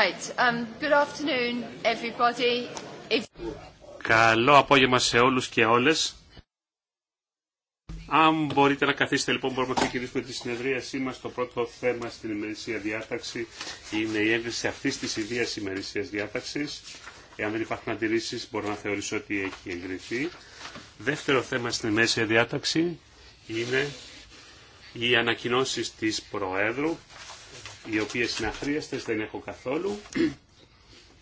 Um, Καλό απόγευμα σε όλους και όλες. Αν μπορείτε να καθίσετε λοιπόν μπορούμε να ξεκινήσουμε τη συνεδρίασή μας. Το πρώτο θέμα στην ημερησία διάταξη είναι η έγκριση αυτής της ιδίας ημερησίας διάταξης. Εάν δεν υπάρχουν αντιρρήσεις μπορώ να θεωρήσω ότι έχει εγκριθεί. Δεύτερο θέμα στην ημερησία διάταξη είναι οι ανακοινώσεις της Προέδρου οι οποίες είναι αχρίαστες, δεν έχω καθόλου.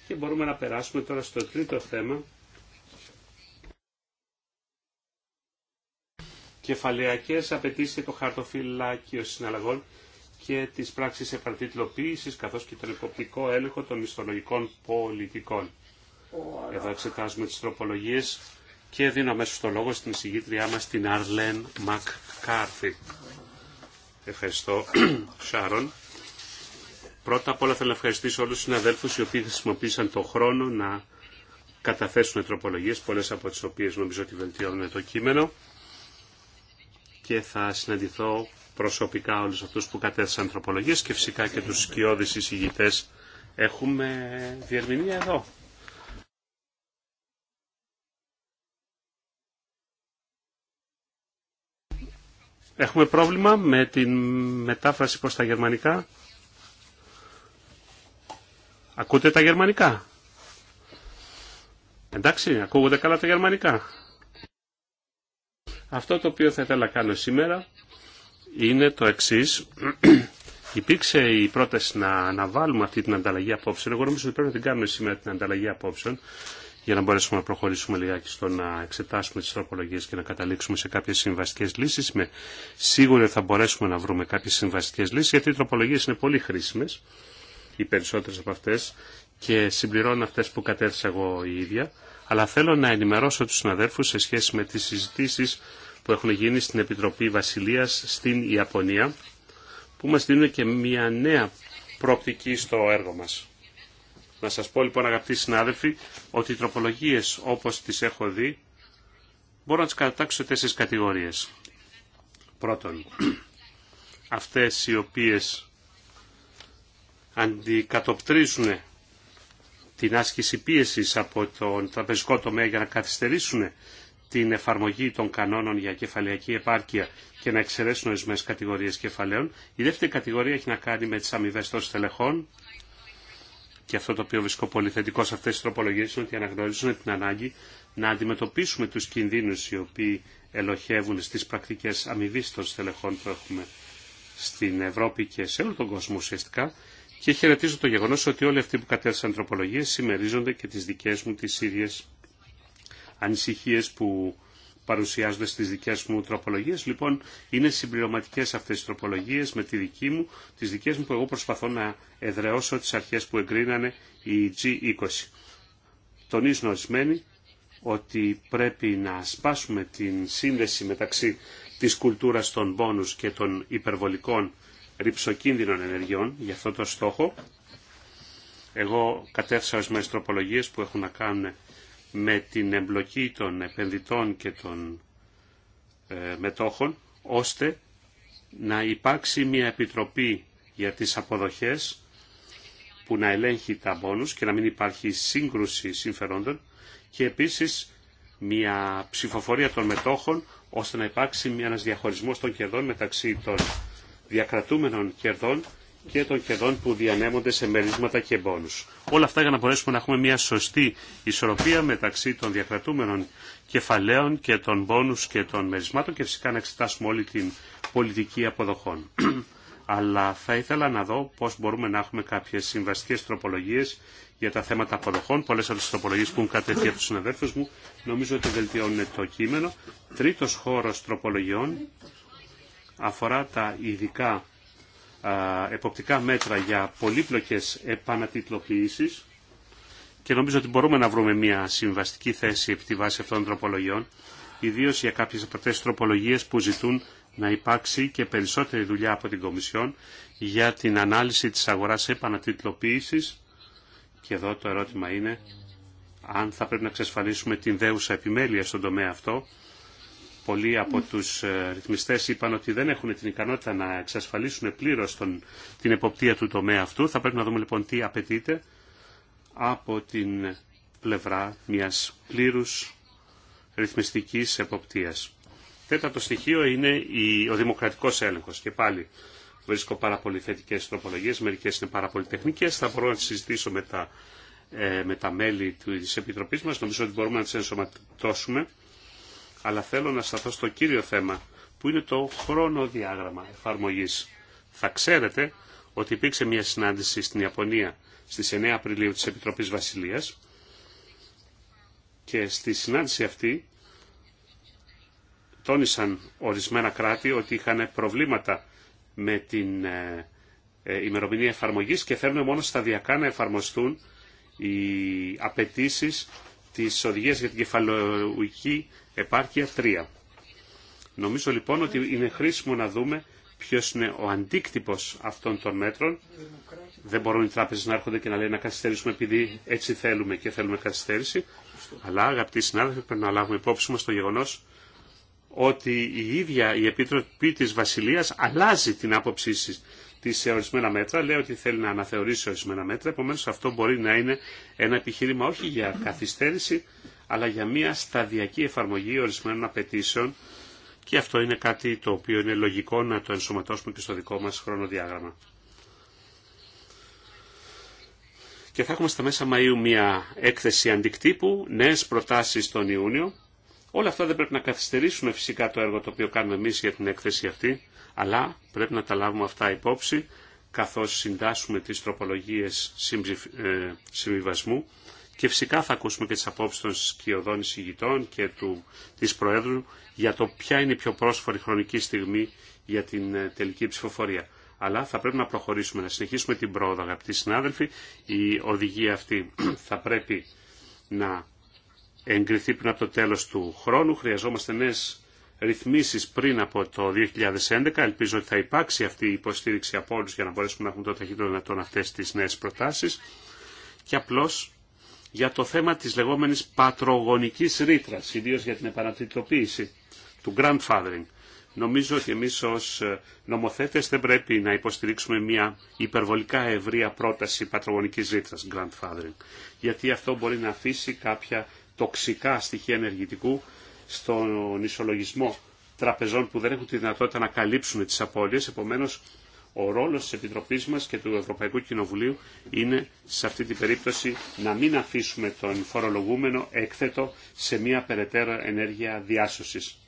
Και μπορούμε να περάσουμε τώρα στο τρίτο θέμα. Κεφαλαιακές απαιτήσει το χαρτοφυλάκιο συναλλαγών και τις πράξεις επαρτιτλοποίησης καθώς και τον υποπτικό έλεγχο των μισθολογικών πολιτικών. Εδώ εξετάζουμε τις τροπολογίες και δίνω αμέσω το λόγο στην εισηγήτριά μας την Αρλέν Μακ Ευχαριστώ, Σάρων. Πρώτα απ' όλα θέλω να ευχαριστήσω όλους τους συναδέλφους οι οποίοι χρησιμοποίησαν το χρόνο να καταθέσουν τροπολογίες, πολλές από τις οποίες νομίζω ότι βελτιώνουν το κείμενο και θα συναντηθώ προσωπικά όλους αυτούς που κατέθεσαν τροπολογίες και φυσικά και τους σκιώδεις εισηγητές έχουμε διερμηνία εδώ. Έχουμε πρόβλημα με την μετάφραση προς τα γερμανικά. Ακούτε τα γερμανικά. Εντάξει, ακούγονται καλά τα γερμανικά. Αυτό το οποίο θα ήθελα να κάνω σήμερα είναι το εξής. Υπήρξε η πρόταση να αναβάλουμε αυτή την ανταλλαγή απόψεων. Εγώ νομίζω ότι πρέπει να την κάνουμε σήμερα την ανταλλαγή απόψεων για να μπορέσουμε να προχωρήσουμε λιγάκι στο να εξετάσουμε τις τροπολογίες και να καταλήξουμε σε κάποιες συμβαστικές λύσεις. Σίγουρα θα μπορέσουμε να βρούμε κάποιες συμβαστικές λύσεις γιατί οι τροπολογίες είναι πολύ χρήσιμες οι περισσότερες από αυτές και συμπληρώνω αυτές που κατέθεσα εγώ η ίδια, αλλά θέλω να ενημερώσω τους συναδέρφους σε σχέση με τις συζητήσεις που έχουν γίνει στην Επιτροπή Βασιλείας στην Ιαπωνία, που μας δίνουν και μια νέα προοπτική στο έργο μας. Να σας πω λοιπόν αγαπητοί συνάδελφοι ότι οι τροπολογίες όπως τις έχω δει μπορώ να τις κατατάξω σε τέσσερις κατηγορίες. Πρώτον, αυτές οι οποίες αντικατοπτρίζουν την άσκηση πίεσης από τον τραπεζικό τομέα για να καθυστερήσουν την εφαρμογή των κανόνων για κεφαλαιακή επάρκεια και να εξαιρέσουν ορισμένε κατηγορίε κεφαλαίων. Η δεύτερη κατηγορία έχει να κάνει με τι αμοιβέ των στελεχών. Και αυτό το οποίο βρίσκω πολύ θετικό σε αυτέ τι τροπολογίε είναι ότι αναγνωρίζουν την ανάγκη να αντιμετωπίσουμε του κινδύνου οι οποίοι ελοχεύουν στι πρακτικέ αμοιβή των στελεχών που έχουμε στην Ευρώπη και σε όλο τον κόσμο ουσιαστικά και χαιρετίζω το γεγονό ότι όλοι αυτοί που κατέθεσαν τροπολογίε συμμερίζονται και τι δικέ μου τι ίδιε ανησυχίε που παρουσιάζονται στις δικές μου τροπολογίες. Λοιπόν, είναι συμπληρωματικές αυτές οι τροπολογίες με τη δική μου, τις δικές μου που εγώ προσπαθώ να εδραιώσω τις αρχές που εγκρίνανε οι G20. Τονίζουν ορισμένοι ότι πρέπει να σπάσουμε την σύνδεση μεταξύ της κουλτούρας των πόνους και των υπερβολικών ρηψοκίνδυνων ενεργειών για αυτό το στόχο. Εγώ κατέθεσα ως τροπολογίε που έχουν να κάνουν με την εμπλοκή των επενδυτών και των ε, μετόχων, ώστε να υπάρξει μια επιτροπή για τις αποδοχές που να ελέγχει τα μπόνους και να μην υπάρχει σύγκρουση συμφερόντων και επίσης μια ψηφοφορία των μετόχων ώστε να υπάρξει ένας διαχωρισμός των κερδών μεταξύ των διακρατούμενων κερδών και των κερδών που διανέμονται σε μερίσματα και μπόνους. Όλα αυτά για να μπορέσουμε να έχουμε μια σωστή ισορροπία μεταξύ των διακρατούμενων κεφαλαίων και των μπόνους και των μερισμάτων και φυσικά να εξετάσουμε όλη την πολιτική αποδοχών. Αλλά θα ήθελα να δω πώς μπορούμε να έχουμε κάποιες συμβαστικές τροπολογίες για τα θέματα αποδοχών. Πολλές από τις τροπολογίες που έχουν κατευθεί από τους συναδέλφους μου νομίζω ότι βελτιώνουν το κείμενο. Τρίτος χώρος τροπολογιών αφορά τα ειδικά εποπτικά μέτρα για πολύπλοκες επανατιτλοποιήσεις και νομίζω ότι μπορούμε να βρούμε μια συμβαστική θέση επί τη βάση αυτών των τροπολογιών, ιδίω για κάποιες από τροπολογίες που ζητούν να υπάρξει και περισσότερη δουλειά από την Κομισιόν για την ανάλυση της αγοράς επανατιτλοποίησης Και εδώ το ερώτημα είναι αν θα πρέπει να εξασφαλίσουμε την δέουσα επιμέλεια στον τομέα αυτό πολλοί από του ε, ρυθμιστέ είπαν ότι δεν έχουν την ικανότητα να εξασφαλίσουν πλήρω την εποπτεία του τομέα αυτού. Θα πρέπει να δούμε λοιπόν τι απαιτείται από την πλευρά μια πλήρου ρυθμιστική εποπτείας. Τέταρτο στοιχείο είναι ο δημοκρατικό έλεγχο. Και πάλι βρίσκω πάρα πολύ θετικέ τροπολογίε, μερικέ είναι πάρα πολύ τεχνικέ. Θα μπορώ να συζητήσω με τα, ε, με τα μέλη τη Επιτροπή μα. Νομίζω ότι μπορούμε να τι ενσωματώσουμε αλλά θέλω να σταθώ στο κύριο θέμα, που είναι το χρονοδιάγραμμα εφαρμογής. Θα ξέρετε ότι υπήρξε μια συνάντηση στην Ιαπωνία στις 9 Απριλίου της Επιτροπής Βασιλείας και στη συνάντηση αυτή τόνισαν ορισμένα κράτη ότι είχαν προβλήματα με την ε, ε, ημερομηνία εφαρμογής και θέλουν μόνο σταδιακά να εφαρμοστούν οι απαιτήσει της οδηγίας για την κεφαλαιοϊκή επάρκεια 3. Νομίζω λοιπόν ότι είναι χρήσιμο να δούμε ποιο είναι ο αντίκτυπο αυτών των μέτρων. Δεν μπορούν οι τράπεζε να έρχονται και να λένε να καθυστερήσουμε επειδή έτσι θέλουμε και θέλουμε καθυστέρηση. Αλλά αγαπητοί συνάδελφοι, πρέπει να λάβουμε υπόψη μα το γεγονό ότι η ίδια η Επίτροπη τη Βασιλεία αλλάζει την άποψή τη σε ορισμένα μέτρα. Λέει ότι θέλει να αναθεωρήσει ορισμένα μέτρα. Επομένως αυτό μπορεί να είναι ένα επιχείρημα όχι για καθυστέρηση αλλά για μια σταδιακή εφαρμογή ορισμένων απαιτήσεων και αυτό είναι κάτι το οποίο είναι λογικό να το ενσωματώσουμε και στο δικό μας χρονοδιάγραμμα. Και θα έχουμε στα μέσα Μαΐου μια έκθεση αντικτύπου, νέες προτάσεις τον Ιούνιο. Όλα αυτά δεν πρέπει να καθυστερήσουν φυσικά το έργο το οποίο κάνουμε εμείς για την έκθεση αυτή, αλλά πρέπει να τα λάβουμε αυτά υπόψη καθώς συντάσσουμε τις τροπολογίες ε, συμβιβασμού και φυσικά θα ακούσουμε και τις απόψεις των σκιωδών εισηγητών και του, της Προέδρου για το ποια είναι η πιο πρόσφορη χρονική στιγμή για την ε, τελική ψηφοφορία. Αλλά θα πρέπει να προχωρήσουμε, να συνεχίσουμε την πρόοδο, αγαπητοί συνάδελφοι. Η οδηγία αυτή θα πρέπει να εγκριθεί πριν από το τέλος του χρόνου. Χρειαζόμαστε νέες ρυθμίσεις πριν από το 2011. Ελπίζω ότι θα υπάρξει αυτή η υποστήριξη από όλους για να μπορέσουμε να έχουμε το ταχύτερο δυνατόν αυτές τις νέες προτάσεις. Και απλώς για το θέμα της λεγόμενης πατρογονικής ρήτρα, ιδίως για την επανατητοποίηση του grandfathering. Νομίζω ότι εμείς ως ε, νομοθέτες δεν πρέπει να υποστηρίξουμε μια υπερβολικά ευρεία πρόταση πατρογονικής ρήτρας, grandfathering, γιατί αυτό μπορεί να αφήσει κάποια τοξικά στοιχεία ενεργητικού στον ισολογισμό τραπεζών που δεν έχουν τη δυνατότητα να καλύψουν τις απώλειες, επομένως ο ρόλος της Επιτροπής μας και του Ευρωπαϊκού Κοινοβουλίου είναι σε αυτή την περίπτωση να μην αφήσουμε τον φορολογούμενο έκθετο σε μια περαιτέρω ενέργεια διάσωσης.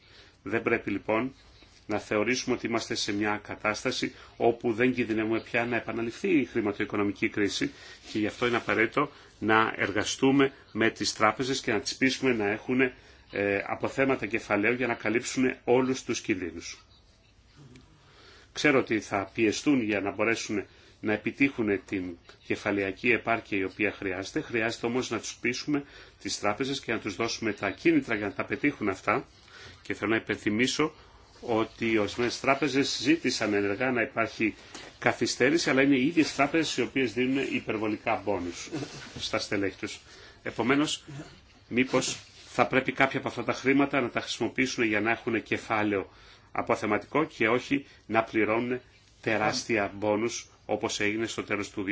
Δεν πρέπει λοιπόν να θεωρήσουμε ότι είμαστε σε μια κατάσταση όπου δεν κινδυνεύουμε πια να επαναληφθεί η χρηματοοικονομική κρίση και γι' αυτό είναι απαραίτητο να εργαστούμε με τις τράπεζες και να τις πείσουμε να έχουν ε, αποθέματα κεφαλαίου για να καλύψουν όλους τους κινδύνους ξέρω ότι θα πιεστούν για να μπορέσουν να επιτύχουν την κεφαλαιακή επάρκεια η οποία χρειάζεται. Χρειάζεται όμως να τους πείσουμε τις τράπεζες και να τους δώσουμε τα κίνητρα για να τα πετύχουν αυτά. Και θέλω να υπενθυμίσω ότι οι ορισμένε τράπεζε ζήτησαν ενεργά να υπάρχει καθυστέρηση, αλλά είναι οι ίδιε τράπεζε οι οποίε δίνουν υπερβολικά μπόνου στα στελέχη του. Επομένω, μήπω θα πρέπει κάποια από αυτά τα χρήματα να τα χρησιμοποιήσουν για να έχουν κεφάλαιο αποθεματικό και όχι να πληρώνουν τεράστια μπόνους όπως έγινε στο τέλος του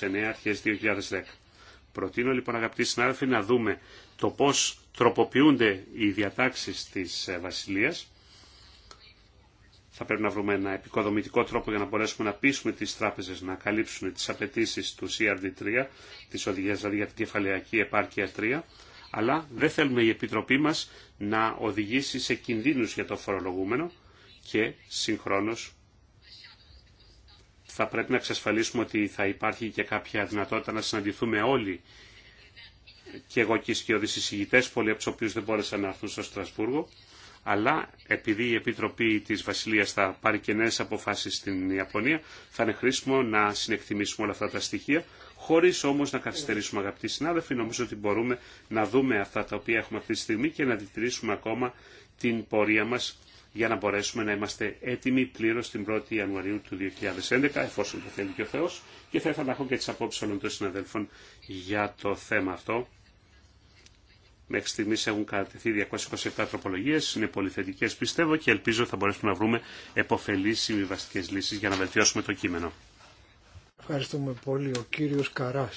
2009, αρχές 2010. Προτείνω λοιπόν αγαπητοί συνάδελφοι να δούμε το πώς τροποποιούνται οι διατάξεις της ε, Βασιλείας. Θα πρέπει να βρούμε ένα επικοδομητικό τρόπο για να μπορέσουμε να πείσουμε τις τράπεζες να καλύψουν τις απαιτήσει του CRD3, της οδηγίας δηλαδή για την κεφαλαιακή επάρκεια 3, αλλά δεν θέλουμε η Επιτροπή μας να οδηγήσει σε κινδύνους για το φορολογούμενο, και συγχρόνως θα πρέπει να εξασφαλίσουμε ότι θα υπάρχει και κάποια δυνατότητα να συναντηθούμε όλοι και εγώ και οι σκιώδεις πολλοί από τους οποίους δεν μπόρεσαν να έρθουν στο Στρασβούργο, αλλά επειδή η Επιτροπή της Βασιλείας θα πάρει και νέες αποφάσεις στην Ιαπωνία, θα είναι χρήσιμο να συνεκτιμήσουμε όλα αυτά τα στοιχεία, χωρίς όμως να καθυστερήσουμε αγαπητοί συνάδελφοι, νομίζω ότι μπορούμε να δούμε αυτά τα οποία έχουμε αυτή τη στιγμή και να διτηρήσουμε ακόμα την πορεία μας για να μπορέσουμε να είμαστε έτοιμοι πλήρω την 1η Ιανουαρίου του 2011, εφόσον το θέλει και ο Θεό. Και θα ήθελα να έχω και τι απόψει όλων των συναδέλφων για το θέμα αυτό. Μέχρι στιγμή έχουν κατατεθεί 227 τροπολογίε, είναι πολυθετικέ πιστεύω και ελπίζω θα μπορέσουμε να βρούμε επωφελεί συμβιβαστικέ λύσει για να βελτιώσουμε το κείμενο. Ευχαριστούμε πολύ. Ο κύριο Καρά.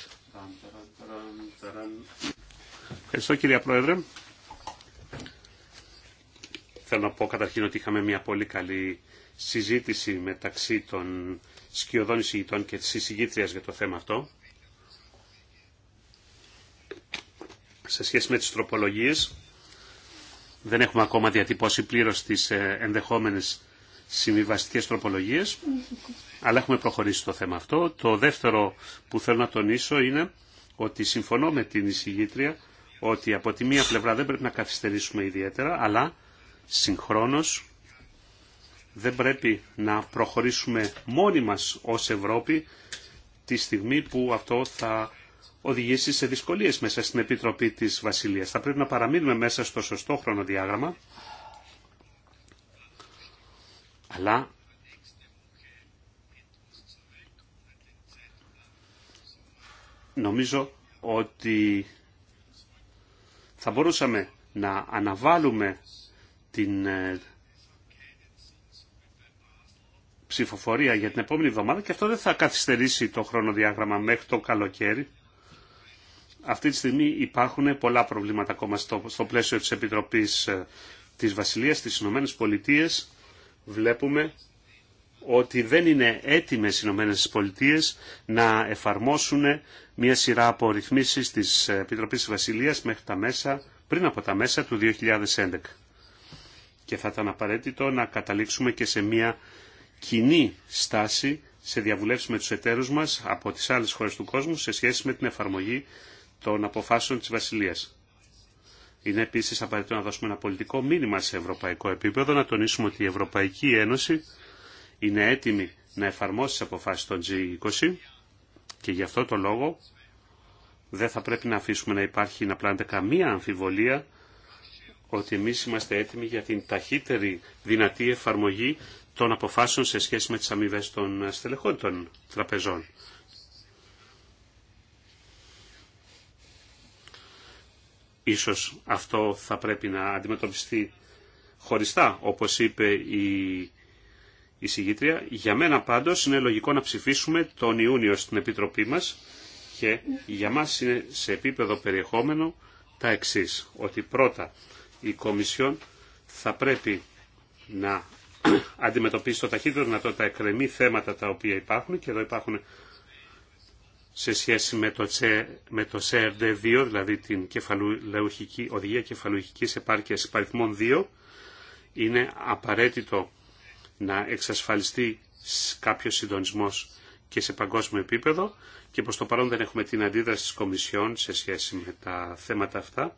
Ευχαριστώ κύριε Πρόεδρε. Θέλω να πω καταρχήν ότι είχαμε μια πολύ καλή συζήτηση μεταξύ των σκιωδών εισηγητών και της εισηγήτριας για το θέμα αυτό. Σε σχέση με τις τροπολογίες, δεν έχουμε ακόμα διατυπώσει πλήρως τις ε, ενδεχόμενες συμβιβαστικές τροπολογίες, αλλά έχουμε προχωρήσει στο θέμα αυτό. Το δεύτερο που θέλω να τονίσω είναι ότι συμφωνώ με την εισηγήτρια ότι από τη μία πλευρά δεν πρέπει να καθυστερήσουμε ιδιαίτερα, αλλά Συγχρόνως, δεν πρέπει να προχωρήσουμε μόνοι μας ως Ευρώπη τη στιγμή που αυτό θα οδηγήσει σε δυσκολίες μέσα στην Επιτροπή της Βασιλείας. Θα πρέπει να παραμείνουμε μέσα στο σωστό χρονοδιάγραμμα, αλλά νομίζω ότι θα μπορούσαμε να αναβάλουμε την ε, ψηφοφορία για την επόμενη εβδομάδα και αυτό δεν θα καθυστερήσει το χρονοδιάγραμμα μέχρι το καλοκαίρι. Αυτή τη στιγμή υπάρχουν πολλά προβλήματα ακόμα στο, πλαίσιο της Επιτροπής ε, της Βασιλείας στις Ηνωμένες Πολιτείες. Βλέπουμε ότι δεν είναι έτοιμες οι Ηνωμένες Πολιτείες να εφαρμόσουν μια σειρά από ρυθμίσεις της Επιτροπής της Βασιλείας μέχρι τα μέσα, πριν από τα μέσα του 2011 και θα ήταν απαραίτητο να καταλήξουμε και σε μια κοινή στάση σε διαβουλεύσει με τους εταίρους μας από τις άλλες χώρες του κόσμου σε σχέση με την εφαρμογή των αποφάσεων της Βασιλείας. Είναι επίσης απαραίτητο να δώσουμε ένα πολιτικό μήνυμα σε ευρωπαϊκό επίπεδο, να τονίσουμε ότι η Ευρωπαϊκή Ένωση είναι έτοιμη να εφαρμόσει τις αποφάσεις των G20 και γι' αυτό το λόγο δεν θα πρέπει να αφήσουμε να υπάρχει να πλάνεται καμία αμφιβολία ότι εμεί είμαστε έτοιμοι για την ταχύτερη δυνατή εφαρμογή των αποφάσεων σε σχέση με τις αμοιβέ των στελεχών των τραπεζών. Ίσως αυτό θα πρέπει να αντιμετωπιστεί χωριστά, όπως είπε η η Για μένα πάντως είναι λογικό να ψηφίσουμε τον Ιούνιο στην Επιτροπή μας και για μας είναι σε επίπεδο περιεχόμενο τα εξής. Ότι πρώτα η Κομισιόν θα πρέπει να αντιμετωπίσει το ταχύτερο δυνατό τα εκκρεμή θέματα τα οποία υπάρχουν και εδώ υπάρχουν σε σχέση με το, με το CRD2, δηλαδή την κεφαλουχική, οδηγία κεφαλουχικής επάρκειας υπαριθμών 2, είναι επαρκειας παριθμων 2 ειναι απαραιτητο να εξασφαλιστεί κάποιο συντονισμός και σε παγκόσμιο επίπεδο και προς το παρόν δεν έχουμε την αντίδραση της Κομισιόν σε σχέση με τα θέματα αυτά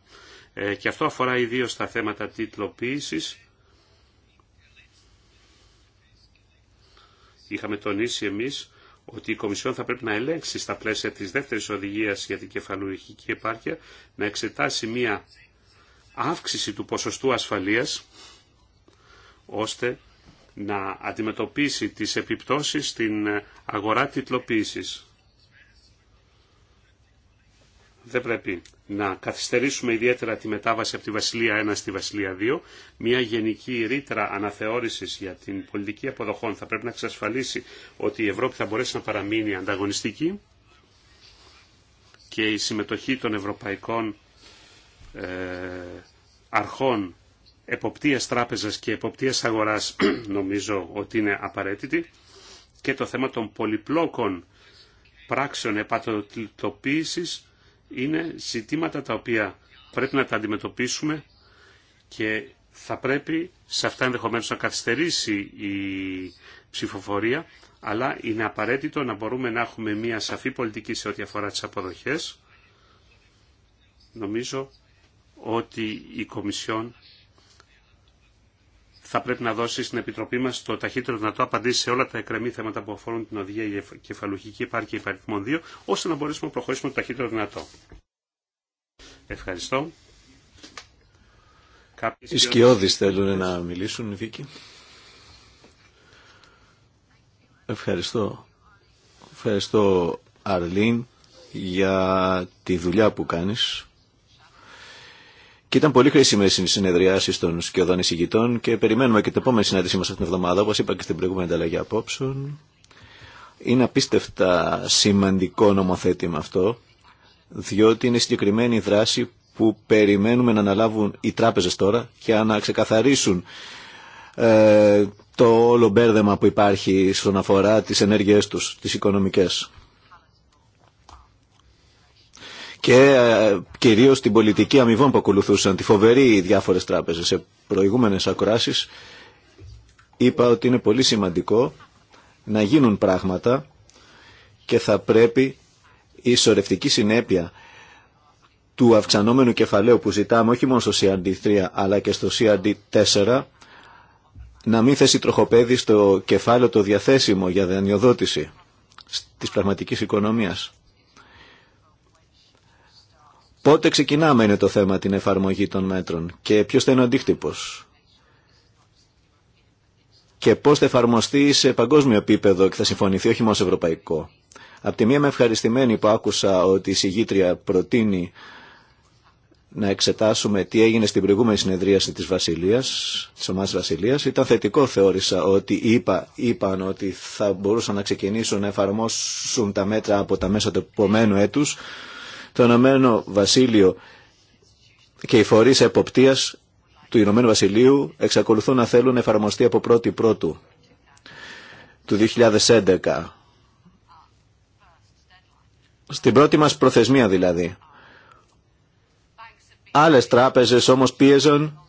ε, και αυτό αφορά ιδίω τα θέματα τίτλοποίησης. Είχαμε τονίσει εμείς ότι η Κομισιόν θα πρέπει να ελέγξει στα πλαίσια της δεύτερης οδηγίας για την κεφαλουργική επάρκεια να εξετάσει μία αύξηση του ποσοστού ασφαλείας ώστε να αντιμετωπίσει τις επιπτώσεις στην αγορά τιτλοποίησης δεν πρέπει να καθυστερήσουμε ιδιαίτερα τη μετάβαση από τη Βασιλεία 1 στη Βασιλεία 2. Μια γενική ρήτρα αναθεώρησης για την πολιτική αποδοχών θα πρέπει να εξασφαλίσει ότι η Ευρώπη θα μπορέσει να παραμείνει ανταγωνιστική και η συμμετοχή των ευρωπαϊκών ε, αρχών εποπτείας τράπεζας και εποπτείας αγοράς νομίζω ότι είναι απαραίτητη και το θέμα των πολυπλόκων πράξεων επατοτοποίησης είναι ζητήματα τα οποία πρέπει να τα αντιμετωπίσουμε και θα πρέπει σε αυτά ενδεχομένως να καθυστερήσει η ψηφοφορία, αλλά είναι απαραίτητο να μπορούμε να έχουμε μια σαφή πολιτική σε ό,τι αφορά τις αποδοχές. Νομίζω ότι η Κομισιόν θα πρέπει να δώσει στην Επιτροπή μας το ταχύτερο δυνατό απαντήσει σε όλα τα εκκρεμή θέματα που αφορούν την οδηγία κεφαλουχική επάρκεια υπαριθμών 2, ώστε να μπορέσουμε να προχωρήσουμε το ταχύτερο δυνατό. Ευχαριστώ. Οι σκιώδει θέλουν να μιλήσουν, Βίκη. Ευχαριστώ. Ευχαριστώ, Αρλίν, για τη δουλειά που κάνεις και ήταν πολύ χρήσιμε οι συνεδριάσει των σκιωδών εισηγητών και περιμένουμε και την επόμενη συνάντησή μα αυτήν την εβδομάδα, όπω είπα και στην προηγούμενη ανταλλαγή απόψεων. Είναι απίστευτα σημαντικό νομοθέτημα αυτό, διότι είναι συγκεκριμένη δράση που περιμένουμε να αναλάβουν οι τράπεζε τώρα και να ξεκαθαρίσουν ε, το όλο μπέρδεμα που υπάρχει στον αφορά τις ενέργειέ του, τι οικονομικέ και ε, κυρίως την πολιτική αμοιβών που ακολουθούσαν, τη φοβερή διάφορες τράπεζες. Σε προηγούμενες ακράσεις, είπα ότι είναι πολύ σημαντικό να γίνουν πράγματα και θα πρέπει η σορευτική συνέπεια του αυξανόμενου κεφαλαίου που ζητάμε όχι μόνο στο CRD3 αλλά και στο CRD4 να μην θέσει τροχοπέδι στο κεφάλαιο το διαθέσιμο για δανειοδότηση της πραγματικής οικονομίας. Πότε ξεκινάμε είναι το θέμα την εφαρμογή των μέτρων και ποιος θα είναι ο αντίκτυπος. Και πώς θα εφαρμοστεί σε παγκόσμιο επίπεδο και θα συμφωνηθεί όχι μόνο σε ευρωπαϊκό. Απ' τη μία είμαι ευχαριστημένη που άκουσα ότι η συγγήτρια προτείνει να εξετάσουμε τι έγινε στην προηγούμενη συνεδρίαση της Βασιλείας, της ομάδας Βασιλείας. Ήταν θετικό θεώρησα ότι είπα, είπαν ότι θα μπορούσαν να ξεκινήσουν να εφαρμόσουν τα μέτρα από τα μέσα του επομένου έτου. Το Ηνωμένο Βασίλειο και οι φορείς εποπτείας του Ηνωμένου Βασιλείου εξακολουθούν να θέλουν εφαρμοστεί από 1η Πρώτου του 2011. Στην πρώτη μας προθεσμία δηλαδή. Άλλες τράπεζες όμως πίεζαν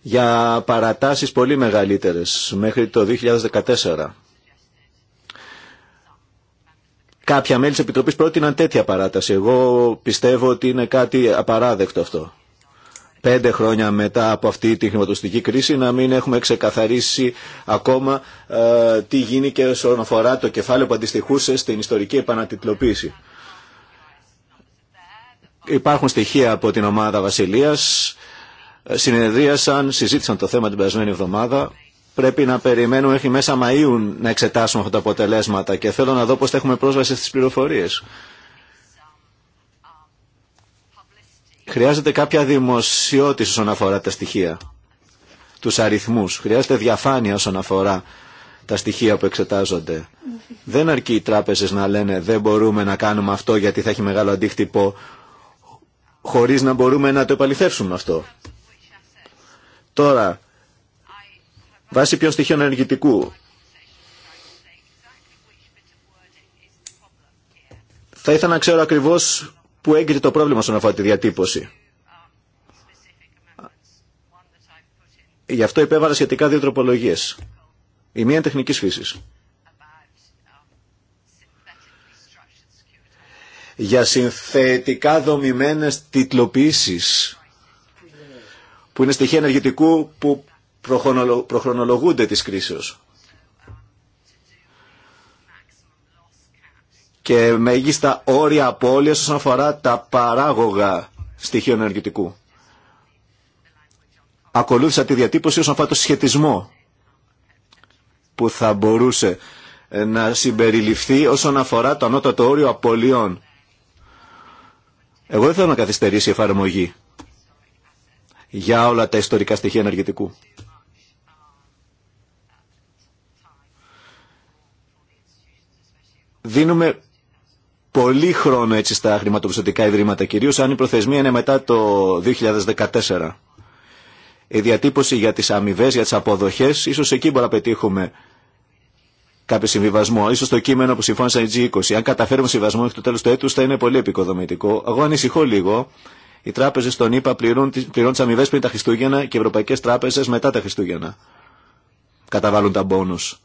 για παρατάσεις πολύ μεγαλύτερες μέχρι το 2014. Κάποια μέλη τη επιτροπή πρότειναν τέτοια παράταση. Εγώ πιστεύω ότι είναι κάτι απαράδεκτο αυτό. Πέντε χρόνια μετά από αυτή τη χρηματοστική κρίση να μην έχουμε ξεκαθαρίσει ακόμα ε, τι γίνει και όσον αφορά το κεφάλαιο που αντιστοιχούσε στην ιστορική επανατιτλοποίηση. Υπάρχουν στοιχεία από την ομάδα Βασιλείας, συνεδρίασαν, συζήτησαν το θέμα την περασμένη εβδομάδα πρέπει να περιμένουμε μέχρι μέσα Μαΐου να εξετάσουμε αυτά τα αποτελέσματα και θέλω να δω πώς θα έχουμε πρόσβαση στις πληροφορίες. Χρειάζεται κάποια δημοσιότηση όσον αφορά τα στοιχεία, τους αριθμούς. Χρειάζεται διαφάνεια όσον αφορά τα στοιχεία που εξετάζονται. Δεν αρκεί οι τράπεζες να λένε δεν μπορούμε να κάνουμε αυτό γιατί θα έχει μεγάλο αντίκτυπο χωρίς να μπορούμε να το επαληθεύσουμε αυτό. Τώρα, Βάσει ποιων στοιχείων ενεργητικού. Θα ήθελα να ξέρω ακριβώς που έγκυται το πρόβλημα στον αφορά τη διατύπωση. Γι' αυτό υπέβαλα σχετικά δύο τροπολογίες. Η μία είναι τεχνικής φύσης. για συνθετικά δομημένες τιτλοποιήσεις που είναι στοιχεία ενεργητικού που προχρονολογούνται της κρίσεως. Και μέγιστα όρια απώλειας όσον αφορά τα παράγωγα στοιχείων ενεργητικού. Ακολούθησα τη διατύπωση όσον αφορά το σχετισμό που θα μπορούσε ε, να συμπεριληφθεί όσον αφορά το ανώτατο όριο απολειών. Εγώ δεν θέλω να καθυστερήσει η εφαρμογή για όλα τα ιστορικά στοιχεία ενεργητικού. δίνουμε πολύ χρόνο έτσι στα χρηματοπιστωτικά ιδρύματα, κυρίως αν η προθεσμία είναι μετά το 2014. Η διατύπωση για τις αμοιβέ, για τις αποδοχές, ίσως εκεί μπορούμε να πετύχουμε κάποιο συμβιβασμό. Ίσως το κείμενο που συμφώνησαν οι G20. Αν καταφέρουμε συμβιβασμό μέχρι το τέλος του έτους θα είναι πολύ επικοδομητικό. Εγώ ανησυχώ λίγο. Οι τράπεζε των ΗΠΑ πληρώνουν τι αμοιβέ πριν τα Χριστούγεννα και οι ευρωπαϊκέ τράπεζε μετά τα Χριστούγεννα. Καταβάλουν τα μπόνους.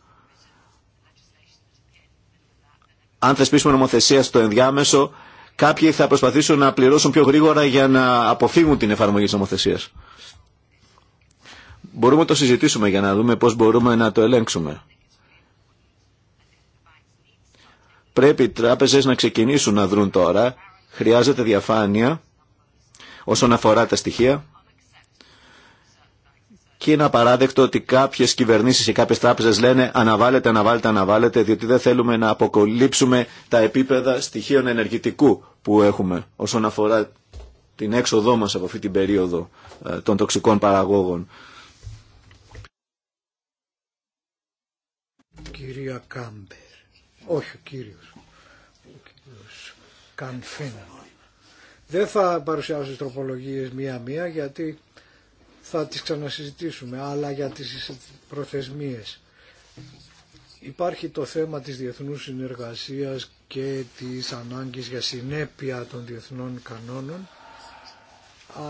αν θεσπίσουμε νομοθεσία στο ενδιάμεσο, κάποιοι θα προσπαθήσουν να πληρώσουν πιο γρήγορα για να αποφύγουν την εφαρμογή της νομοθεσίας. Μπορούμε να το συζητήσουμε για να δούμε πώς μπορούμε να το ελέγξουμε. Πρέπει οι τράπεζες να ξεκινήσουν να δρουν τώρα. Χρειάζεται διαφάνεια όσον αφορά τα στοιχεία. Και είναι απαράδεκτο ότι κάποιε κυβερνήσει και κάποιε τράπεζε λένε αναβάλλετε, αναβάλλετε, αναβάλλετε, διότι δεν θέλουμε να αποκολύψουμε τα επίπεδα στοιχείων ενεργητικού που έχουμε όσον αφορά την έξοδό μα από αυτή την περίοδο ε, των τοξικών παραγόγων. Κυρία Κάμπερ, όχι κύριος, ο κύριος Κανφίνα. Δεν θα παρουσιάσω τις τροπολογίες μία-μία γιατί θα τις ξανασυζητήσουμε, αλλά για τις προθεσμίες. Υπάρχει το θέμα της διεθνούς συνεργασίας και της ανάγκης για συνέπεια των διεθνών κανόνων,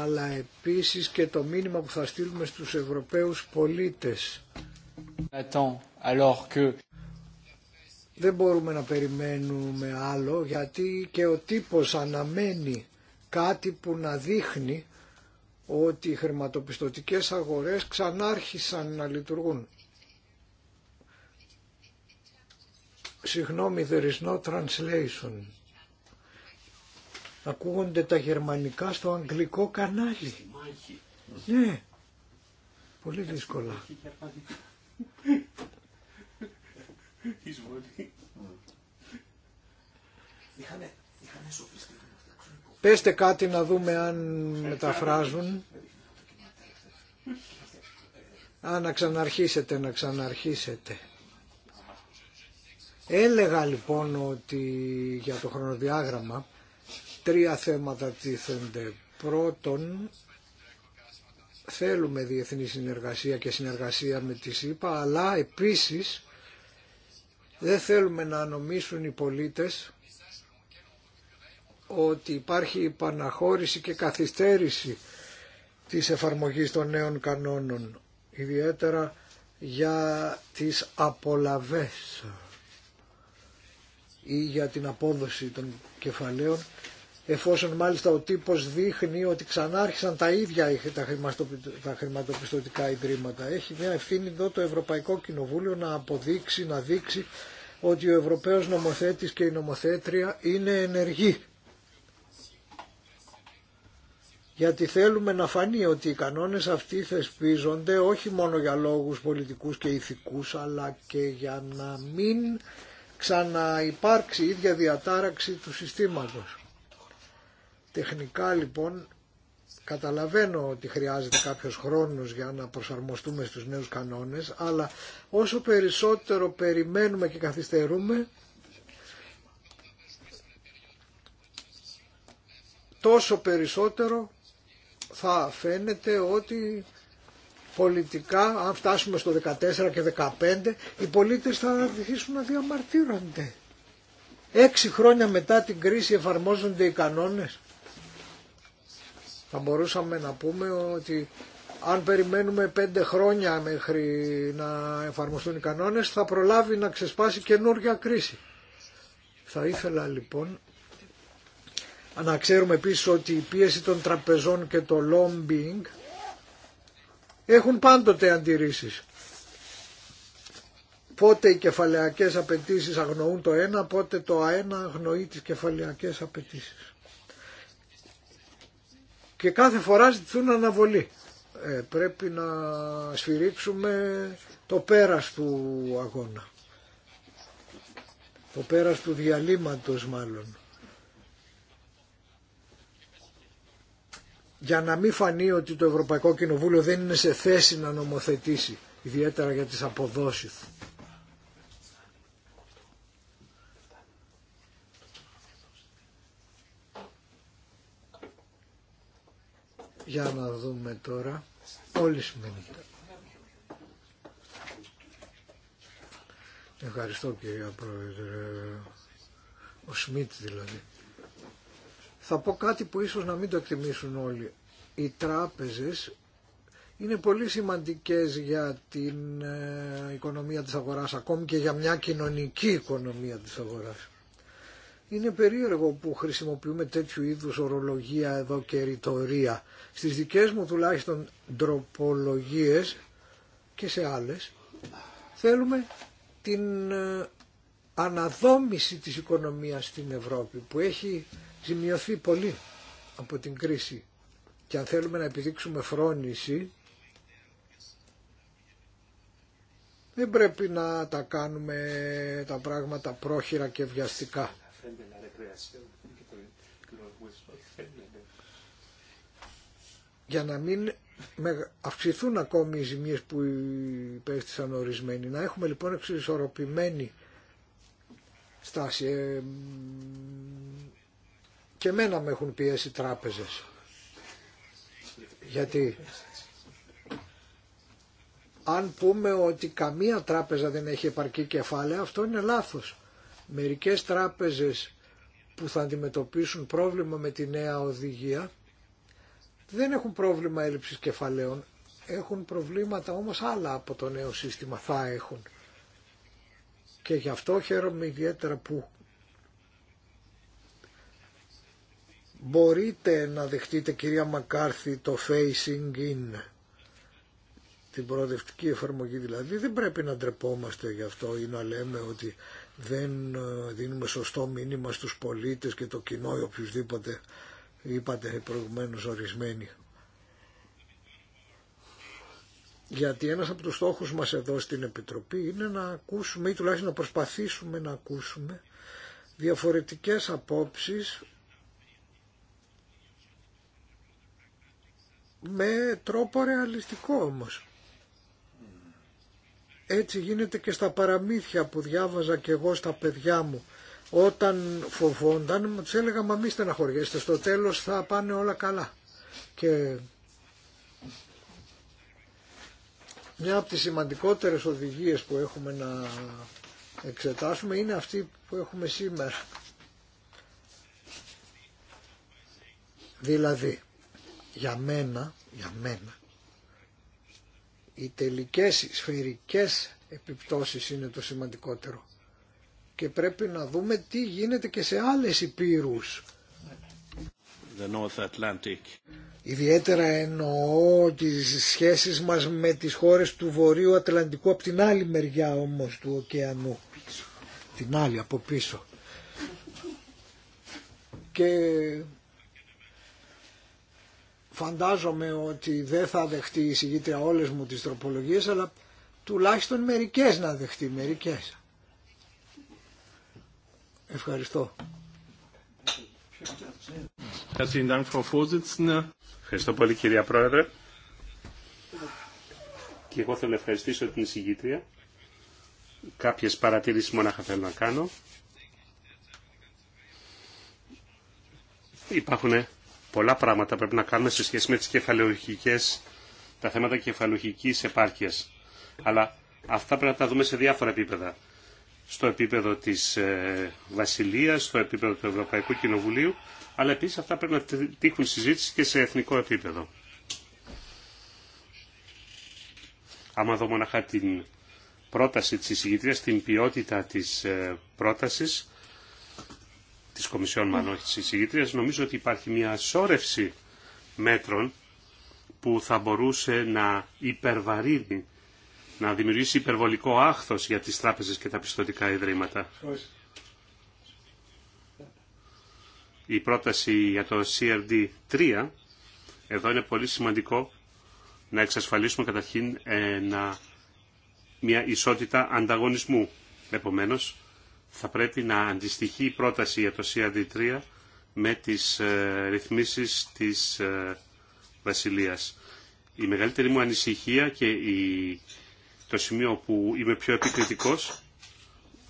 αλλά επίσης και το μήνυμα που θα στείλουμε στους Ευρωπαίους πολίτες. Δεν μπορούμε να περιμένουμε άλλο γιατί και ο τύπος αναμένει κάτι που να δείχνει ότι οι χρηματοπιστωτικές αγορές ξανάρχισαν να λειτουργούν. Συγγνώμη, there is no translation. Ακούγονται τα γερμανικά στο αγγλικό κανάλι. Ναι, πολύ δύσκολα. Πέστε κάτι να δούμε αν μεταφράζουν. Α, να ξαναρχίσετε, να ξαναρχίσετε. Έλεγα λοιπόν ότι για το χρονοδιάγραμμα τρία θέματα τίθενται. Πρώτον, θέλουμε διεθνή συνεργασία και συνεργασία με τη ΣΥΠΑ, αλλά επίσης δεν θέλουμε να νομίσουν οι πολίτες ότι υπάρχει υπαναχώρηση και καθυστέρηση της εφαρμογής των νέων κανόνων, ιδιαίτερα για τις απολαβές ή για την απόδοση των κεφαλαίων, εφόσον μάλιστα ο τύπος δείχνει ότι ξανάρχισαν τα ίδια τα χρηματοπιστωτικά ιδρύματα. Έχει μια ευθύνη εδώ το Ευρωπαϊκό Κοινοβούλιο να αποδείξει, να δείξει ότι ο Ευρωπαίος νομοθέτης και η νομοθέτρια είναι ενεργοί γιατί θέλουμε να φανεί ότι οι κανόνες αυτοί θεσπίζονται όχι μόνο για λόγους πολιτικούς και ηθικούς αλλά και για να μην ξαναυπάρξει η ίδια διατάραξη του συστήματος. Τεχνικά λοιπόν καταλαβαίνω ότι χρειάζεται κάποιος χρόνος για να προσαρμοστούμε στους νέους κανόνες αλλά όσο περισσότερο περιμένουμε και καθυστερούμε τόσο περισσότερο θα φαίνεται ότι πολιτικά, αν φτάσουμε στο 14 και 15, οι πολίτες θα αρχίσουν να διαμαρτύρονται. Έξι χρόνια μετά την κρίση εφαρμόζονται οι κανόνες. Θα μπορούσαμε να πούμε ότι αν περιμένουμε πέντε χρόνια μέχρι να εφαρμοστούν οι κανόνες θα προλάβει να ξεσπάσει καινούργια κρίση. Θα ήθελα λοιπόν να ξέρουμε επίσης ότι η πίεση των τραπεζών και το lobbying έχουν πάντοτε αντιρρήσεις. Πότε οι κεφαλαιακές απαιτήσει αγνοούν το ένα, πότε το αένα αγνοεί τις κεφαλαιακές απαιτήσει. Και κάθε φορά ζητούν αναβολή. Ε, πρέπει να σφυρίξουμε το πέρας του αγώνα. Το πέρας του διαλύματος μάλλον. για να μην φανεί ότι το Ευρωπαϊκό Κοινοβούλιο δεν είναι σε θέση να νομοθετήσει, ιδιαίτερα για τις αποδόσεις. Για να δούμε τώρα. Όλοι σημαίνει. Ευχαριστώ κύριε Πρόεδρε. Ο Σμίτ δηλαδή. Θα πω κάτι που ίσως να μην το εκτιμήσουν όλοι. Οι τράπεζες είναι πολύ σημαντικές για την ε, οικονομία της αγοράς, ακόμη και για μια κοινωνική οικονομία της αγοράς. Είναι περίεργο που χρησιμοποιούμε τέτοιου είδους ορολογία εδώ και ρητορία. Στις δικές μου τουλάχιστον τροπολογίε και σε άλλες θέλουμε την ε, αναδόμηση της οικονομίας στην Ευρώπη που έχει ζημιωθεί πολύ από την κρίση. Και αν θέλουμε να επιδείξουμε φρόνηση, δεν πρέπει να τα κάνουμε τα πράγματα πρόχειρα και βιαστικά. Για να μην αυξηθούν ακόμη οι ζημίες που υπέστησαν ορισμένοι. Να έχουμε λοιπόν εξισορροπημένη στάση. Ε, και μένα με έχουν πιέσει τράπεζες. Γιατί αν πούμε ότι καμία τράπεζα δεν έχει επαρκή κεφάλαια, αυτό είναι λάθος. Μερικές τράπεζες που θα αντιμετωπίσουν πρόβλημα με τη νέα οδηγία δεν έχουν πρόβλημα έλλειψης κεφαλαίων, έχουν προβλήματα όμως άλλα από το νέο σύστημα θα έχουν. Και γι' αυτό χαίρομαι ιδιαίτερα που Μπορείτε να δεχτείτε κυρία Μακάρθη το facing in, την προοδευτική εφαρμογή δηλαδή. Δεν πρέπει να ντρεπόμαστε γι' αυτό ή να λέμε ότι δεν ε, δίνουμε σωστό μήνυμα στους πολίτες και το κοινό ή οποιουσδήποτε είπατε προηγουμένως ορισμένοι. Γιατί ένας από τους στόχους μας εδώ στην Επιτροπή είναι να ακούσουμε ή τουλάχιστον να προσπαθήσουμε να ακούσουμε διαφορετικές απόψεις με τρόπο ρεαλιστικό όμως. Έτσι γίνεται και στα παραμύθια που διάβαζα και εγώ στα παιδιά μου. Όταν φοβόνταν, μου τους έλεγα «Μα μη στεναχωριέστε, στο τέλος θα πάνε όλα καλά». Και μια από τις σημαντικότερες οδηγίες που έχουμε να εξετάσουμε είναι αυτή που έχουμε σήμερα. Δηλαδή, για μένα, για μένα, οι τελικές σφαιρικές επιπτώσεις είναι το σημαντικότερο. Και πρέπει να δούμε τι γίνεται και σε άλλες υπήρους. The North Atlantic. Ιδιαίτερα εννοώ τις σχέσεις μας με τις χώρες του Βορείου Ατλαντικού από την άλλη μεριά όμως του ωκεανού. Την άλλη από πίσω. Και Φαντάζομαι ότι δεν θα δεχτεί η συγγήτρια όλες μου τις τροπολογίες, αλλά τουλάχιστον μερικές να δεχτεί, μερικές. Ευχαριστώ. Ευχαριστώ πολύ κυρία Πρόεδρε. Και εγώ θέλω να ευχαριστήσω την συγγήτρια. Κάποιες παρατηρήσεις μόναχα θέλω να κάνω. Υπάρχουν πολλά πράγματα πρέπει να κάνουμε σε σχέση με τις κεφαλαιοχικές, τα θέματα κεφαλαιοχικής επάρκειας. Αλλά αυτά πρέπει να τα δούμε σε διάφορα επίπεδα. Στο επίπεδο της ε, Βασιλείας, στο επίπεδο του Ευρωπαϊκού Κοινοβουλίου, αλλά επίσης αυτά πρέπει να τύχουν συζήτηση και σε εθνικό επίπεδο. Άμα δω μοναχά την πρόταση της εισηγητρίας, την ποιότητα της ε, πρότασης, Τη Κομισιόν μάλλον, όχι της νομίζω ότι υπάρχει μια σώρευση μέτρων που θα μπορούσε να υπερβαρύνει, να δημιουργήσει υπερβολικό άχθος για τις τράπεζες και τα πιστοτικά ιδρύματα. Η πρόταση για το CRD3, εδώ είναι πολύ σημαντικό να εξασφαλίσουμε καταρχήν ε, να μια ισότητα ανταγωνισμού. Επομένως, θα πρέπει να αντιστοιχεί η πρόταση για το CRD3 με τις ε, ρυθμίσεις της ε, Βασιλείας. Η μεγαλύτερη μου ανησυχία και το σημείο που είμαι πιο επικριτικός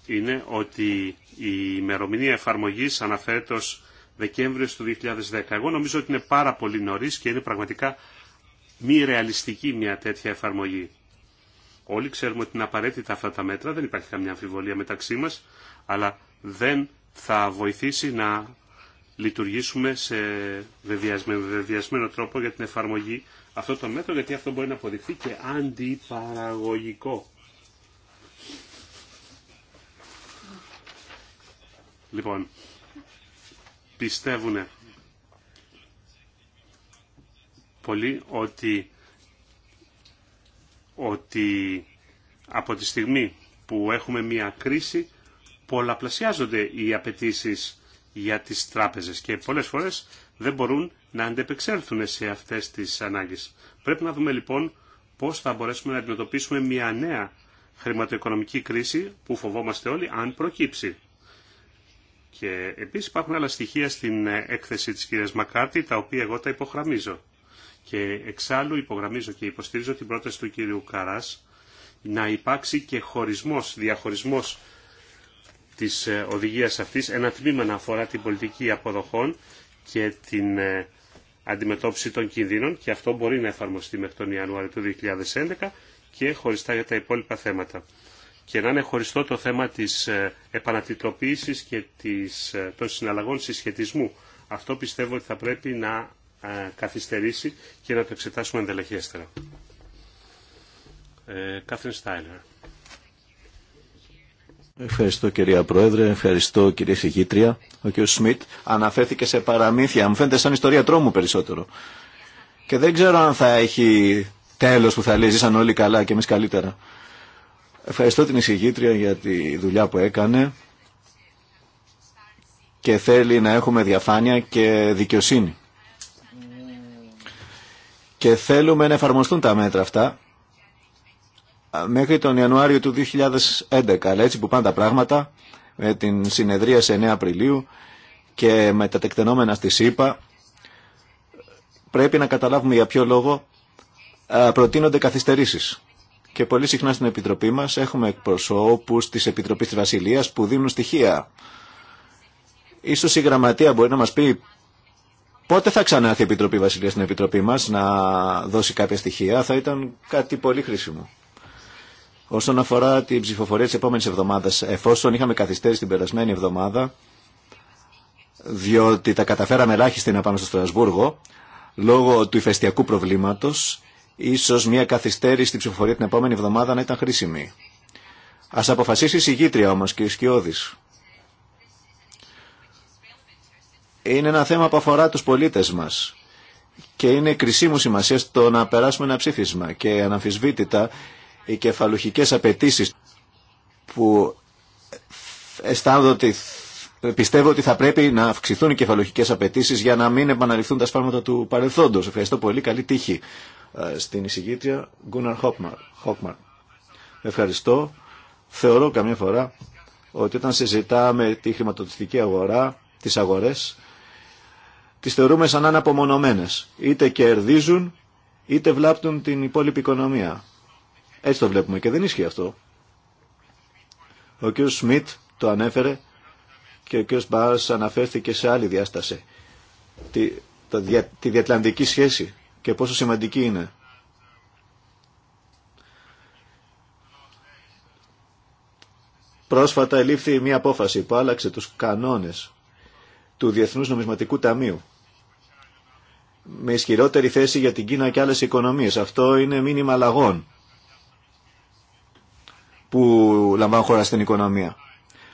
είναι ότι η ημερομηνία εφαρμογής αναφέρεται ως Δεκέμβριο του 2010. Εγώ νομίζω ότι είναι πάρα πολύ νωρίς και είναι πραγματικά μη ρεαλιστική μια τέτοια εφαρμογή. Όλοι ξέρουμε ότι είναι απαραίτητα αυτά τα μέτρα, δεν υπάρχει καμιά αμφιβολία μεταξύ μας, αλλά δεν θα βοηθήσει να λειτουργήσουμε σε βεβαιασμένο, τρόπο για την εφαρμογή αυτό το μέτρο, γιατί αυτό μπορεί να αποδειχθεί και αντιπαραγωγικό. Λοιπόν, πιστεύουν πολλοί ότι, ότι από τη στιγμή που έχουμε μια κρίση πολλαπλασιάζονται οι απαιτήσει για τις τράπεζες και πολλές φορές δεν μπορούν να αντεπεξέλθουν σε αυτές τις ανάγκες. Πρέπει να δούμε λοιπόν πώς θα μπορέσουμε να αντιμετωπίσουμε μια νέα χρηματοοικονομική κρίση που φοβόμαστε όλοι αν προκύψει. Και επίσης υπάρχουν άλλα στοιχεία στην έκθεση της κυρίας Μακάρτη τα οποία εγώ τα υπογραμμίζω. Και εξάλλου υπογραμμίζω και υποστηρίζω την πρόταση του κυρίου Καράς να υπάρξει και χωρισμός, διαχωρισμός της ε, οδηγίας αυτής ένα τμήμα να αφορά την πολιτική αποδοχών και την ε, αντιμετώπιση των κινδύνων και αυτό μπορεί να εφαρμοστεί μέχρι τον Ιανουάριο του 2011 και χωριστά για τα υπόλοιπα θέματα. Και να είναι χωριστό το θέμα της ε, επανατιτροποίησης και της, των συναλλαγών συσχετισμού. Αυτό πιστεύω ότι θα πρέπει να καθυστερήσει και να το εξετάσουμε ενδελεχέστερα. Κάθριν Στάιλερ. Ευχαριστώ κυρία Πρόεδρε, ευχαριστώ κυρία Συγήτρια. Ο κ. Σμιτ αναφέρθηκε σε παραμύθια. Μου φαίνεται σαν ιστορία τρόμου περισσότερο. Και δεν ξέρω αν θα έχει τέλος που θα λέει ζήσαν όλοι καλά και εμείς καλύτερα. Ευχαριστώ την εισηγήτρια για τη δουλειά που έκανε και θέλει να έχουμε διαφάνεια και δικαιοσύνη. Και θέλουμε να εφαρμοστούν τα μέτρα αυτά μέχρι τον Ιανουάριο του 2011. Αλλά έτσι που πάντα πράγματα, με την συνεδρία σε 9 Απριλίου και με τα τεκτενόμενα στη ΣΥΠΑ, πρέπει να καταλάβουμε για ποιο λόγο προτείνονται καθυστερήσεις. Και πολύ συχνά στην Επιτροπή μας έχουμε εκπροσώπους της Επιτροπής της Βασιλείας που δίνουν στοιχεία. Ίσως η Γραμματεία μπορεί να μας πει πότε θα ξανάρθει η Επιτροπή Βασιλείας στην Επιτροπή μας να δώσει κάποια στοιχεία. Θα ήταν κάτι πολύ χρήσιμο. Όσον αφορά την ψηφοφορία τη επόμενη εβδομάδα εφόσον είχαμε καθυστέρηση την περασμένη εβδομάδα, διότι τα καταφέραμε ελάχιστη να πάμε στο Στρασβούργο, λόγω του ηφαιστιακού προβλήματο, ίσω μια καθυστέρηση στην ψηφοφορία την επόμενη εβδομάδα να ήταν χρήσιμη. Α αποφασίσει η συγγήτρια όμως και ο Σκιώδης. Είναι ένα θέμα που αφορά του πολίτε μα και είναι κρισίμου σημασία στο να περάσουμε ένα ψήφισμα και αναμφισβήτητα οι κεφαλουχικές απαιτήσει που αισθάνονται πιστεύω ότι θα πρέπει να αυξηθούν οι κεφαλουχικές απαιτήσει για να μην επαναληφθούν τα σφάλματα του παρελθόντος. Ευχαριστώ πολύ. Καλή τύχη ε, στην εισηγήτρια Γκούναρ Χόκμαρ. Ευχαριστώ. Θεωρώ καμιά φορά ότι όταν συζητάμε τη χρηματοδοτική αγορά, τις αγορές, τις θεωρούμε σαν να είναι απομονωμένες. Είτε κερδίζουν, είτε βλάπτουν την υπόλοιπη οικονομία. Έτσι το βλέπουμε και δεν ίσχυε αυτό. Ο κ. Σμιτ το ανέφερε και ο κ. Μπάρς αναφέρθηκε σε άλλη διάσταση. Τη, τη διατλαντική σχέση και πόσο σημαντική είναι. Πρόσφατα ελήφθη μια απόφαση που άλλαξε τους κανόνες του Διεθνούς Νομισματικού Ταμείου με ισχυρότερη θέση για την Κίνα και άλλες οικονομίες. Αυτό είναι μήνυμα αλλαγών που λαμβάνουν χώρα στην οικονομία.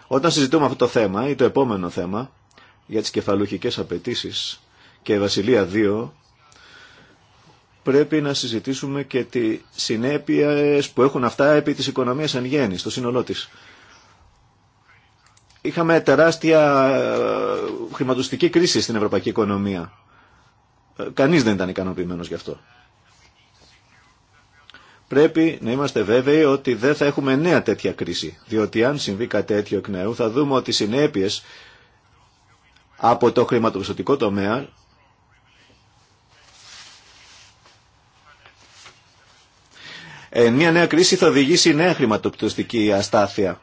Όταν συζητούμε αυτό το θέμα ή το επόμενο θέμα για τις κεφαλουχικές απαιτήσει και Βασιλεία 2, πρέπει να συζητήσουμε και τι συνέπειες που έχουν αυτά επί της οικονομίας εν γέννη, στο σύνολό της. Είχαμε τεράστια ε, χρηματοστική κρίση στην ευρωπαϊκή οικονομία. Ε, κανείς δεν ήταν ικανοποιημένος γι' αυτό πρέπει να είμαστε βέβαιοι ότι δεν θα έχουμε νέα τέτοια κρίση. Διότι αν συμβεί κάτι τέτοιο εκ νέου θα δούμε ότι οι συνέπειες από το χρηματοπιστωτικό τομέα ε, μια νέα κρίση θα οδηγήσει νέα χρηματοπιστωτική αστάθεια.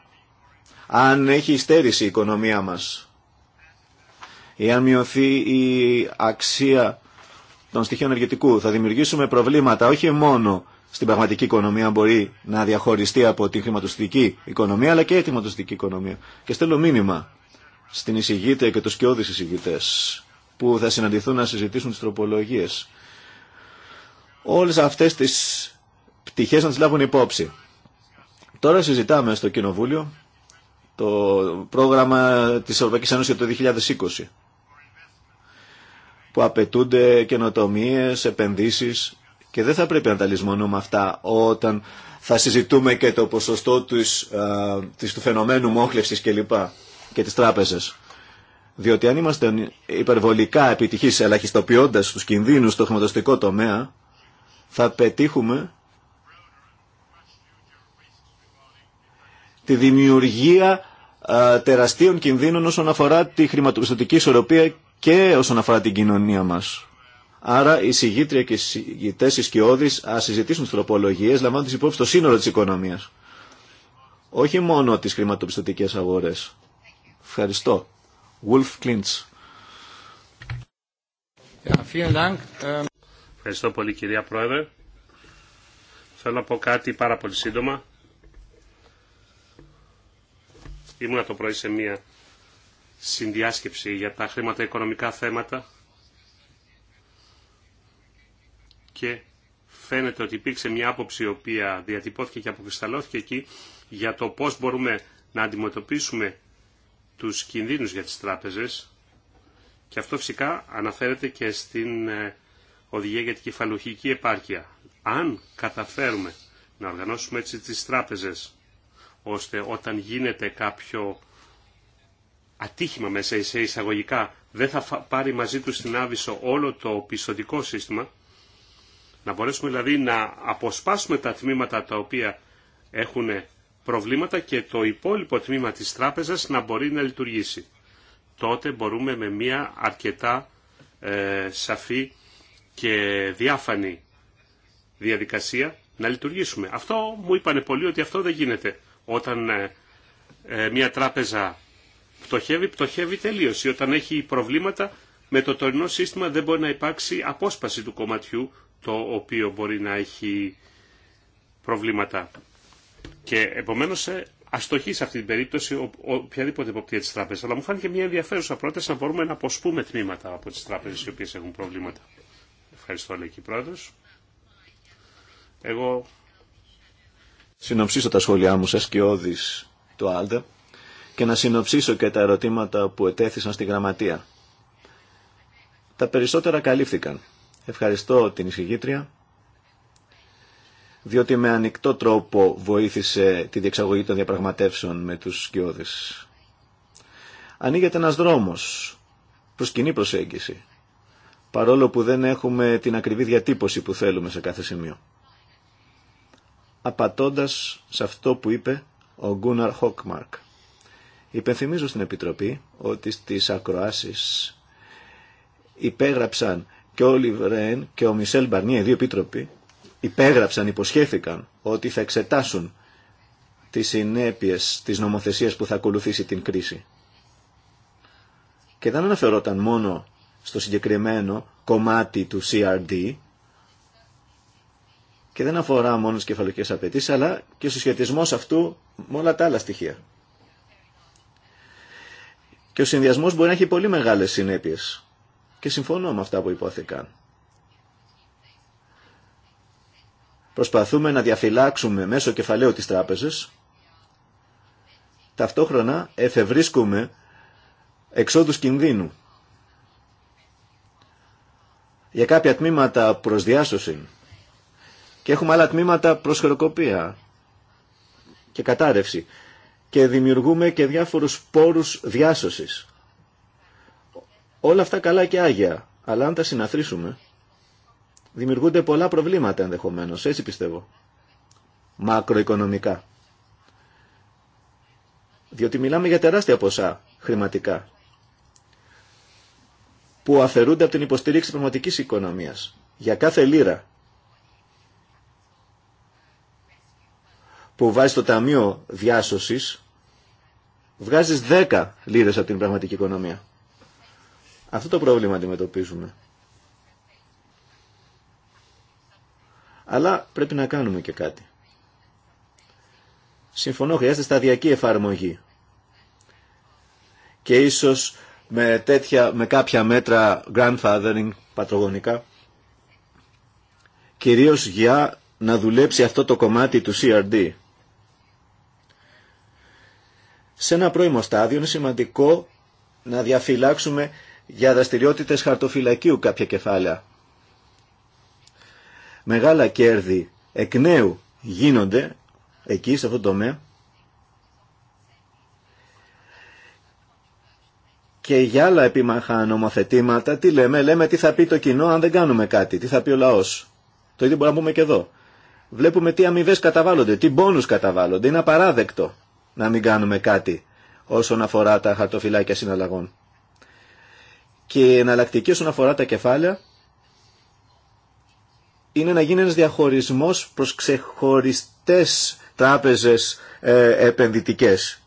Αν έχει στέρηση η οικονομία μας ή αν μειωθεί η αξία των στοιχείων ενεργητικού, θα δημιουργήσουμε προβλήματα όχι μόνο στην πραγματική οικονομία μπορεί να διαχωριστεί από την χρηματοστική οικονομία αλλά και η χρηματοστική οικονομία. Και στέλνω μήνυμα στην εισηγήτρια και του σκιώδεις εισηγητέ που θα συναντηθούν να συζητήσουν τι τροπολογίε. Όλε αυτέ τι πτυχέ να τι λάβουν υπόψη. Τώρα συζητάμε στο Κοινοβούλιο το πρόγραμμα της Ευρωπαϊκής Ένωσης για το 2020 που απαιτούνται καινοτομίες, επενδύσεις και δεν θα πρέπει να τα λησμονούμε αυτά όταν θα συζητούμε και το ποσοστό της, της του φαινομένου μόχλευσης κλπ. Και, και τις τράπεζες. Διότι αν είμαστε υπερβολικά επιτυχείς ελαχιστοποιώντας τους κινδύνους στο χρηματοστικό τομέα, θα πετύχουμε τη δημιουργία τεραστίων κινδύνων όσον αφορά τη χρηματοπιστωτική ισορροπία και όσον αφορά την κοινωνία μας. Άρα οι συγγήτρια και οι συγγητέ, οι σκιώδει, α συζητήσουν τι τροπολογίε, λαμβάνοντα υπόψη το σύνολο τη οικονομία. Όχι μόνο τι χρηματοπιστωτικέ αγορέ. Ευχαριστώ. Wolf Klintz. Ähm, Ευχαριστώ πολύ κυρία Πρόεδρε. Θέλω να πω κάτι πάρα πολύ σύντομα. Ήμουνα το πρωί σε μια συνδιάσκεψη για τα χρήματα οικονομικά θέματα και φαίνεται ότι υπήρξε μια άποψη η οποία διατυπώθηκε και αποκρισταλώθηκε εκεί για το πώς μπορούμε να αντιμετωπίσουμε τους κινδύνους για τις τράπεζες και αυτό φυσικά αναφέρεται και στην ε, οδηγία για την κεφαλουχική επάρκεια. Αν καταφέρουμε να οργανώσουμε έτσι τις τράπεζες ώστε όταν γίνεται κάποιο ατύχημα μέσα σε εισαγωγικά δεν θα πάρει μαζί του στην άβυσο όλο το πιστοτικό σύστημα να μπορέσουμε δηλαδή να αποσπάσουμε τα τμήματα τα οποία έχουν προβλήματα και το υπόλοιπο τμήμα της τράπεζας να μπορεί να λειτουργήσει. Τότε μπορούμε με μια αρκετά ε, σαφή και διάφανη διαδικασία να λειτουργήσουμε. Αυτό μου είπανε πολλοί ότι αυτό δεν γίνεται. Όταν ε, ε, μια τράπεζα πτωχεύει, πτωχεύει τελείως. όταν έχει προβλήματα με το τωρινό σύστημα δεν μπορεί να υπάρξει απόσπαση του κομματιού το οποίο μπορεί να έχει προβλήματα. Και επομένως ε, αστοχή σε αυτή την περίπτωση οποιαδήποτε εποπτεία τη τράπεζα. Αλλά μου φάνηκε μια ενδιαφέρουσα πρόταση να μπορούμε να αποσπούμε τμήματα από τι τράπεζε οι οποίε έχουν προβλήματα. Ευχαριστώ, λέει και πρόεδρο. Εγώ. Συνοψίσω τα σχόλιά μου, σα και Όδης του Άλντε και να συνοψίσω και τα ερωτήματα που ετέθησαν στη γραμματεία. Τα περισσότερα καλύφθηκαν. Ευχαριστώ την εισηγήτρια, διότι με ανοιχτό τρόπο βοήθησε τη διεξαγωγή των διαπραγματεύσεων με τους σκιώδες. Ανοίγεται ένας δρόμος προς κοινή προσέγγιση, παρόλο που δεν έχουμε την ακριβή διατύπωση που θέλουμε σε κάθε σημείο. Απατώντας σε αυτό που είπε ο Γκούναρ Χόκμαρκ. Υπενθυμίζω στην Επιτροπή ότι στις ακροάσεις υπέγραψαν και ο Λιβρέν και ο Μισελ Μπαρνίε, δύο επίτροποι, υπέγραψαν, υποσχέθηκαν ότι θα εξετάσουν τις συνέπειες της νομοθεσίας που θα ακολουθήσει την κρίση. Και δεν αναφερόταν μόνο στο συγκεκριμένο κομμάτι του CRD και δεν αφορά μόνο τις κεφαλικές απαιτήσει, αλλά και ο συσχετισμός αυτού με όλα τα άλλα στοιχεία. Και ο συνδυασμός μπορεί να έχει πολύ μεγάλες συνέπειες και συμφωνώ με αυτά που υπόθηκαν. Προσπαθούμε να διαφυλάξουμε μέσω κεφαλαίου της τράπεζας, ταυτόχρονα εφευρίσκουμε εξόδους κινδύνου για κάποια τμήματα προς διάσωση και έχουμε άλλα τμήματα προς χεροκοπία και κατάρρευση και δημιουργούμε και διάφορους πόρους διάσωσης. Όλα αυτά καλά και άγια, αλλά αν τα συναθρήσουμε, δημιουργούνται πολλά προβλήματα ενδεχομένω. έτσι πιστεύω, μακροοικονομικά. Διότι μιλάμε για τεράστια ποσά χρηματικά που αφαιρούνται από την υποστήριξη πραγματικής οικονομίας. Για κάθε λίρα που βάζει στο Ταμείο Διάσωσης, βγάζεις 10 λίρες από την πραγματική οικονομία. Αυτό το πρόβλημα αντιμετωπίζουμε. Αλλά πρέπει να κάνουμε και κάτι. Συμφωνώ, χρειάζεται σταδιακή εφαρμογή. Και ίσως με, τέτοια, με κάποια μέτρα grandfathering πατρογονικά, κυρίως για να δουλέψει αυτό το κομμάτι του CRD. Σε ένα πρώιμο στάδιο είναι σημαντικό να διαφυλάξουμε για δραστηριότητες χαρτοφυλακίου κάποια κεφάλαια. Μεγάλα κέρδη εκ νέου γίνονται εκεί, σε αυτό το τομέα, και για άλλα επίμαχα νομοθετήματα, τι λέμε, λέμε τι θα πει το κοινό αν δεν κάνουμε κάτι, τι θα πει ο λαός. Το ίδιο μπορούμε να πούμε και εδώ. Βλέπουμε τι αμοιβέ καταβάλλονται, τι πόνους καταβάλλονται. Είναι απαράδεκτο να μην κάνουμε κάτι όσον αφορά τα χαρτοφυλάκια συναλλαγών. Και η εναλλακτική όσον αφορά τα κεφάλαια είναι να γίνει ένας διαχωρισμός προς ξεχωριστές τράπεζες ε, επενδυτικές.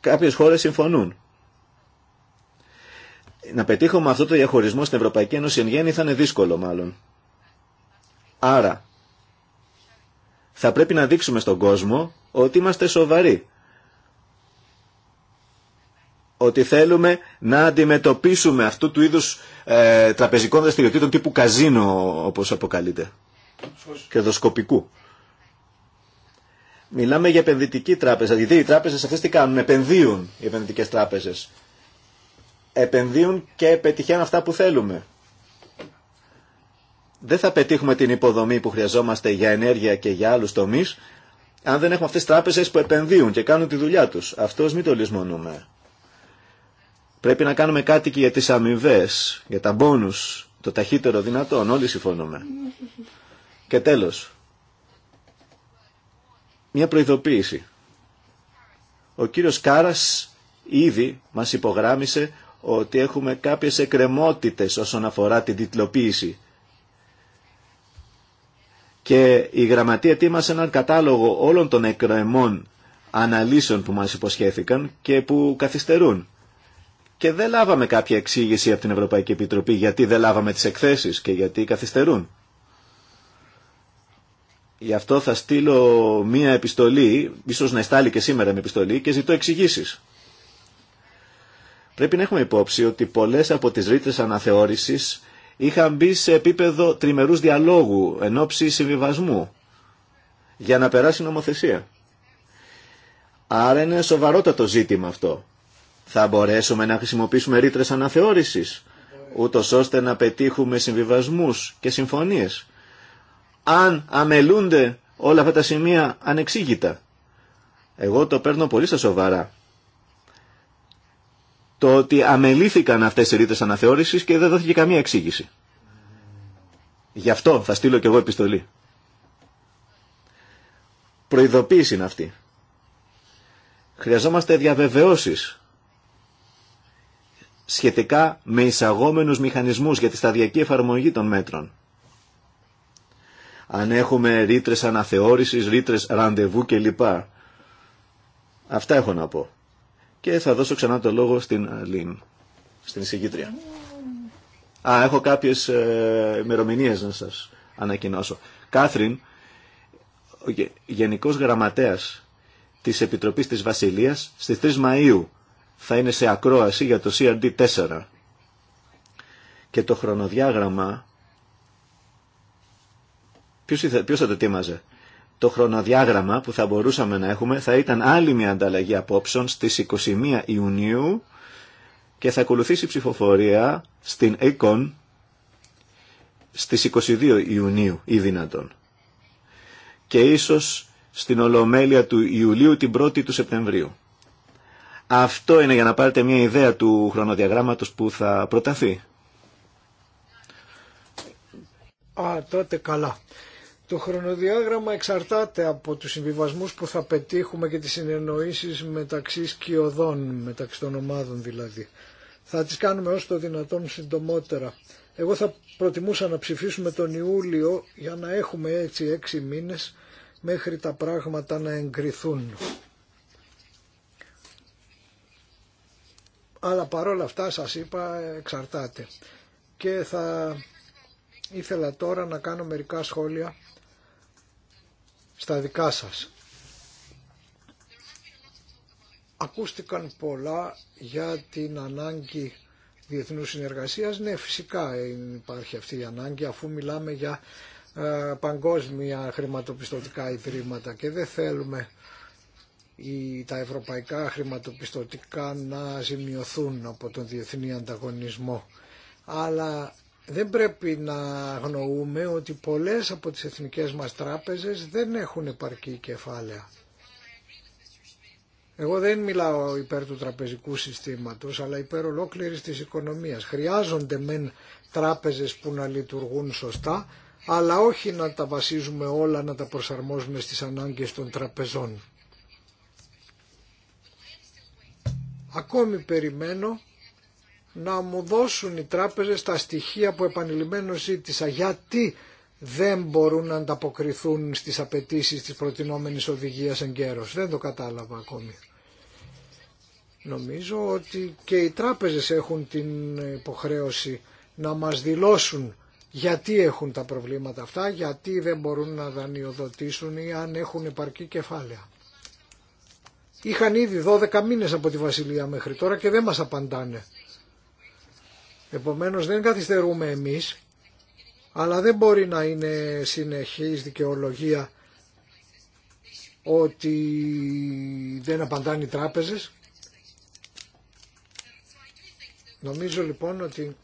Κάποιες χώρες συμφωνούν. Να πετύχουμε αυτό το διαχωρισμό στην Ευρωπαϊκή Ένωση εν γέννη θα είναι δύσκολο μάλλον. Άρα, θα πρέπει να δείξουμε στον κόσμο ότι είμαστε σοβαροί ότι θέλουμε να αντιμετωπίσουμε αυτού του είδους ε, τραπεζικών δραστηριοτήτων τύπου καζίνο όπως αποκαλείται και Μιλάμε για επενδυτική τράπεζα, γιατί οι τράπεζες αυτές τι κάνουν, επενδύουν οι επενδυτικές τράπεζες. Επενδύουν και πετυχαίνουν αυτά που θέλουμε. Δεν θα πετύχουμε την υποδομή που χρειαζόμαστε για ενέργεια και για άλλους τομείς, αν δεν έχουμε αυτές τις τράπεζες που επενδύουν και κάνουν τη δουλειά τους. Αυτός μην το λησμονούμε. Πρέπει να κάνουμε κάτι και για τις αμοιβέ, για τα μπόνους, το ταχύτερο δυνατόν, όλοι συμφωνούμε. Και τέλος, μια προειδοποίηση. Ο κύριος Κάρας ήδη μας υπογράμμισε ότι έχουμε κάποιες εκκρεμότητες όσον αφορά την τιτλοποίηση. Και η γραμματεία τίμασε έναν κατάλογο όλων των εκκρεμών αναλύσεων που μας υποσχέθηκαν και που καθυστερούν και δεν λάβαμε κάποια εξήγηση από την Ευρωπαϊκή Επιτροπή γιατί δεν λάβαμε τις εκθέσεις και γιατί καθυστερούν. Γι' αυτό θα στείλω μία επιστολή, ίσως να εστάλει και σήμερα μία επιστολή και ζητώ εξηγήσεις. Πρέπει να έχουμε υπόψη ότι πολλές από τις ρήτρες αναθεώρησης είχαν μπει σε επίπεδο τριμερούς διαλόγου εν ώψη συμβιβασμού για να περάσει νομοθεσία. Άρα είναι σοβαρότατο ζήτημα αυτό. Θα μπορέσουμε να χρησιμοποιήσουμε ρήτρε αναθεώρησης, ούτω ώστε να πετύχουμε συμβιβασμούς και συμφωνίες. Αν αμελούνται όλα αυτά τα σημεία ανεξήγητα. Εγώ το παίρνω πολύ στα σοβαρά. Το ότι αμελήθηκαν αυτές οι ρήτρες αναθεώρησης και δεν δόθηκε καμία εξήγηση. Γι' αυτό θα στείλω κι εγώ επιστολή. Προειδοποίηση είναι αυτή. Χρειαζόμαστε διαβεβαιώσεις σχετικά με εισαγόμενους μηχανισμούς για τη σταδιακή εφαρμογή των μέτρων. Αν έχουμε ρήτρες αναθεώρησης, ρήτρες ραντεβού κλπ. Αυτά έχω να πω. Και θα δώσω ξανά το λόγο στην Λίν, στην εισηγήτρια. Α, έχω κάποιες ε, ημερομηνίε να σας ανακοινώσω. Κάθριν, ο Γενικός Γραμματέας της Επιτροπής της Βασιλείας, στις 3 Μαΐου θα είναι σε ακρόαση για το CRD4 και το χρονοδιάγραμμα ποιος, θα το τίμαζε το χρονοδιάγραμμα που θα μπορούσαμε να έχουμε θα ήταν άλλη μια ανταλλαγή απόψεων στις 21 Ιουνίου και θα ακολουθήσει ψηφοφορία στην ΕΚΟΝ στις 22 Ιουνίου ή δυνατόν και ίσως στην Ολομέλεια του Ιουλίου την 1η του Σεπτεμβρίου. Αυτό είναι για να πάρετε μια ιδέα του χρονοδιαγράμματος που θα προταθεί. Α, τότε καλά. Το χρονοδιάγραμμα εξαρτάται από τους συμβιβασμούς που θα πετύχουμε και τις συνεννοήσεις μεταξύ σκιωδών, μεταξύ των ομάδων δηλαδή. Θα τις κάνουμε όσο το δυνατόν συντομότερα. Εγώ θα προτιμούσα να ψηφίσουμε τον Ιούλιο για να έχουμε έτσι έξι μήνες μέχρι τα πράγματα να εγκριθούν. αλλά παρόλα αυτά σας είπα εξαρτάται. Και θα ήθελα τώρα να κάνω μερικά σχόλια στα δικά σας. Ακούστηκαν πολλά για την ανάγκη διεθνούς συνεργασίας. Ναι, φυσικά υπάρχει αυτή η ανάγκη αφού μιλάμε για ε, παγκόσμια χρηματοπιστωτικά ιδρύματα και δεν θέλουμε ή τα ευρωπαϊκά χρηματοπιστωτικά να ζημιωθούν από τον διεθνή ανταγωνισμό. Αλλά δεν πρέπει να γνωρούμε ότι πολλές από τις εθνικές μας τράπεζες δεν έχουν επαρκή κεφάλαια. Εγώ δεν μιλάω υπέρ του τραπεζικού συστήματος, αλλά υπέρ ολόκληρης της οικονομίας. Χρειάζονται μεν τράπεζες που να λειτουργούν σωστά, αλλά όχι να τα βασίζουμε όλα να τα προσαρμόζουμε στις ανάγκες των τραπεζών. Ακόμη περιμένω να μου δώσουν οι τράπεζες τα στοιχεία που επανειλημμένως ζήτησα. Γιατί δεν μπορούν να ανταποκριθούν στις απαιτήσεις της προτινόμενης οδηγίας εγκαίρως. Δεν το κατάλαβα ακόμη. Νομίζω ότι και οι τράπεζες έχουν την υποχρέωση να μας δηλώσουν γιατί έχουν τα προβλήματα αυτά, γιατί δεν μπορούν να δανειοδοτήσουν ή αν έχουν επαρκή κεφάλαια. Είχαν ήδη 12 μήνες από τη Βασιλεία μέχρι τώρα και δεν μας απαντάνε. Επομένως δεν καθυστερούμε εμείς, αλλά δεν μπορεί να είναι συνεχής δικαιολογία ότι δεν απαντάνε οι τράπεζες. Νομίζω λοιπόν ότι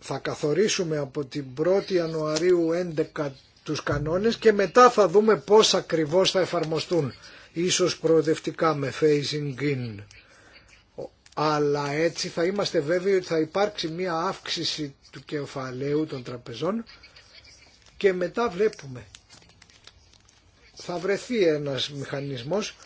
θα καθορίσουμε από την 1η Ιανουαρίου 11 τους κανόνες και μετά θα δούμε πώς ακριβώς θα εφαρμοστούν. Ίσως προοδευτικά με phasing in. Αλλά έτσι θα είμαστε βέβαιοι ότι θα υπάρξει μία αύξηση του κεφαλαίου των τραπεζών και μετά βλέπουμε. Θα βρεθεί ένας μηχανισμός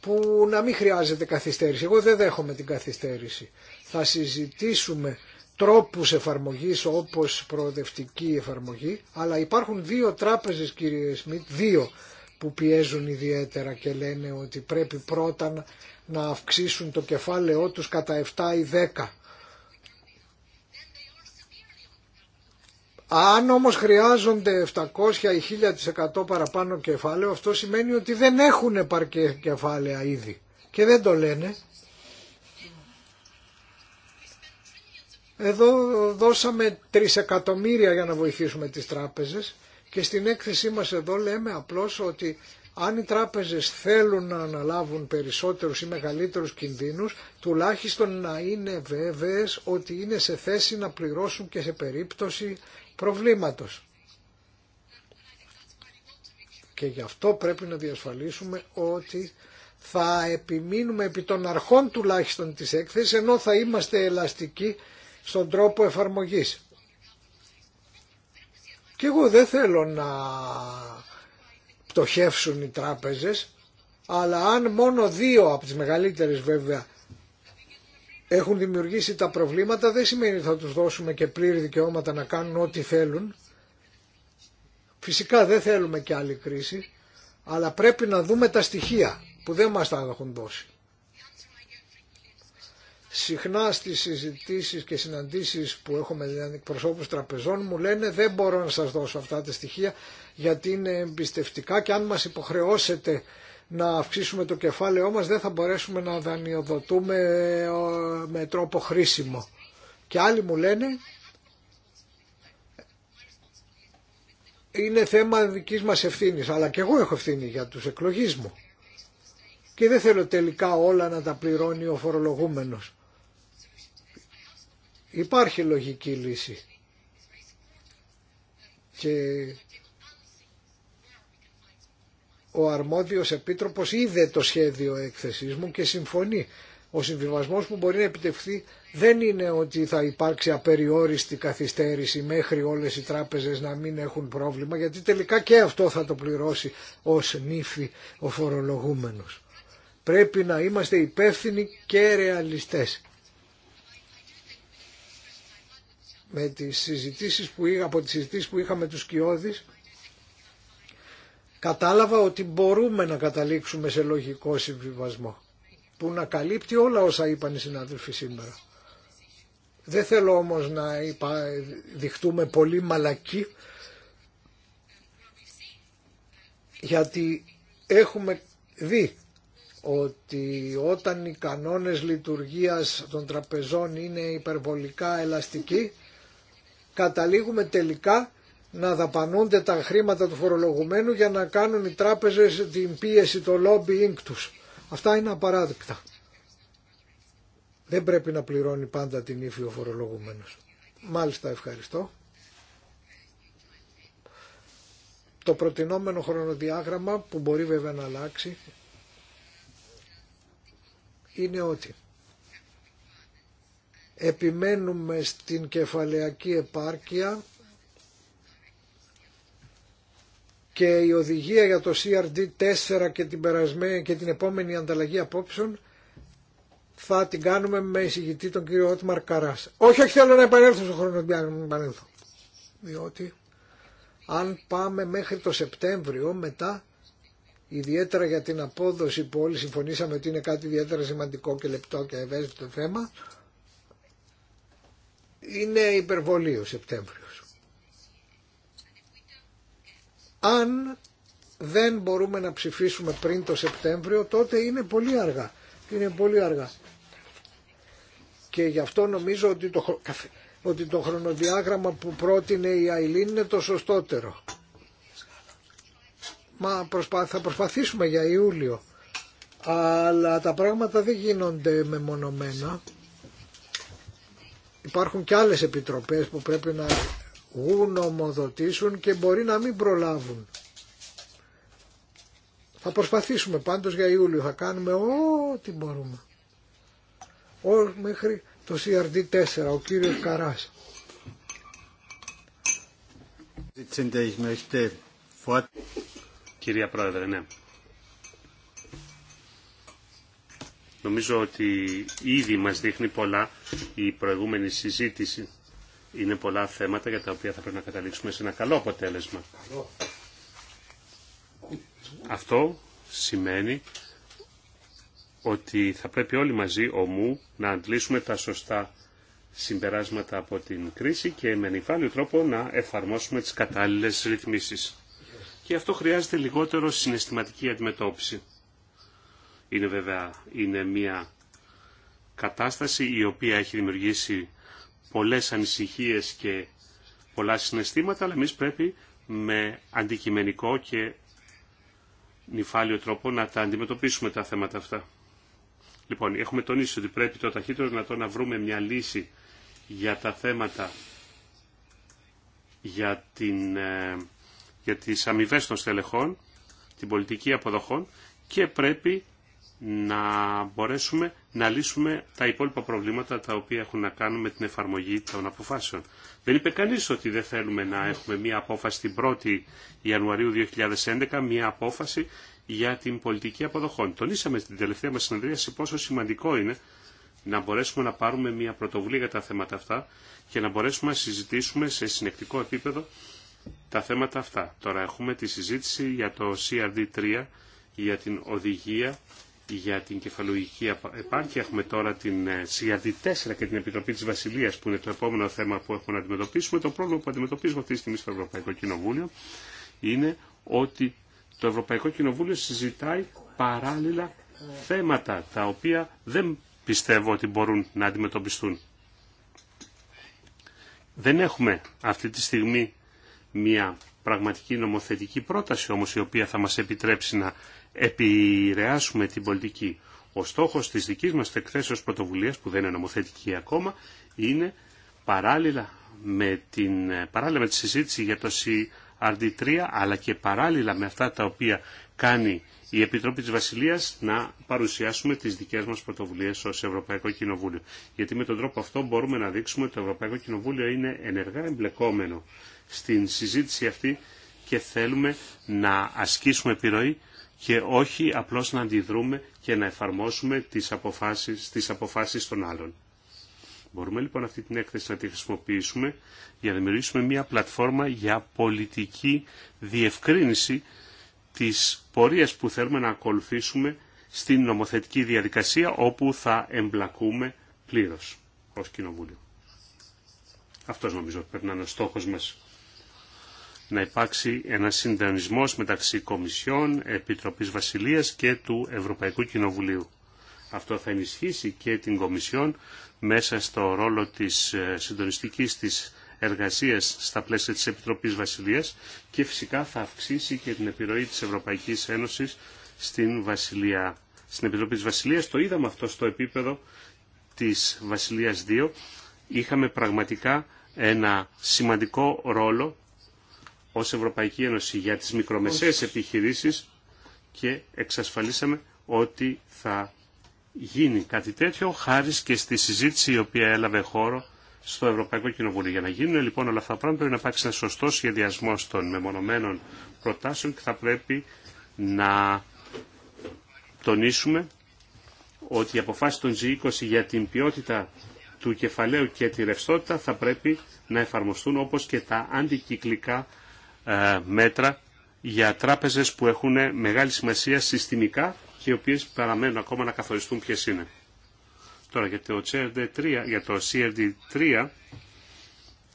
που να μην χρειάζεται καθυστέρηση. Εγώ δεν δέχομαι την καθυστέρηση. Θα συζητήσουμε τρόπους εφαρμογής όπως προοδευτική εφαρμογή, αλλά υπάρχουν δύο τράπεζες κύριε Σμιτ, δύο που πιέζουν ιδιαίτερα και λένε ότι πρέπει πρώτα να αυξήσουν το κεφάλαιό τους κατά 7 ή 10. Αν όμως χρειάζονται 700 ή 1000% παραπάνω κεφάλαιο, αυτό σημαίνει ότι δεν έχουν επαρκή κεφάλαια ήδη. Και δεν το λένε. Εδώ δώσαμε εκατομμύρια για να βοηθήσουμε τις τράπεζες και στην έκθεσή μας εδώ λέμε απλώς ότι αν οι τράπεζες θέλουν να αναλάβουν περισσότερους ή μεγαλύτερους κινδύνους, τουλάχιστον να είναι βέβαιες ότι είναι σε θέση να πληρώσουν και σε περίπτωση προβλήματος. Και γι' αυτό πρέπει να διασφαλίσουμε ότι θα επιμείνουμε επί των αρχών τουλάχιστον της έκθεσης, ενώ θα είμαστε ελαστικοί στον τρόπο εφαρμογής. Και εγώ δεν θέλω να πτωχεύσουν οι τράπεζες, αλλά αν μόνο δύο από τις μεγαλύτερες βέβαια έχουν δημιουργήσει τα προβλήματα, δεν σημαίνει ότι θα τους δώσουμε και πλήρη δικαιώματα να κάνουν ό,τι θέλουν. Φυσικά δεν θέλουμε και άλλη κρίση, αλλά πρέπει να δούμε τα στοιχεία που δεν μας τα έχουν δώσει συχνά στις συζητήσεις και συναντήσεις που έχω με προσώπους τραπεζών μου λένε δεν μπορώ να σας δώσω αυτά τα στοιχεία γιατί είναι εμπιστευτικά και αν μας υποχρεώσετε να αυξήσουμε το κεφάλαιό μας δεν θα μπορέσουμε να δανειοδοτούμε ε, με τρόπο χρήσιμο. Και άλλοι μου λένε είναι θέμα δικής μας ευθύνης αλλά και εγώ έχω ευθύνη για τους εκλογείς μου και δεν θέλω τελικά όλα να τα πληρώνει ο φορολογούμενος. Υπάρχει λογική λύση. Και ο αρμόδιος επίτροπος είδε το σχέδιο έκθεσής μου και συμφωνεί. Ο συμβιβασμός που μπορεί να επιτευχθεί δεν είναι ότι θα υπάρξει απεριόριστη καθυστέρηση μέχρι όλες οι τράπεζες να μην έχουν πρόβλημα γιατί τελικά και αυτό θα το πληρώσει ως νύφη ο φορολογούμενος. Πρέπει να είμαστε υπεύθυνοι και ρεαλιστές. με τις συζητήσεις που, είχα, από τις συζητήσεις που είχαμε τους Κιώδης κατάλαβα ότι μπορούμε να καταλήξουμε σε λογικό συμβιβασμό που να καλύπτει όλα όσα είπαν οι συνάδελφοι σήμερα. Δεν θέλω όμως να διχτούμε πολύ μαλακοί γιατί έχουμε δει ότι όταν οι κανόνες λειτουργίας των τραπεζών είναι υπερβολικά ελαστικοί καταλήγουμε τελικά να δαπανούνται τα χρήματα του φορολογουμένου για να κάνουν οι τράπεζες την πίεση, το lobbying τους. Αυτά είναι απαράδεκτα. Δεν πρέπει να πληρώνει πάντα την ύφη ο φορολογουμένος. Μάλιστα ευχαριστώ. Το προτινόμενο χρονοδιάγραμμα που μπορεί βέβαια να αλλάξει είναι ότι Επιμένουμε στην κεφαλαιακή επάρκεια και η οδηγία για το CRD4 και την, και την επόμενη ανταλλαγή απόψεων θα την κάνουμε με εισηγητή τον κύριο Ότμαρ Καράς. Όχι, όχι θέλω να επανέλθω στον χρόνο, να επανέλθω. Διότι αν πάμε μέχρι το Σεπτέμβριο μετά, ιδιαίτερα για την απόδοση που όλοι συμφωνήσαμε ότι είναι κάτι ιδιαίτερα σημαντικό και λεπτό και ευαίσθητο θέμα, είναι υπερβολή ο Σεπτέμβριος. Αν δεν μπορούμε να ψηφίσουμε πριν το Σεπτέμβριο, τότε είναι πολύ αργά. Είναι πολύ αργά. Και γι' αυτό νομίζω ότι το, χρονοδιάγραμμα που πρότεινε η Αιλίν είναι το σωστότερο. Μα θα προσπαθήσουμε για Ιούλιο. Αλλά τα πράγματα δεν γίνονται μεμονωμένα υπάρχουν και άλλες επιτροπές που πρέπει να γνωμοδοτήσουν και μπορεί να μην προλάβουν. Θα προσπαθήσουμε πάντως για Ιούλιο, θα κάνουμε ό,τι μπορούμε. Ό, μέχρι το CRD4, ο κύριος Καράς. Κυρία Πρόεδρε, ναι. Νομίζω ότι ήδη μας δείχνει πολλά η προηγούμενη συζήτηση. Είναι πολλά θέματα για τα οποία θα πρέπει να καταλήξουμε σε ένα καλό αποτέλεσμα. Αυτό σημαίνει ότι θα πρέπει όλοι μαζί ομού να αντλήσουμε τα σωστά συμπεράσματα από την κρίση και με νυφάλιο τρόπο να εφαρμόσουμε τις κατάλληλες ρυθμίσεις. Και αυτό χρειάζεται λιγότερο συναισθηματική αντιμετώπιση. Είναι βέβαια είναι μια κατάσταση η οποία έχει δημιουργήσει πολλές ανησυχίες και πολλά συναισθήματα, αλλά εμείς πρέπει με αντικειμενικό και νυφάλιο τρόπο να τα αντιμετωπίσουμε τα θέματα αυτά. Λοιπόν, έχουμε τονίσει ότι πρέπει το ταχύτερο δυνατό να βρούμε μια λύση για τα θέματα για, την, ε, για τις αμοιβέ των στελεχών, την πολιτική αποδοχών και πρέπει να μπορέσουμε να λύσουμε τα υπόλοιπα προβλήματα τα οποία έχουν να κάνουν με την εφαρμογή των αποφάσεων. Δεν είπε κανείς ότι δεν θέλουμε να έχουμε μία απόφαση την 1η Ιανουαρίου 2011, μία απόφαση για την πολιτική αποδοχών. Τονίσαμε στην τελευταία μας συνεδρίαση πόσο σημαντικό είναι να μπορέσουμε να πάρουμε μία πρωτοβουλία για τα θέματα αυτά και να μπορέσουμε να συζητήσουμε σε συνεκτικό επίπεδο τα θέματα αυτά. Τώρα έχουμε τη συζήτηση για το CRD3, για την οδηγία για την κεφαλογική επάρκεια. Έχουμε τώρα την ε, ΣΥΑΔΙ 4 και την Επιτροπή της Βασιλείας που είναι το επόμενο θέμα που έχουμε να αντιμετωπίσουμε. Το πρόβλημα που αντιμετωπίζουμε αυτή τη στιγμή στο Ευρωπαϊκό Κοινοβούλιο είναι ότι το Ευρωπαϊκό Κοινοβούλιο συζητάει παράλληλα θέματα τα οποία δεν πιστεύω ότι μπορούν να αντιμετωπιστούν. Δεν έχουμε αυτή τη στιγμή μια πραγματική νομοθετική πρόταση όμως η οποία θα μας επιτρέψει να επηρεάσουμε την πολιτική. Ο στόχος της δικής μας εκθέσεως πρωτοβουλίας που δεν είναι νομοθετική ακόμα είναι παράλληλα με, την, παράλληλα με τη συζήτηση για το CRD3 αλλά και παράλληλα με αυτά τα οποία κάνει η Επιτροπή της Βασιλείας να παρουσιάσουμε τις δικές μας πρωτοβουλίες ως Ευρωπαϊκό Κοινοβούλιο. Γιατί με τον τρόπο αυτό μπορούμε να δείξουμε ότι το Ευρωπαϊκό Κοινοβούλιο είναι ενεργά εμπλεκόμενο στην συζήτηση αυτή και θέλουμε να ασκήσουμε επιρροή και όχι απλώς να αντιδρούμε και να εφαρμόσουμε τις αποφάσεις, τις αποφάσεις των άλλων. Μπορούμε λοιπόν αυτή την έκθεση να τη χρησιμοποιήσουμε για να δημιουργήσουμε μια πλατφόρμα για πολιτική διευκρίνηση της πορείας που θέλουμε να ακολουθήσουμε στην νομοθετική διαδικασία όπου θα εμπλακούμε πλήρως ως Κοινοβούλιο. Αυτός νομίζω πρέπει να είναι ο στόχος μας να υπάρξει ένα συντονισμό μεταξύ Κομισιών, Επιτροπής Βασιλείας και του Ευρωπαϊκού Κοινοβουλίου. Αυτό θα ενισχύσει και την Κομισιόν μέσα στο ρόλο της ε, συντονιστικής της εργασίας στα πλαίσια της Επιτροπής Βασιλείας και φυσικά θα αυξήσει και την επιρροή της Ευρωπαϊκής Ένωσης στην, Βασιλεία. στην Επιτροπή της Βασιλείας. Το είδαμε αυτό στο επίπεδο της Βασιλείας 2. Είχαμε πραγματικά ένα σημαντικό ρόλο ως Ευρωπαϊκή Ένωση για τις μικρομεσαίες επιχειρήσεις και εξασφαλίσαμε ότι θα γίνει κάτι τέτοιο χάρη και στη συζήτηση η οποία έλαβε χώρο στο Ευρωπαϊκό Κοινοβούλιο. Για να γίνουν λοιπόν όλα αυτά τα πράγματα πρέπει να υπάρξει ένα σωστό σχεδιασμό των μεμονωμένων προτάσεων και θα πρέπει να τονίσουμε ότι η αποφάση των G20 για την ποιότητα του κεφαλαίου και τη ρευστότητα θα πρέπει να εφαρμοστούν όπως και τα αντικυκλικά ε, μέτρα για τράπεζες που έχουν μεγάλη σημασία συστημικά και οι οποίες παραμένουν ακόμα να καθοριστούν ποιε είναι. Τώρα για το CRD3, για το CRD3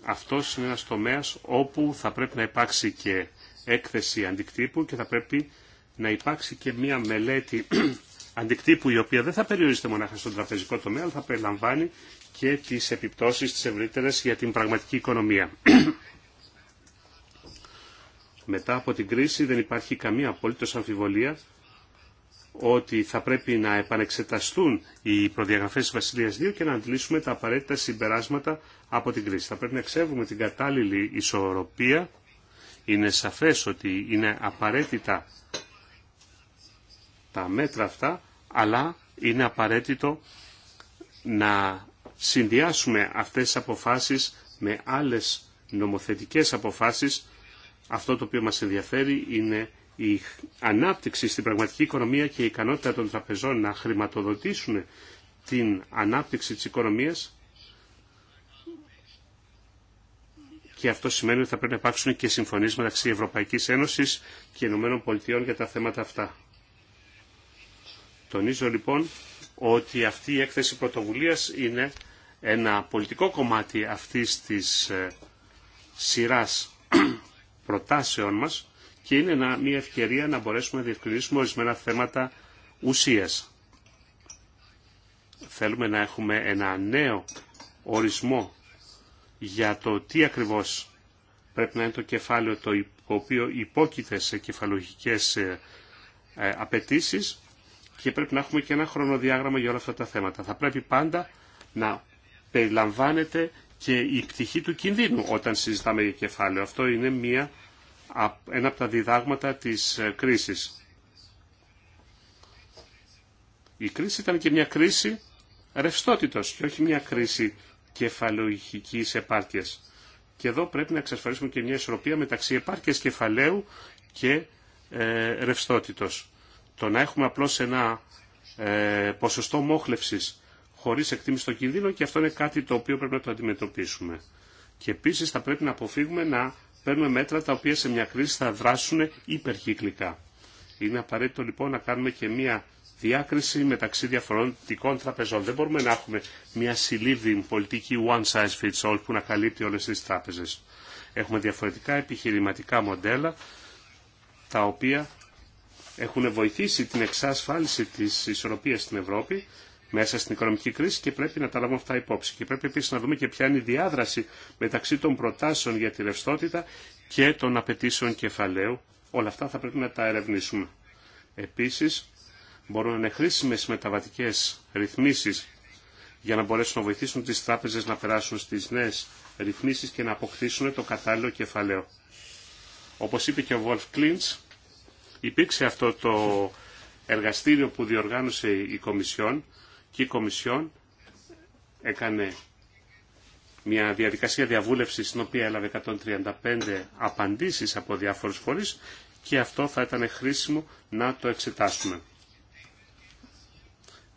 αυτός είναι ένας τομέας όπου θα πρέπει να υπάρξει και έκθεση αντικτύπου και θα πρέπει να υπάρξει και μια μελέτη αντικτύπου η οποία δεν θα περιορίζεται μονάχα στον τραπεζικό τομέα αλλά θα περιλαμβάνει και τις επιπτώσεις τις ευρύτερες για την πραγματική οικονομία. Μετά από την κρίση δεν υπάρχει καμία απολύτως αμφιβολία ότι θα πρέπει να επανεξεταστούν οι προδιαγραφές της Βασιλείας 2 και να αντλήσουμε τα απαραίτητα συμπεράσματα από την κρίση. Θα πρέπει να εξεύγουμε την κατάλληλη ισορροπία. Είναι σαφές ότι είναι απαραίτητα τα μέτρα αυτά, αλλά είναι απαραίτητο να συνδυάσουμε αυτές τις αποφάσεις με άλλες νομοθετικές αποφάσεις αυτό το οποίο μας ενδιαφέρει είναι η ανάπτυξη στην πραγματική οικονομία και η ικανότητα των τραπεζών να χρηματοδοτήσουν την ανάπτυξη της οικονομίας και αυτό σημαίνει ότι θα πρέπει να υπάρξουν και συμφωνίες μεταξύ Ευρωπαϊκής Ένωσης και Ηνωμένων Πολιτειών για τα θέματα αυτά. Τονίζω λοιπόν ότι αυτή η έκθεση πρωτοβουλίας είναι ένα πολιτικό κομμάτι αυτής της ε, σειράς προτάσεών μας και είναι μια ευκαιρία να μπορέσουμε να διευκρινίσουμε ορισμένα θέματα ουσίας. Θέλουμε να έχουμε ένα νέο ορισμό για το τι ακριβώς πρέπει να είναι το κεφάλαιο το οποίο υπόκειται σε κεφαλογικές ε, ε, απαιτήσει και πρέπει να έχουμε και ένα χρονοδιάγραμμα για όλα αυτά τα θέματα. Θα πρέπει πάντα να περιλαμβάνεται και η πτυχή του κινδύνου όταν συζητάμε για κεφάλαιο. Αυτό είναι μία, ένα από τα διδάγματα της ε, κρίσης. Η κρίση ήταν και μια κρίση ρευστότητος και όχι μια κρίση κεφαλαιοηχική επάρκειας. Και εδώ πρέπει να εξασφαλίσουμε και μια ισορροπία μεταξύ επάρκειας κεφαλαίου και ε, ρευστότητος. Το να έχουμε απλώς ένα ε, ποσοστό μόχλευσης χωρί εκτίμηση των κινδύνων και αυτό είναι κάτι το οποίο πρέπει να το αντιμετωπίσουμε. Και επίση θα πρέπει να αποφύγουμε να παίρνουμε μέτρα τα οποία σε μια κρίση θα δράσουν υπερκυκλικά. Είναι απαραίτητο λοιπόν να κάνουμε και μια διάκριση μεταξύ διαφορετικών τραπεζών. Δεν μπορούμε να έχουμε μια συλλήβδη πολιτική one size fits all που να καλύπτει όλες τις τράπεζες. Έχουμε διαφορετικά επιχειρηματικά μοντέλα τα οποία έχουν βοηθήσει την εξασφάλιση της ισορροπίας στην Ευρώπη μέσα στην οικονομική κρίση και πρέπει να τα λάβουμε αυτά υπόψη. Και πρέπει επίση να δούμε και ποια είναι η διάδραση μεταξύ των προτάσεων για τη ρευστότητα και των απαιτήσεων κεφαλαίου. Όλα αυτά θα πρέπει να τα ερευνήσουμε. Επίση, μπορούν να είναι χρήσιμε μεταβατικέ ρυθμίσεις για να μπορέσουν να βοηθήσουν τι τράπεζε, να περάσουν στι νέε ρυθμίσει και να αποκτήσουν το κατάλληλο κεφαλαίο. Όπω είπε και ο Βολφ Κλίντς, υπήρξε αυτό το εργαστήριο που διοργάνωσε η Κομισιόν και η Κομισιόν έκανε μια διαδικασία διαβούλευσης στην οποία έλαβε 135 απαντήσεις από διάφορους φορείς και αυτό θα ήταν χρήσιμο να το εξετάσουμε.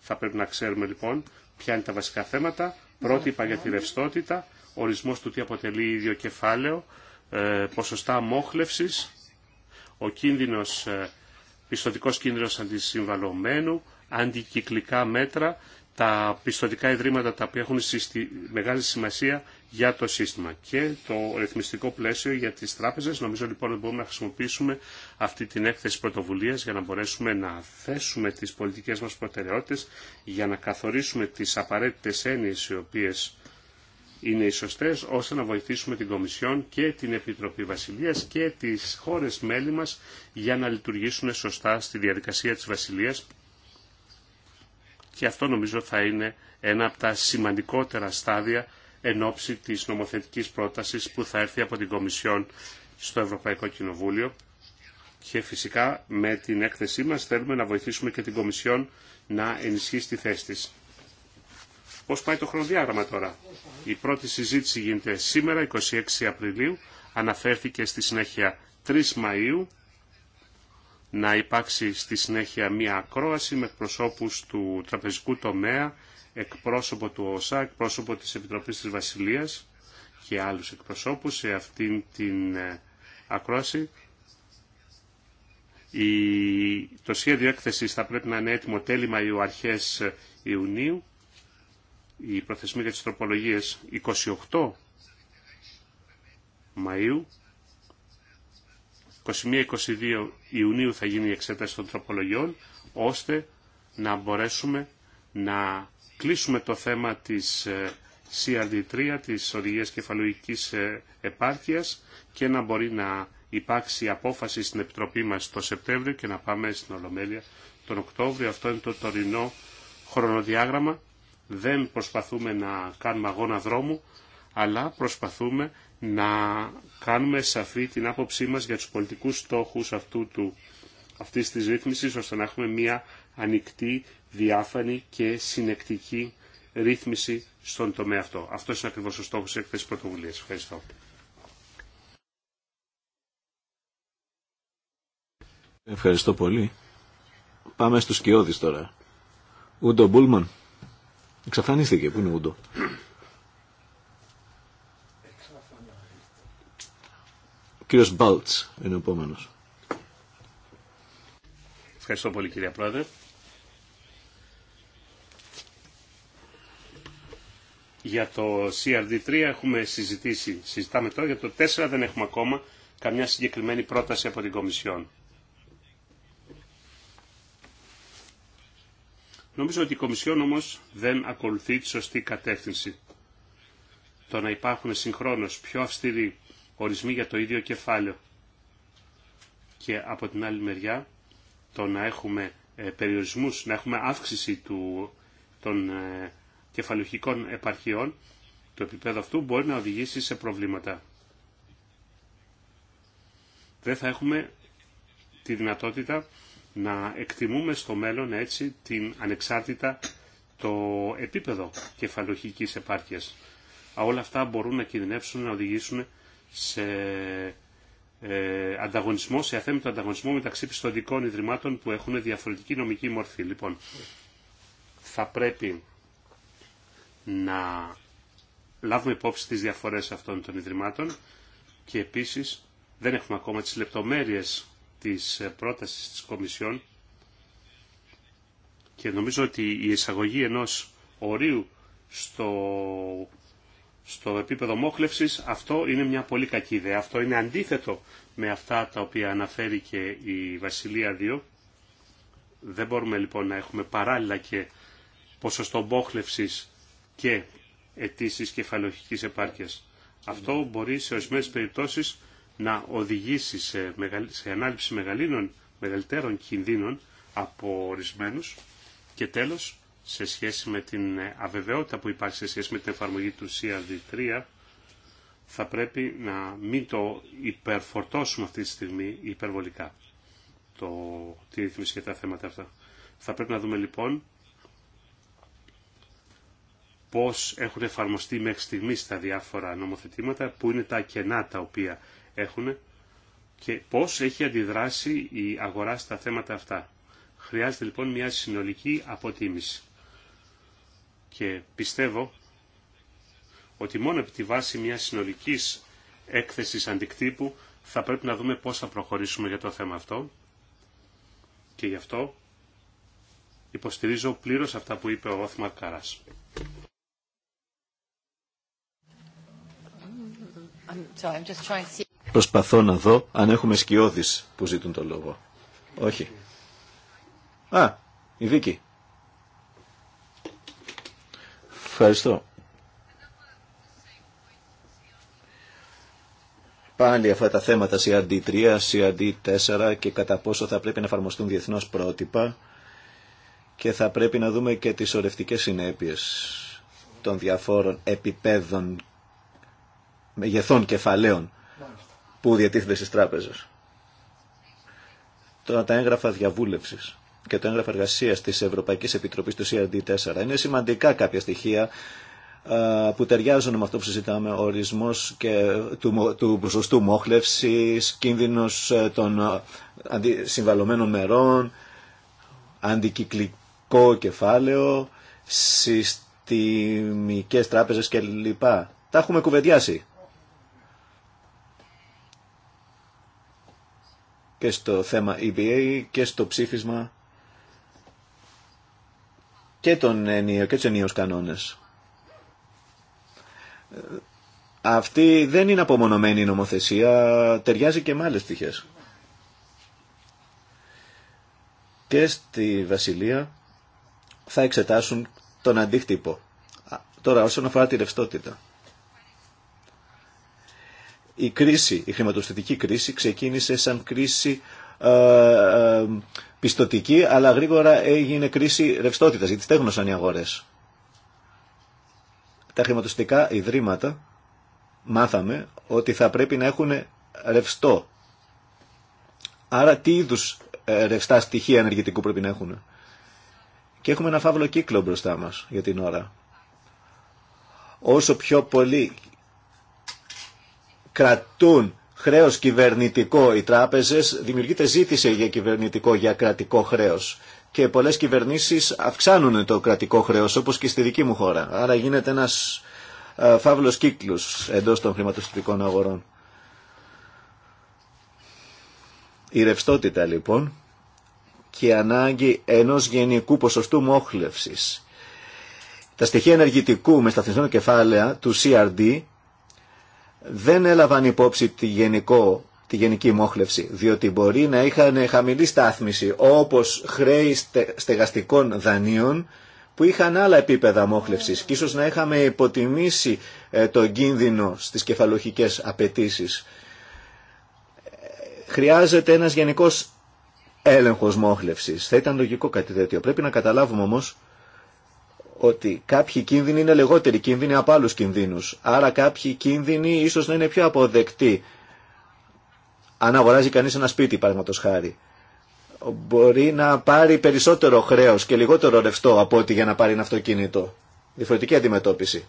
Θα πρέπει να ξέρουμε λοιπόν ποια είναι τα βασικά θέματα. Πρότυπα για τη ρευστότητα, ορισμός του τι αποτελεί ίδιο κεφάλαιο, ε, ποσοστά μόχλευσης, ο κίνδυνος, ε, πιστοτικός κίνδυνος αντισυμβαλωμένου, αντικυκλικά μέτρα, τα πιστοτικά ιδρύματα τα οποία έχουν μεγάλη σημασία για το σύστημα και το ρυθμιστικό πλαίσιο για τις τράπεζες. Νομίζω λοιπόν ότι μπορούμε να χρησιμοποιήσουμε αυτή την έκθεση πρωτοβουλίας για να μπορέσουμε να θέσουμε τις πολιτικές μας προτεραιότητες, για να καθορίσουμε τις απαραίτητες έννοιες οι οποίες είναι οι σωστές, ώστε να βοηθήσουμε την Κομισιόν και την Επιτροπή Βασιλείας και τις χώρες μέλη μας για να λειτουργήσουν σωστά στη διαδικασία της Βασιλείας και αυτό νομίζω θα είναι ένα από τα σημαντικότερα στάδια εν ώψη της νομοθετικής πρότασης που θα έρθει από την Κομισιόν στο Ευρωπαϊκό Κοινοβούλιο και φυσικά με την έκθεσή μας θέλουμε να βοηθήσουμε και την Κομισιόν να ενισχύσει τη θέση της. Πώς πάει το χρονοδιάγραμμα τώρα. Η πρώτη συζήτηση γίνεται σήμερα, 26 Απριλίου, αναφέρθηκε στη συνέχεια 3 Μαΐου, να υπάρξει στη συνέχεια μία ακρόαση με εκπροσώπους του τραπεζικού τομέα, εκπρόσωπο του ΟΣΑ, εκπρόσωπο της Επιτροπής της Βασιλείας και άλλους εκπροσώπους σε αυτήν την ε, ακρόαση. Η... Το σχέδιο έκθεση θα πρέπει να είναι έτοιμο τέλη Μαΐου αρχές Ιουνίου. Η προθεσμία για τις τροπολογίες 28 Μαΐου 21-22 Ιουνίου θα γίνει η εξέταση των τροπολογιών, ώστε να μπορέσουμε να κλείσουμε το θέμα της CRD3, της Οδηγίας Κεφαλογικής Επάρκειας και να μπορεί να υπάρξει απόφαση στην Επιτροπή μας το Σεπτέμβριο και να πάμε στην Ολομέλεια τον Οκτώβριο. Αυτό είναι το τωρινό χρονοδιάγραμμα. Δεν προσπαθούμε να κάνουμε αγώνα δρόμου, αλλά προσπαθούμε να κάνουμε σαφή την άποψή μας για τους πολιτικούς στόχους αυτού του, αυτής της ρύθμισης, ώστε να έχουμε μια ανοιχτή, διάφανη και συνεκτική ρύθμιση στον τομέα αυτό. Αυτό είναι ακριβώς ο στόχος της έκθεσης πρωτοβουλίας. Ευχαριστώ. Ευχαριστώ πολύ. Πάμε στους κοιόδης τώρα. Ούντο Μπούλμαν. Εξαφανίστηκε. Πού είναι Ούντο. κύριος Μπάλτ είναι ο επόμενο. Ευχαριστώ πολύ κύριε Πρόεδρε. Για το CRD3 έχουμε συζητήσει, συζητάμε τώρα, για το 4 δεν έχουμε ακόμα καμιά συγκεκριμένη πρόταση από την Κομισιόν. Νομίζω ότι η Κομισιόν όμως δεν ακολουθεί τη σωστή κατεύθυνση. Το να υπάρχουν συγχρόνως πιο αυστηροί ορισμοί για το ίδιο κεφάλαιο. Και από την άλλη μεριά, το να έχουμε ε, περιορισμούς, να έχουμε αύξηση του, των ε, κεφαλαιοχικών επαρχιών, το επίπεδο αυτού μπορεί να οδηγήσει σε προβλήματα. Δεν θα έχουμε τη δυνατότητα να εκτιμούμε στο μέλλον έτσι την ανεξάρτητα το επίπεδο κεφαλοχικής επάρκειας. Όλα αυτά μπορούν να κινδυνεύσουν να οδηγήσουν σε ε, ανταγωνισμό, σε αθέμητο ανταγωνισμό μεταξύ πιστοτικών ιδρυμάτων που έχουν διαφορετική νομική μορφή. Λοιπόν, θα πρέπει να λάβουμε υπόψη τις διαφορές αυτών των ιδρυμάτων και επίσης δεν έχουμε ακόμα τις λεπτομέρειες της ε, πρότασης της Κομισιόν και νομίζω ότι η εισαγωγή ενός ορίου στο στο επίπεδο μόχλευσης, αυτό είναι μια πολύ κακή ιδέα. Αυτό είναι αντίθετο με αυτά τα οποία αναφέρει και η Βασιλεία 2. Δεν μπορούμε λοιπόν να έχουμε παράλληλα και ποσοστό μόχλευσης και αιτήσει κεφαλαιοχικής επάρκειας. Αυτό μπορεί σε ορισμένε περιπτώσεις να οδηγήσει σε, σε ανάληψη μεγαλύτερων κινδύνων από ορισμένου. Και τέλος, σε σχέση με την αβεβαιότητα που υπάρχει σε σχέση με την εφαρμογή του CRD3 θα πρέπει να μην το υπερφορτώσουμε αυτή τη στιγμή υπερβολικά το, τη ρύθμιση και τα θέματα αυτά. Θα πρέπει να δούμε λοιπόν πώς έχουν εφαρμοστεί μέχρι στιγμή τα διάφορα νομοθετήματα, που είναι τα κενά τα οποία έχουν και πώς έχει αντιδράσει η αγορά στα θέματα αυτά. Χρειάζεται λοιπόν μια συνολική αποτίμηση και πιστεύω ότι μόνο επί τη βάση μιας συνολικής έκθεσης αντικτύπου θα πρέπει να δούμε πώς θα προχωρήσουμε για το θέμα αυτό και γι' αυτό υποστηρίζω πλήρως αυτά που είπε ο Όθμαρ Καράς. Προσπαθώ να δω αν έχουμε σκιώδεις που ζητούν το λόγο. Όχι. Α, η Βίκη. Ευχαριστώ. Πάλι αυτά τα θέματα CRD3, CRD4 και κατά πόσο θα πρέπει να εφαρμοστούν διεθνώς πρότυπα και θα πρέπει να δούμε και τις ορευτικές συνέπειες των διαφόρων επιπέδων μεγεθών κεφαλαίων που διατίθεται στις τράπεζες. Τώρα τα έγγραφα διαβούλευσης και το έγγραφο εργασία τη Ευρωπαϊκή Επιτροπή του CRD4. Είναι σημαντικά κάποια στοιχεία που ταιριάζουν με αυτό που συζητάμε, ο ορισμός του, του ποσοστού μόχλευση, κίνδυνο ε, των ε, συμβαλωμένων μερών, αντικυκλικό κεφάλαιο, συστημικές τράπεζες κλπ. Τα έχουμε κουβεντιάσει. Και στο θέμα EBA και στο ψήφισμα και, τον ενίο, και τους κανόνες. Ε, αυτή δεν είναι απομονωμένη η νομοθεσία, ταιριάζει και με άλλες πτυχές. Και στη Βασιλεία θα εξετάσουν τον αντίκτυπο. Τώρα όσον αφορά τη ρευστότητα. Η κρίση, η χρηματοστατική κρίση ξεκίνησε σαν κρίση ε, ε, πιστοτική, αλλά γρήγορα έγινε κρίση ρευστότητα, γιατί στέγνωσαν οι αγορέ. Τα χρηματοστικά ιδρύματα μάθαμε ότι θα πρέπει να έχουν ρευστό. Άρα τι είδους ε, ρευστά στοιχεία ενεργητικού πρέπει να έχουν. Και έχουμε ένα φαύλο κύκλο μπροστά μας για την ώρα. Όσο πιο πολύ κρατούν χρέος κυβερνητικό οι τράπεζες, δημιουργείται ζήτηση για κυβερνητικό, για κρατικό χρέος. Και πολλές κυβερνήσεις αυξάνουν το κρατικό χρέος, όπως και στη δική μου χώρα. Άρα γίνεται ένας ε, φαύλος κύκλος εντός των χρηματοστηρικών αγορών. Η ρευστότητα λοιπόν και η ανάγκη ενός γενικού ποσοστού μόχλευσης. Τα στοιχεία ενεργητικού με σταθμισμένο κεφάλαια του CRD δεν έλαβαν υπόψη τη, γενικό, τη γενική μόχλευση, διότι μπορεί να είχαν χαμηλή στάθμιση, όπως χρέη στεγαστικών δανείων, που είχαν άλλα επίπεδα μόχλευσης και ίσως να είχαμε υποτιμήσει ε, το κίνδυνο στις κεφαλοχικές απαιτήσει. Ε, χρειάζεται ένας γενικός έλεγχος μόχλευσης. Θα ήταν λογικό κάτι τέτοιο. Πρέπει να καταλάβουμε όμως ότι κάποιοι κίνδυνοι είναι λιγότεροι κίνδυνοι από άλλους κινδύνους. Άρα κάποιοι κίνδυνοι ίσως να είναι πιο αποδεκτοί. Αν αγοράζει κανείς ένα σπίτι, παραδείγματος χάρη, μπορεί να πάρει περισσότερο χρέος και λιγότερο ρευστό από ό,τι για να πάρει ένα αυτοκίνητο. Διαφορετική αντιμετώπιση.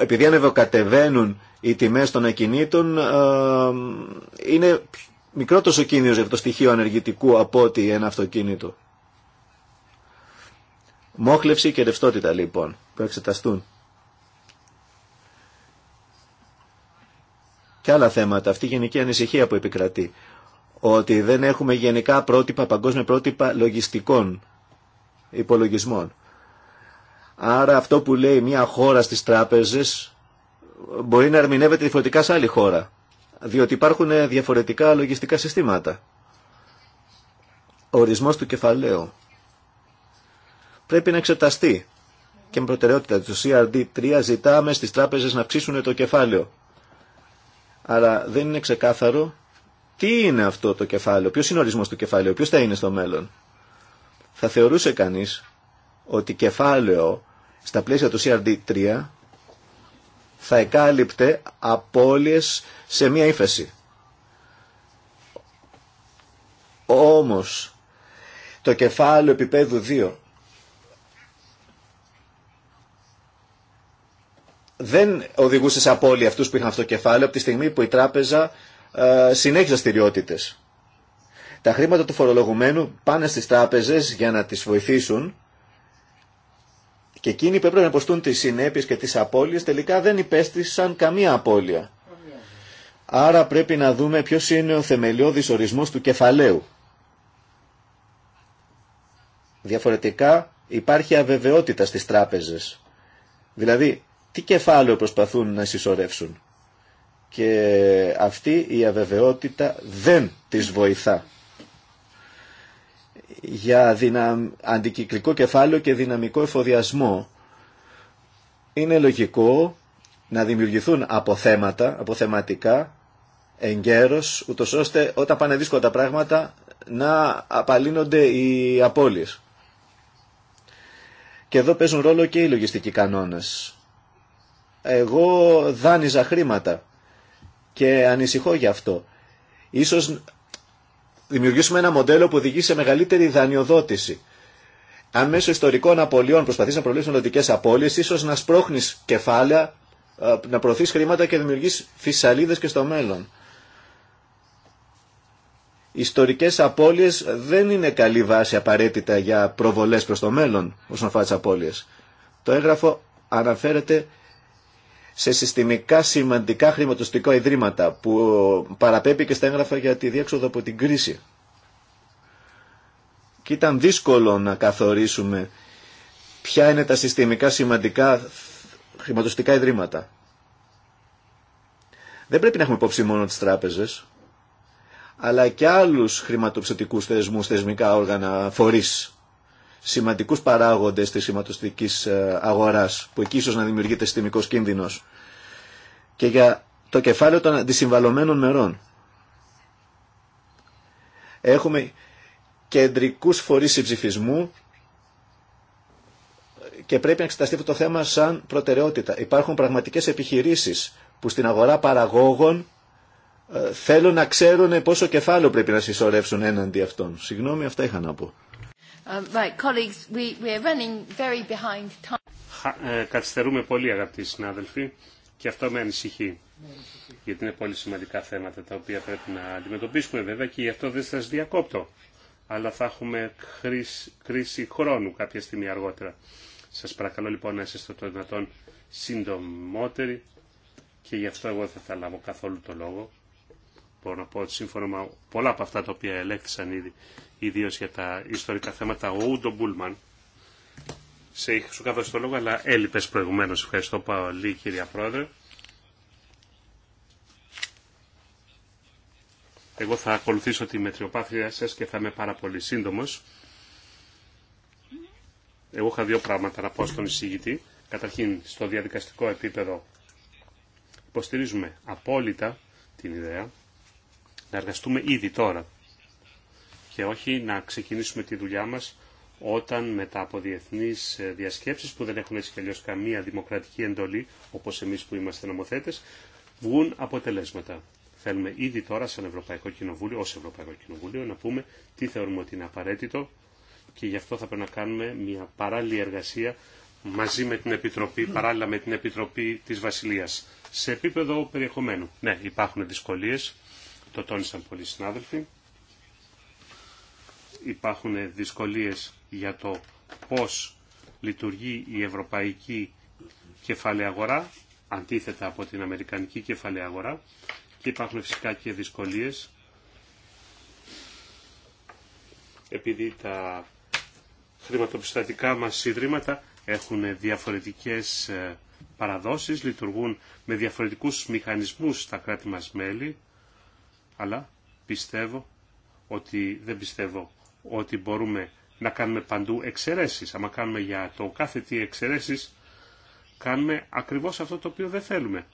Επειδή ανεβοκατεβαίνουν οι τιμές των ακινήτων, ε, είναι μικρότερο ο κίνδυνο για το στοιχείο ανεργητικού από ό,τι ένα αυτοκίνητο. Μόχλευση και ρευστότητα λοιπόν που εξεταστούν. Και άλλα θέματα, αυτή η γενική ανησυχία που επικρατεί, ότι δεν έχουμε γενικά πρότυπα, παγκόσμια πρότυπα λογιστικών υπολογισμών. Άρα αυτό που λέει μια χώρα στις τράπεζες μπορεί να ερμηνεύεται διαφορετικά σε άλλη χώρα, διότι υπάρχουν διαφορετικά λογιστικά συστήματα. Ορισμός του κεφαλαίου πρέπει να εξεταστεί. Και με προτεραιότητα του CRD3 ζητάμε στις τράπεζες να αυξήσουν το κεφάλαιο. Αλλά δεν είναι ξεκάθαρο τι είναι αυτό το κεφάλαιο, ποιος είναι ο ορισμός του κεφάλαιου, ποιος θα είναι στο μέλλον. Θα θεωρούσε κανείς ότι κεφάλαιο στα πλαίσια του CRD3 θα εκάλυπτε απώλειες σε μία ύφεση. Όμως, το κεφάλαιο επίπεδου 2 δεν οδηγούσε σε απώλεια αυτούς που είχαν αυτό το από τη στιγμή που η τράπεζα ε, συνέχιζε δραστηριότητε. Τα χρήματα του φορολογουμένου πάνε στις τράπεζες για να τις βοηθήσουν και εκείνοι που έπρεπε να υποστούν τις συνέπειε και τις απώλειε τελικά δεν υπέστησαν καμία απώλεια. Άρα πρέπει να δούμε ποιο είναι ο θεμελιώδης ορισμός του κεφαλαίου. Διαφορετικά υπάρχει αβεβαιότητα στις τράπεζες. Δηλαδή τι κεφάλαιο προσπαθούν να συσσωρεύσουν. Και αυτή η αβεβαιότητα δεν τις βοηθά για δυνα... αντικυκλικό κεφάλαιο και δυναμικό εφοδιασμό. Είναι λογικό να δημιουργηθούν αποθέματα, αποθεματικά, εγκαίρως, ούτως ώστε όταν πάνε δύσκολα τα πράγματα να απαλύνονται οι απώλειες. Και εδώ παίζουν ρόλο και οι λογιστικοί κανόνες εγώ δάνειζα χρήματα και ανησυχώ γι' αυτό. Ίσως δημιουργήσουμε ένα μοντέλο που οδηγεί σε μεγαλύτερη δανειοδότηση. Αν μέσω ιστορικών απολειών προσπαθεί να προβλέψεις μελλοντικέ απώλειες ίσως να σπρώχνεις κεφάλαια, ε, να προωθεί χρήματα και δημιουργείς φυσαλίδες και στο μέλλον. Ιστορικές ιστορικέ δεν είναι καλή βάση απαραίτητα για προβολές προς το μέλλον όσον αφορά τι απώλειες. Το έγγραφο αναφέρεται σε συστημικά σημαντικά χρηματοστικά ιδρύματα που παραπέμπει και στα έγγραφα για τη διέξοδο από την κρίση. Και ήταν δύσκολο να καθορίσουμε ποια είναι τα συστημικά σημαντικά χρηματοστικά ιδρύματα. Δεν πρέπει να έχουμε υπόψη μόνο τις τράπεζες, αλλά και άλλους χρηματοψητικούς θεσμούς, θεσμικά όργανα, φορείς, σημαντικούς παράγοντες της χρηματοστικής ε, αγοράς, που εκεί ίσως να δημιουργείται συστημικός κίνδυνος και για το κεφάλαιο των αντισυμβαλωμένων μερών. Έχουμε κεντρικούς φορείς συμψηφισμού και πρέπει να εξεταστεί αυτό το θέμα σαν προτεραιότητα. Υπάρχουν πραγματικές επιχειρήσεις που στην αγορά παραγόγων ε, θέλουν να ξέρουν πόσο κεφάλαιο πρέπει να συσσωρεύσουν έναντι αυτών. Συγγνώμη, αυτά είχα να πω. Καθυστερούμε πολύ αγαπητοί συνάδελφοι. Και αυτό με ανησυχεί. Γιατί είναι πολύ σημαντικά θέματα τα οποία πρέπει να αντιμετωπίσουμε βέβαια και γι' αυτό δεν σας διακόπτω. Αλλά θα έχουμε κρίση χρόνου κάποια στιγμή αργότερα. Σας παρακαλώ λοιπόν να είστε το δυνατόν συντομότεροι και γι' αυτό εγώ δεν θα λάβω καθόλου το λόγο. Μπορώ να πω ότι σύμφωνα με πολλά από αυτά τα οποία ελέγχθησαν ήδη, ιδίω για τα ιστορικά θέματα, ο Ούντο Μπούλμαν, σε σου καθώς το λόγο, αλλά έλειπες προηγουμένως. Ευχαριστώ πολύ, κυρία Πρόεδρε. Εγώ θα ακολουθήσω τη μετριοπάθεια σας και θα είμαι πάρα πολύ σύντομος. Εγώ είχα δύο πράγματα να πω στον εισηγητή. Καταρχήν, στο διαδικαστικό επίπεδο υποστηρίζουμε απόλυτα την ιδέα να εργαστούμε ήδη τώρα και όχι να ξεκινήσουμε τη δουλειά μας όταν μετά από διεθνείς ε, διασκέψεις που δεν έχουν έτσι και καμία δημοκρατική εντολή, όπως εμείς που είμαστε νομοθέτες, βγουν αποτελέσματα. Θέλουμε ήδη τώρα σαν Ευρωπαϊκό Κοινοβούλιο, ως Ευρωπαϊκό Κοινοβούλιο, να πούμε τι θεωρούμε ότι είναι απαραίτητο και γι' αυτό θα πρέπει να κάνουμε μια παράλληλη εργασία μαζί με την Επιτροπή, παράλληλα με την Επιτροπή της Βασιλείας. Σε επίπεδο περιεχομένου. Ναι, υπάρχουν δυσκολίες, το τόνισαν πολλοί συνάδελφοι υπάρχουν δυσκολίες για το πώς λειτουργεί η ευρωπαϊκή κεφαλαία αγορά, αντίθετα από την αμερικανική κεφαλαία αγορά και υπάρχουν φυσικά και δυσκολίες επειδή τα χρηματοπιστωτικά μας ιδρύματα έχουν διαφορετικές ε, παραδόσεις, λειτουργούν με διαφορετικούς μηχανισμούς στα κράτη μας μέλη, αλλά πιστεύω ότι δεν πιστεύω ότι μπορούμε να κάνουμε παντού εξαιρέσει. Αν κάνουμε για το κάθε τι εξαιρέσει, κάνουμε ακριβώς αυτό το οποίο δεν θέλουμε.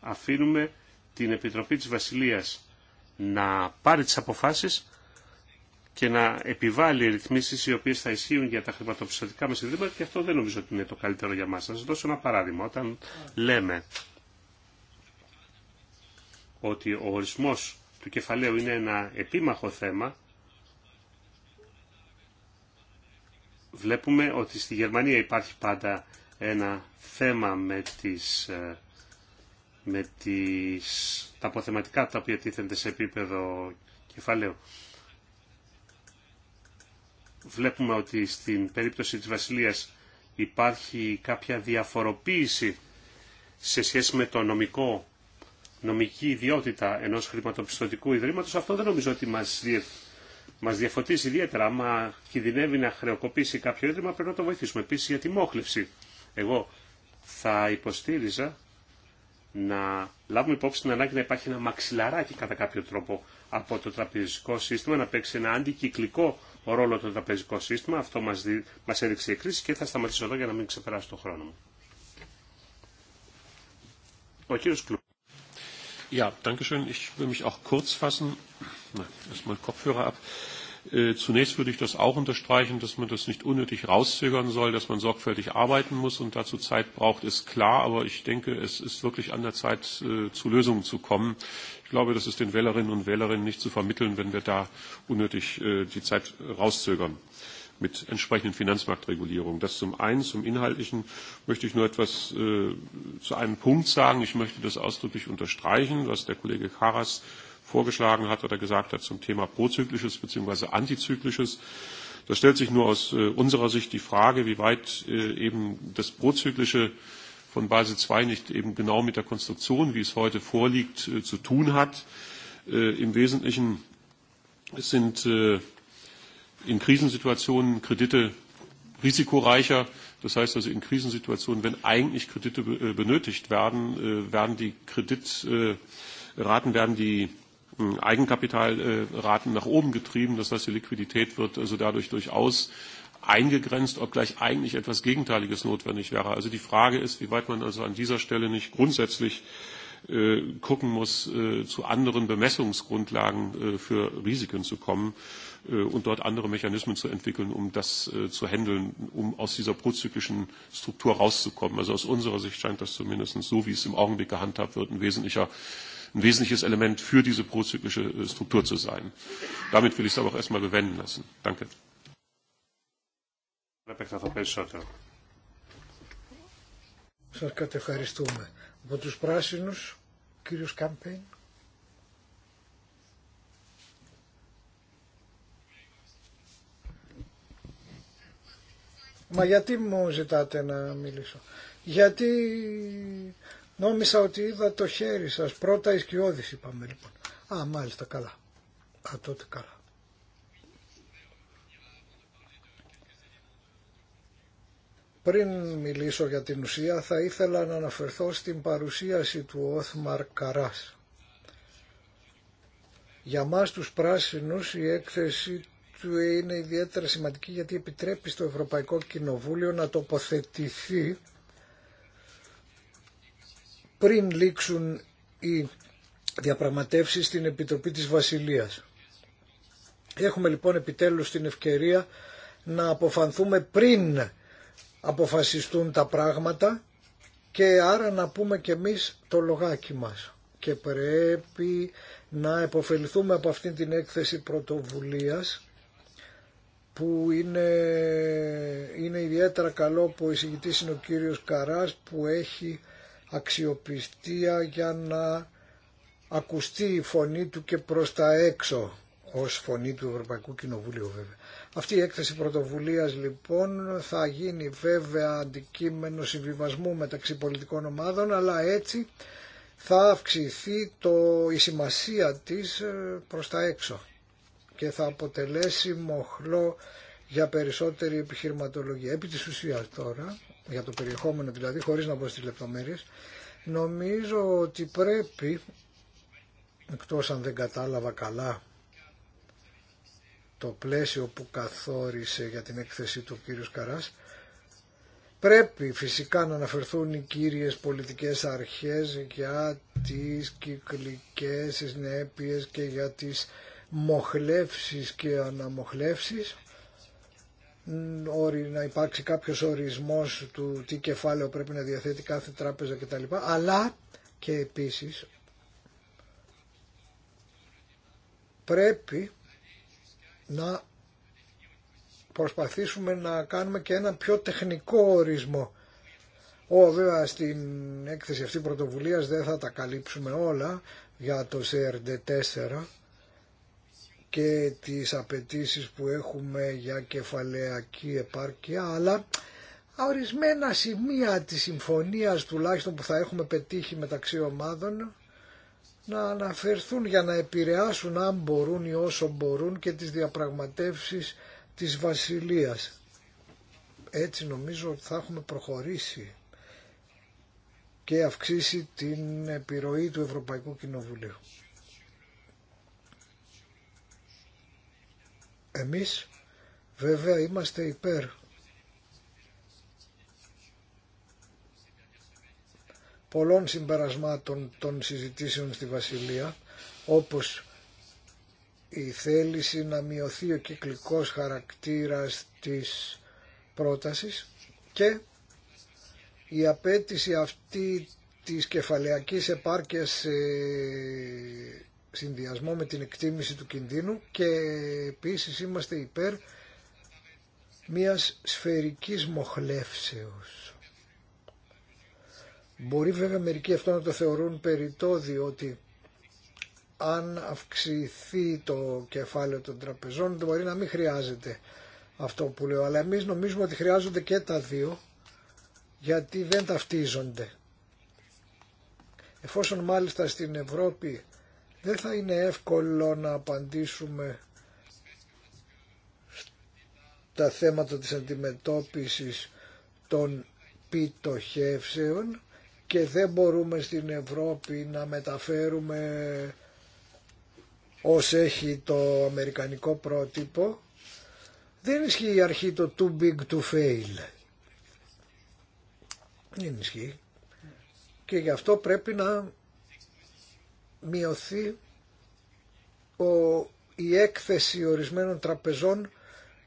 Αφήνουμε την Επιτροπή της Βασιλείας να πάρει τις αποφάσεις και να επιβάλλει ρυθμίσεις οι οποίες θα ισχύουν για τα χρηματοπιστωτικά μας ιδρύματα και αυτό δεν νομίζω ότι είναι το καλύτερο για μας. Να σας δώσω ένα παράδειγμα. Όταν λέμε ότι ο ορισμός του κεφαλαίου είναι ένα επίμαχο θέμα, βλέπουμε ότι στη Γερμανία υπάρχει πάντα ένα θέμα με, τις, ε, με τις, τα αποθεματικά τα οποία τίθενται σε επίπεδο κεφαλαίου. Βλέπουμε ότι στην περίπτωση της Βασιλείας υπάρχει κάποια διαφοροποίηση σε σχέση με το νομικό, νομική ιδιότητα ενός χρηματοπιστωτικού ιδρύματος. Αυτό δεν νομίζω ότι μας Μα διαφωτίζει ιδιαίτερα. Άμα κινδυνεύει να χρεοκοπήσει κάποιο ίδρυμα, πρέπει να το βοηθήσουμε. Επίση για τη μόχλευση. Εγώ θα υποστήριζα να λάβουμε υπόψη την ανάγκη να υπάρχει ένα μαξιλαράκι κατά κάποιο τρόπο από το τραπεζικό σύστημα, να παίξει ένα αντικυκλικό ρόλο το τραπεζικό σύστημα. Αυτό μας, δι... μας έδειξε η κρίση και θα σταματήσω εδώ για να μην ξεπεράσω το χρόνο μου. Ja, danke schön. Ich will mich auch kurz fassen. Erstmal Kopfhörer ab. Zunächst würde ich das auch unterstreichen, dass man das nicht unnötig rauszögern soll, dass man sorgfältig arbeiten muss und dazu Zeit braucht, ist klar. Aber ich denke, es ist wirklich an der Zeit, zu Lösungen zu kommen. Ich glaube, das ist den Wählerinnen und Wählerinnen nicht zu vermitteln, wenn wir da unnötig die Zeit rauszögern mit entsprechenden Finanzmarktregulierungen. Das zum einen. Zum Inhaltlichen möchte ich nur etwas zu einem Punkt sagen. Ich möchte das ausdrücklich unterstreichen, was der Kollege Karas vorgeschlagen hat oder gesagt hat zum Thema prozyklisches bzw. antizyklisches. Da stellt sich nur aus unserer Sicht die Frage, wie weit eben das prozyklische von Basel II nicht eben genau mit der Konstruktion, wie es heute vorliegt, zu tun hat. Im Wesentlichen sind in Krisensituationen Kredite risikoreicher. Das heißt also in Krisensituationen, wenn eigentlich Kredite benötigt werden, werden die Kreditraten, werden die Eigenkapitalraten nach oben getrieben. Das heißt, die Liquidität wird also dadurch durchaus eingegrenzt, obgleich eigentlich etwas Gegenteiliges notwendig wäre. Also die Frage ist, wie weit man also an dieser Stelle nicht grundsätzlich gucken muss, zu anderen Bemessungsgrundlagen für Risiken zu kommen und dort andere Mechanismen zu entwickeln, um das zu handeln, um aus dieser prozyklischen Struktur rauszukommen. Also aus unserer Sicht scheint das zumindest so, wie es im Augenblick gehandhabt wird, ein wesentlicher ein wesentliches Element für diese prozyklische Struktur zu sein. Damit will ich es aber auch erstmal bewenden lassen. Danke. Μα γιατί μου ζητάτε να μιλήσω. Γιατί νόμισα ότι είδα το χέρι σας. Πρώτα σκιώδης είπαμε λοιπόν. Α, μάλιστα καλά. Α, τότε καλά. Πριν μιλήσω για την ουσία θα ήθελα να αναφερθώ στην παρουσίαση του Όθμαρ Καράς. Για μας τους πράσινους η έκθεση του είναι ιδιαίτερα σημαντική γιατί επιτρέπει στο Ευρωπαϊκό Κοινοβούλιο να τοποθετηθεί πριν λήξουν οι διαπραγματεύσεις στην Επιτροπή της Βασιλείας. Έχουμε λοιπόν επιτέλους την ευκαιρία να αποφανθούμε πριν αποφασιστούν τα πράγματα και άρα να πούμε και εμείς το λογάκι μας. Και πρέπει να επωφεληθούμε από αυτήν την έκθεση πρωτοβουλίας που είναι, είναι ιδιαίτερα καλό που ο εισηγητής είναι ο κύριος Καράς που έχει αξιοπιστία για να ακουστεί η φωνή του και προς τα έξω ως φωνή του Ευρωπαϊκού Κοινοβουλίου βέβαια. Αυτή η έκθεση πρωτοβουλίας λοιπόν θα γίνει βέβαια αντικείμενο συμβιβασμού μεταξύ πολιτικών ομάδων αλλά έτσι θα αυξηθεί το, η σημασία της ε, προς τα έξω και θα αποτελέσει μοχλό για περισσότερη επιχειρηματολογία. Επί της ουσίας τώρα, για το περιεχόμενο δηλαδή, χωρίς να πω στις λεπτομέρειες, νομίζω ότι πρέπει, εκτός αν δεν κατάλαβα καλά το πλαίσιο που καθόρισε για την έκθεση του κύριου Καράς, Πρέπει φυσικά να αναφερθούν οι κύριες πολιτικές αρχές για τις κυκλικές συνέπειε και για τις μοχλεύσεις και αναμοχλεύσεις να υπάρξει κάποιος ορισμός του τι κεφάλαιο πρέπει να διαθέτει κάθε τράπεζα κτλ. Αλλά και επίσης πρέπει να προσπαθήσουμε να κάνουμε και ένα πιο τεχνικό ορισμό. Ω, βέβαια στην έκθεση αυτή πρωτοβουλίας δεν θα τα καλύψουμε όλα για το CRD4, και τις απαιτήσεις που έχουμε για κεφαλαιακή επάρκεια, αλλά ορισμένα σημεία της συμφωνίας τουλάχιστον που θα έχουμε πετύχει μεταξύ ομάδων να αναφερθούν για να επηρεάσουν αν μπορούν ή όσο μπορούν και τις διαπραγματεύσεις της Βασιλείας. Έτσι νομίζω ότι θα έχουμε προχωρήσει και αυξήσει την επιρροή του Ευρωπαϊκού Κοινοβουλίου. Εμείς βέβαια είμαστε υπέρ πολλών συμπερασμάτων των συζητήσεων στη Βασιλεία, όπως η θέληση να μειωθεί ο κυκλικός χαρακτήρας της πρότασης και η απέτηση αυτή της κεφαλαιακής επάρκειας συνδυασμό με την εκτίμηση του κινδύνου και επίσης είμαστε υπέρ μιας σφαιρικής μοχλεύσεως. Μπορεί βέβαια μερικοί αυτό να το θεωρούν περιττό διότι αν αυξηθεί το κεφάλαιο των τραπεζών δεν μπορεί να μην χρειάζεται αυτό που λέω. Αλλά εμείς νομίζουμε ότι χρειάζονται και τα δύο γιατί δεν ταυτίζονται. Εφόσον μάλιστα στην Ευρώπη δεν θα είναι εύκολο να απαντήσουμε τα θέματα της αντιμετώπισης των πιτοχεύσεων και δεν μπορούμε στην Ευρώπη να μεταφέρουμε ως έχει το αμερικανικό πρότυπο. Δεν ισχύει η αρχή το too big to fail. Δεν ισχύει. Και γι' αυτό πρέπει να μειωθεί ο, η έκθεση ορισμένων τραπεζών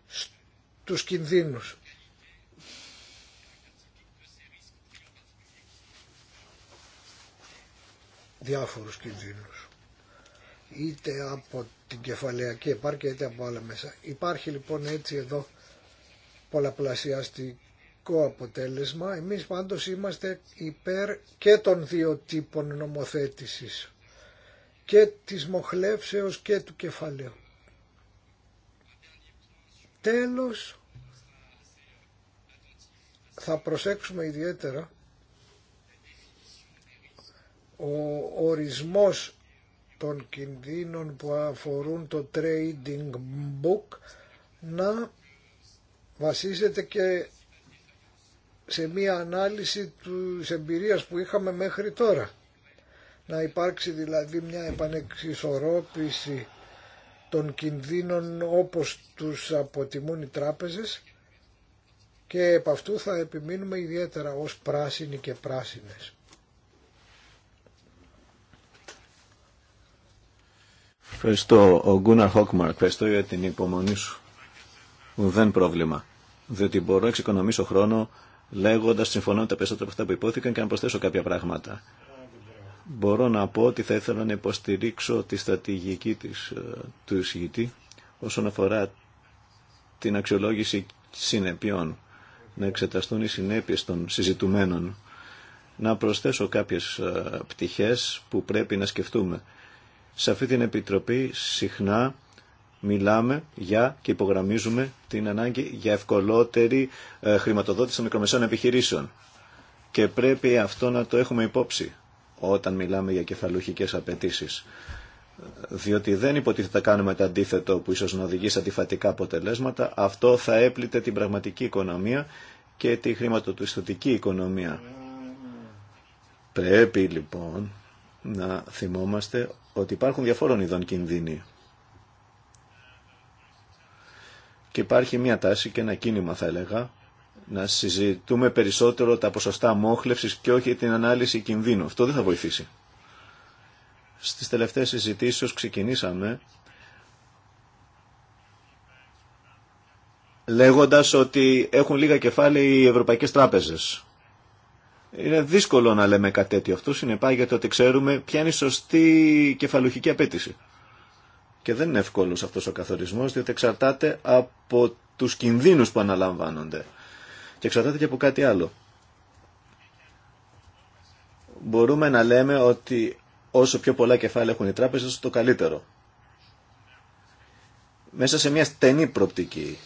στους κινδύνους. Διάφορους κινδύνους. Είτε από την κεφαλαιακή επάρκεια είτε από άλλα μέσα. Υπάρχει λοιπόν έτσι εδώ πολλαπλασιαστικό αποτέλεσμα. Εμείς πάντως είμαστε υπέρ και των δύο τύπων νομοθέτησης και της μοχλεύσεως και του κεφαλαίου. Τέλος, θα προσέξουμε ιδιαίτερα ο ορισμός των κινδύνων που αφορούν το trading book να βασίζεται και σε μία ανάλυση της εμπειρίας που είχαμε μέχρι τώρα να υπάρξει δηλαδή μια επανεξισορρόπηση των κινδύνων όπως τους αποτιμούν οι τράπεζες και επ' αυτού θα επιμείνουμε ιδιαίτερα ως πράσινοι και πράσινες. Ευχαριστώ ο Γκούναρ Χόκμαρ, ευχαριστώ για την υπομονή σου. Ουδέν πρόβλημα, διότι μπορώ να εξοικονομήσω χρόνο λέγοντας συμφωνώ με τα περισσότερα από αυτά που υπόθηκαν και να προσθέσω κάποια πράγματα μπορώ να πω ότι θα ήθελα να υποστηρίξω τη στρατηγική της, ε, του εισηγητή όσον αφορά την αξιολόγηση συνεπειών, να εξεταστούν οι συνέπειες των συζητουμένων. Να προσθέσω κάποιες ε, πτυχές που πρέπει να σκεφτούμε. Σε αυτή την Επιτροπή συχνά μιλάμε για και υπογραμμίζουμε την ανάγκη για ευκολότερη ε, χρηματοδότηση των μικρομεσαίων επιχειρήσεων. Και πρέπει αυτό να το έχουμε υπόψη όταν μιλάμε για κεφαλουχικές απαιτήσει. Διότι δεν υποτίθεται κάνουμε το αντίθετο που ίσως να οδηγεί σε αντιφατικά αποτελέσματα. Αυτό θα έπλητε την πραγματική οικονομία και τη χρηματοπιστωτική οικονομία. Πρέπει λοιπόν να θυμόμαστε ότι υπάρχουν διαφόρων ειδών κινδύνοι. Και υπάρχει μια τάση και ένα κίνημα θα έλεγα να συζητούμε περισσότερο τα ποσοστά μόχλευσης και όχι την ανάλυση κινδύνου. Αυτό δεν θα βοηθήσει. Στις τελευταίες συζητήσεις ξεκινήσαμε λέγοντας ότι έχουν λίγα κεφάλαια οι ευρωπαϊκές τράπεζες. Είναι δύσκολο να λέμε κάτι τέτοιο. Αυτό συνεπάγεται ότι ξέρουμε ποια είναι η σωστή κεφαλουχική απέτηση. Και δεν είναι εύκολος αυτός ο καθορισμός, διότι εξαρτάται από τους κινδύνους που αναλαμβάνονται και εξαρτάται και από κάτι άλλο. Μπορούμε να λέμε ότι όσο πιο πολλά κεφάλαια έχουν οι τράπεζες, το καλύτερο. Μέσα σε μια στενή προπτική.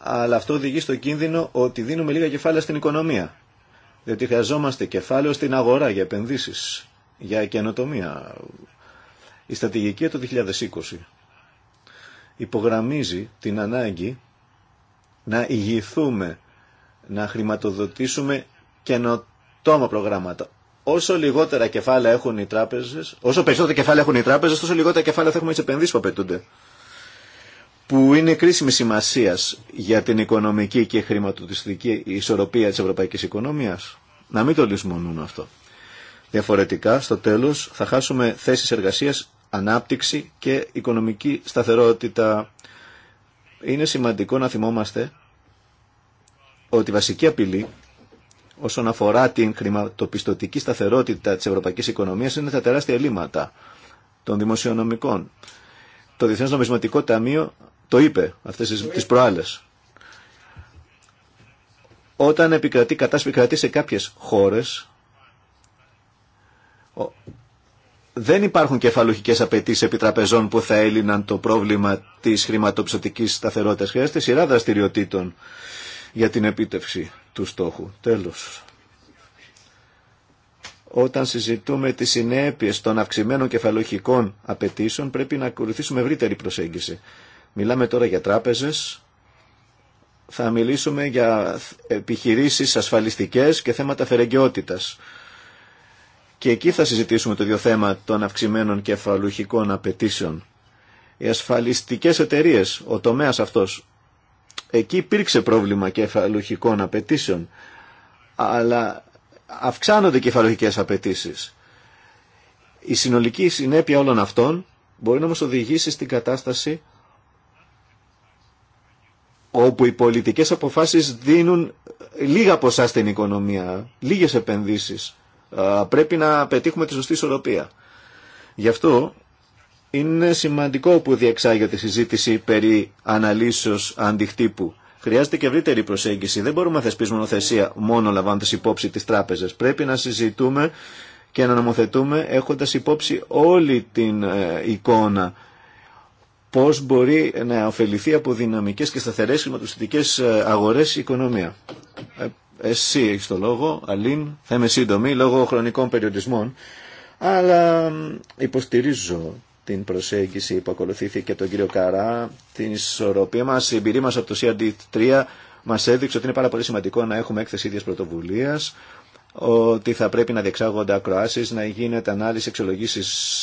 Αλλά αυτό οδηγεί στο κίνδυνο ότι δίνουμε λίγα κεφάλαια στην οικονομία. Διότι χρειαζόμαστε κεφάλαιο στην αγορά για επενδύσεις, για καινοτομία. Η στρατηγική του 2020 υπογραμμίζει την ανάγκη να ηγηθούμε να χρηματοδοτήσουμε καινοτόμα προγράμματα. Όσο λιγότερα κεφάλαια έχουν οι όσο περισσότερα κεφάλαια έχουν οι τράπεζε, τόσο λιγότερα κεφάλαια θα έχουμε τι επενδύσει που απαιτούνται. Που είναι κρίσιμη σημασία για την οικονομική και χρηματοδοτιστική ισορροπία τη Ευρωπαϊκή οικονομίας. Να μην το λησμονούν αυτό. Διαφορετικά, στο τέλο, θα χάσουμε θέσει εργασία ανάπτυξη και οικονομική σταθερότητα. Είναι σημαντικό να θυμόμαστε ότι η βασική απειλή όσον αφορά την χρηματοπιστωτική σταθερότητα της ευρωπαϊκής οικονομίας είναι τα τεράστια ελλείμματα των δημοσιονομικών. Το Διεθνές Νομισματικό Ταμείο το είπε αυτές τις προάλλες. Όταν επικρατεί, κατάσταση επικρατεί σε κάποιες χώρες, δεν υπάρχουν κεφαλουχικές απαιτήσει επιτραπεζών που θα έλυναν το πρόβλημα της χρηματοπιστωτικής σταθερότητας. Χρειάζεται σειρά δραστηριοτήτων για την επίτευξη του στόχου. Τέλος. Όταν συζητούμε τις συνέπειες των αυξημένων κεφαλοχικών απαιτήσεων πρέπει να ακολουθήσουμε ευρύτερη προσέγγιση. Μιλάμε τώρα για τράπεζες, θα μιλήσουμε για επιχειρήσεις ασφαλιστικές και θέματα φερεγγιότητας. Και εκεί θα συζητήσουμε το δύο θέμα των αυξημένων κεφαλουχικών απαιτήσεων. Οι ασφαλιστικές εταιρείες, ο τομέας αυτός, Εκεί υπήρξε πρόβλημα κεφαλουχικών απαιτήσεων, αλλά αυξάνονται κεφαλουχικές απαιτήσει. Η συνολική συνέπεια όλων αυτών μπορεί να μας οδηγήσει στην κατάσταση όπου οι πολιτικές αποφάσεις δίνουν λίγα ποσά στην οικονομία, λίγες επενδύσεις. Πρέπει να πετύχουμε τη σωστή ισορροπία. Γι' αυτό είναι σημαντικό που διεξάγεται η συζήτηση περί αναλύσεως αντιχτύπου. Χρειάζεται και ευρύτερη προσέγγιση. Δεν μπορούμε να θεσπίζουμε νοθεσία μόνο λαμβάνοντας υπόψη τι τράπεζε. Πρέπει να συζητούμε και να νομοθετούμε έχοντα υπόψη όλη την ε, εικόνα. Πώ μπορεί να ωφεληθεί από δυναμικέ και σταθερέ χρηματοπιστωτικέ ε, αγορέ η οικονομία. Ε, εσύ έχει το λόγο, Αλήν. Θα είμαι σύντομη λόγω χρονικών περιορισμών. Αλλά υποστηρίζω την προσέγγιση που ακολουθήθηκε τον κύριο Καρά, την ισορροπία μα. η εμπειρία μα από το CRD3 μα έδειξε ότι είναι πάρα πολύ σημαντικό να έχουμε έκθεση ίδια πρωτοβουλία ότι θα πρέπει να διεξάγονται ακροασει να γίνεται ανάλυση εξολογήσει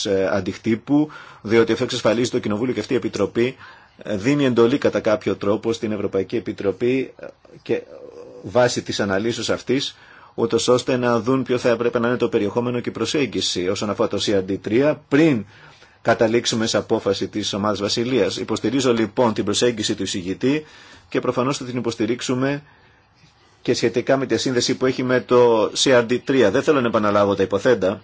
ε, αντιχτύπου, διότι αυτό εξασφαλίζει το Κοινοβούλιο και αυτή η Επιτροπή ε, δίνει εντολή κατά κάποιο τρόπο στην Ευρωπαϊκή Επιτροπή ε, και βάσει της αναλύσεως αυτή, ούτω ώστε να δουν ποιο θα έπρεπε να είναι το περιεχόμενο και η προσέγγιση όσον αφορά το CRD3 πριν καταλήξουμε σε απόφαση τη ομάδα βασιλεία. Υποστηρίζω λοιπόν την προσέγγιση του εισηγητή και προφανώ θα την υποστηρίξουμε και σχετικά με τη σύνδεση που έχει με το CRD3. Δεν θέλω να επαναλάβω τα υποθέντα,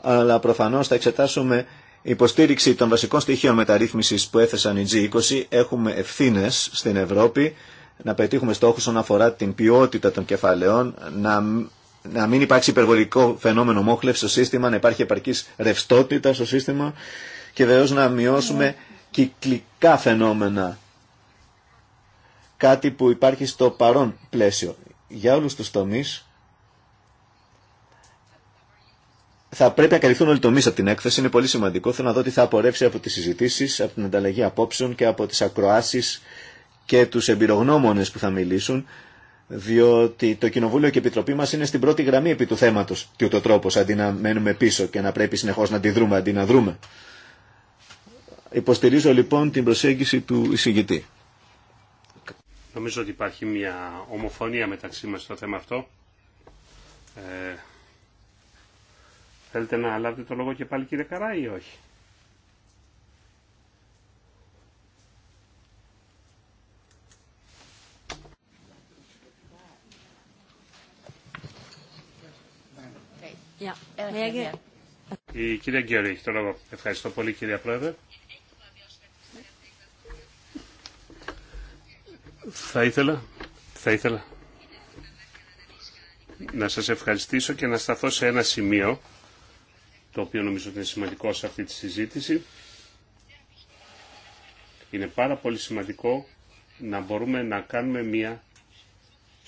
αλλά προφανώ θα εξετάσουμε υποστήριξη των βασικών στοιχείων μεταρρύθμισης που έθεσαν οι G20. Έχουμε ευθύνε στην Ευρώπη να πετύχουμε στόχους όσον αφορά την ποιότητα των κεφαλαίων, να να μην υπάρξει υπερβολικό φαινόμενο μόχλευση στο σύστημα, να υπάρχει επαρκή ρευστότητα στο σύστημα και βεβαίω να μειώσουμε ναι. κυκλικά φαινόμενα. Κάτι που υπάρχει στο παρόν πλαίσιο. Για όλους τους τομείς θα πρέπει να καλυφθούν όλοι οι τομείς από την έκθεση. Είναι πολύ σημαντικό. Θέλω να δω τι θα απορρέψει από τις συζητήσεις, από την ανταλλαγή απόψεων και από τις ακροάσεις και τους εμπειρογνώμονες που θα μιλήσουν διότι το Κοινοβούλιο και η Επιτροπή μα είναι στην πρώτη γραμμή επί του θέματος και ούτω τρόπος αντί να μένουμε πίσω και να πρέπει συνεχώς να δρούμε, αντί να δρούμε. Υποστηρίζω λοιπόν την προσέγγιση του εισηγητή. Νομίζω ότι υπάρχει μια ομοφωνία μεταξύ μας στο θέμα αυτό. Ε, θέλετε να λάβετε το λόγο και πάλι κύριε Καρά ή όχι. Η κυρία Γκέρι έχει το λόγο. Ευχαριστώ πολύ κυρία Πρόεδρε. Θα ήθελα, θα να σας ευχαριστήσω και να σταθώ σε ένα σημείο το οποίο νομίζω ότι είναι σημαντικό σε αυτή τη συζήτηση. Είναι πάρα πολύ σημαντικό να μπορούμε να κάνουμε μια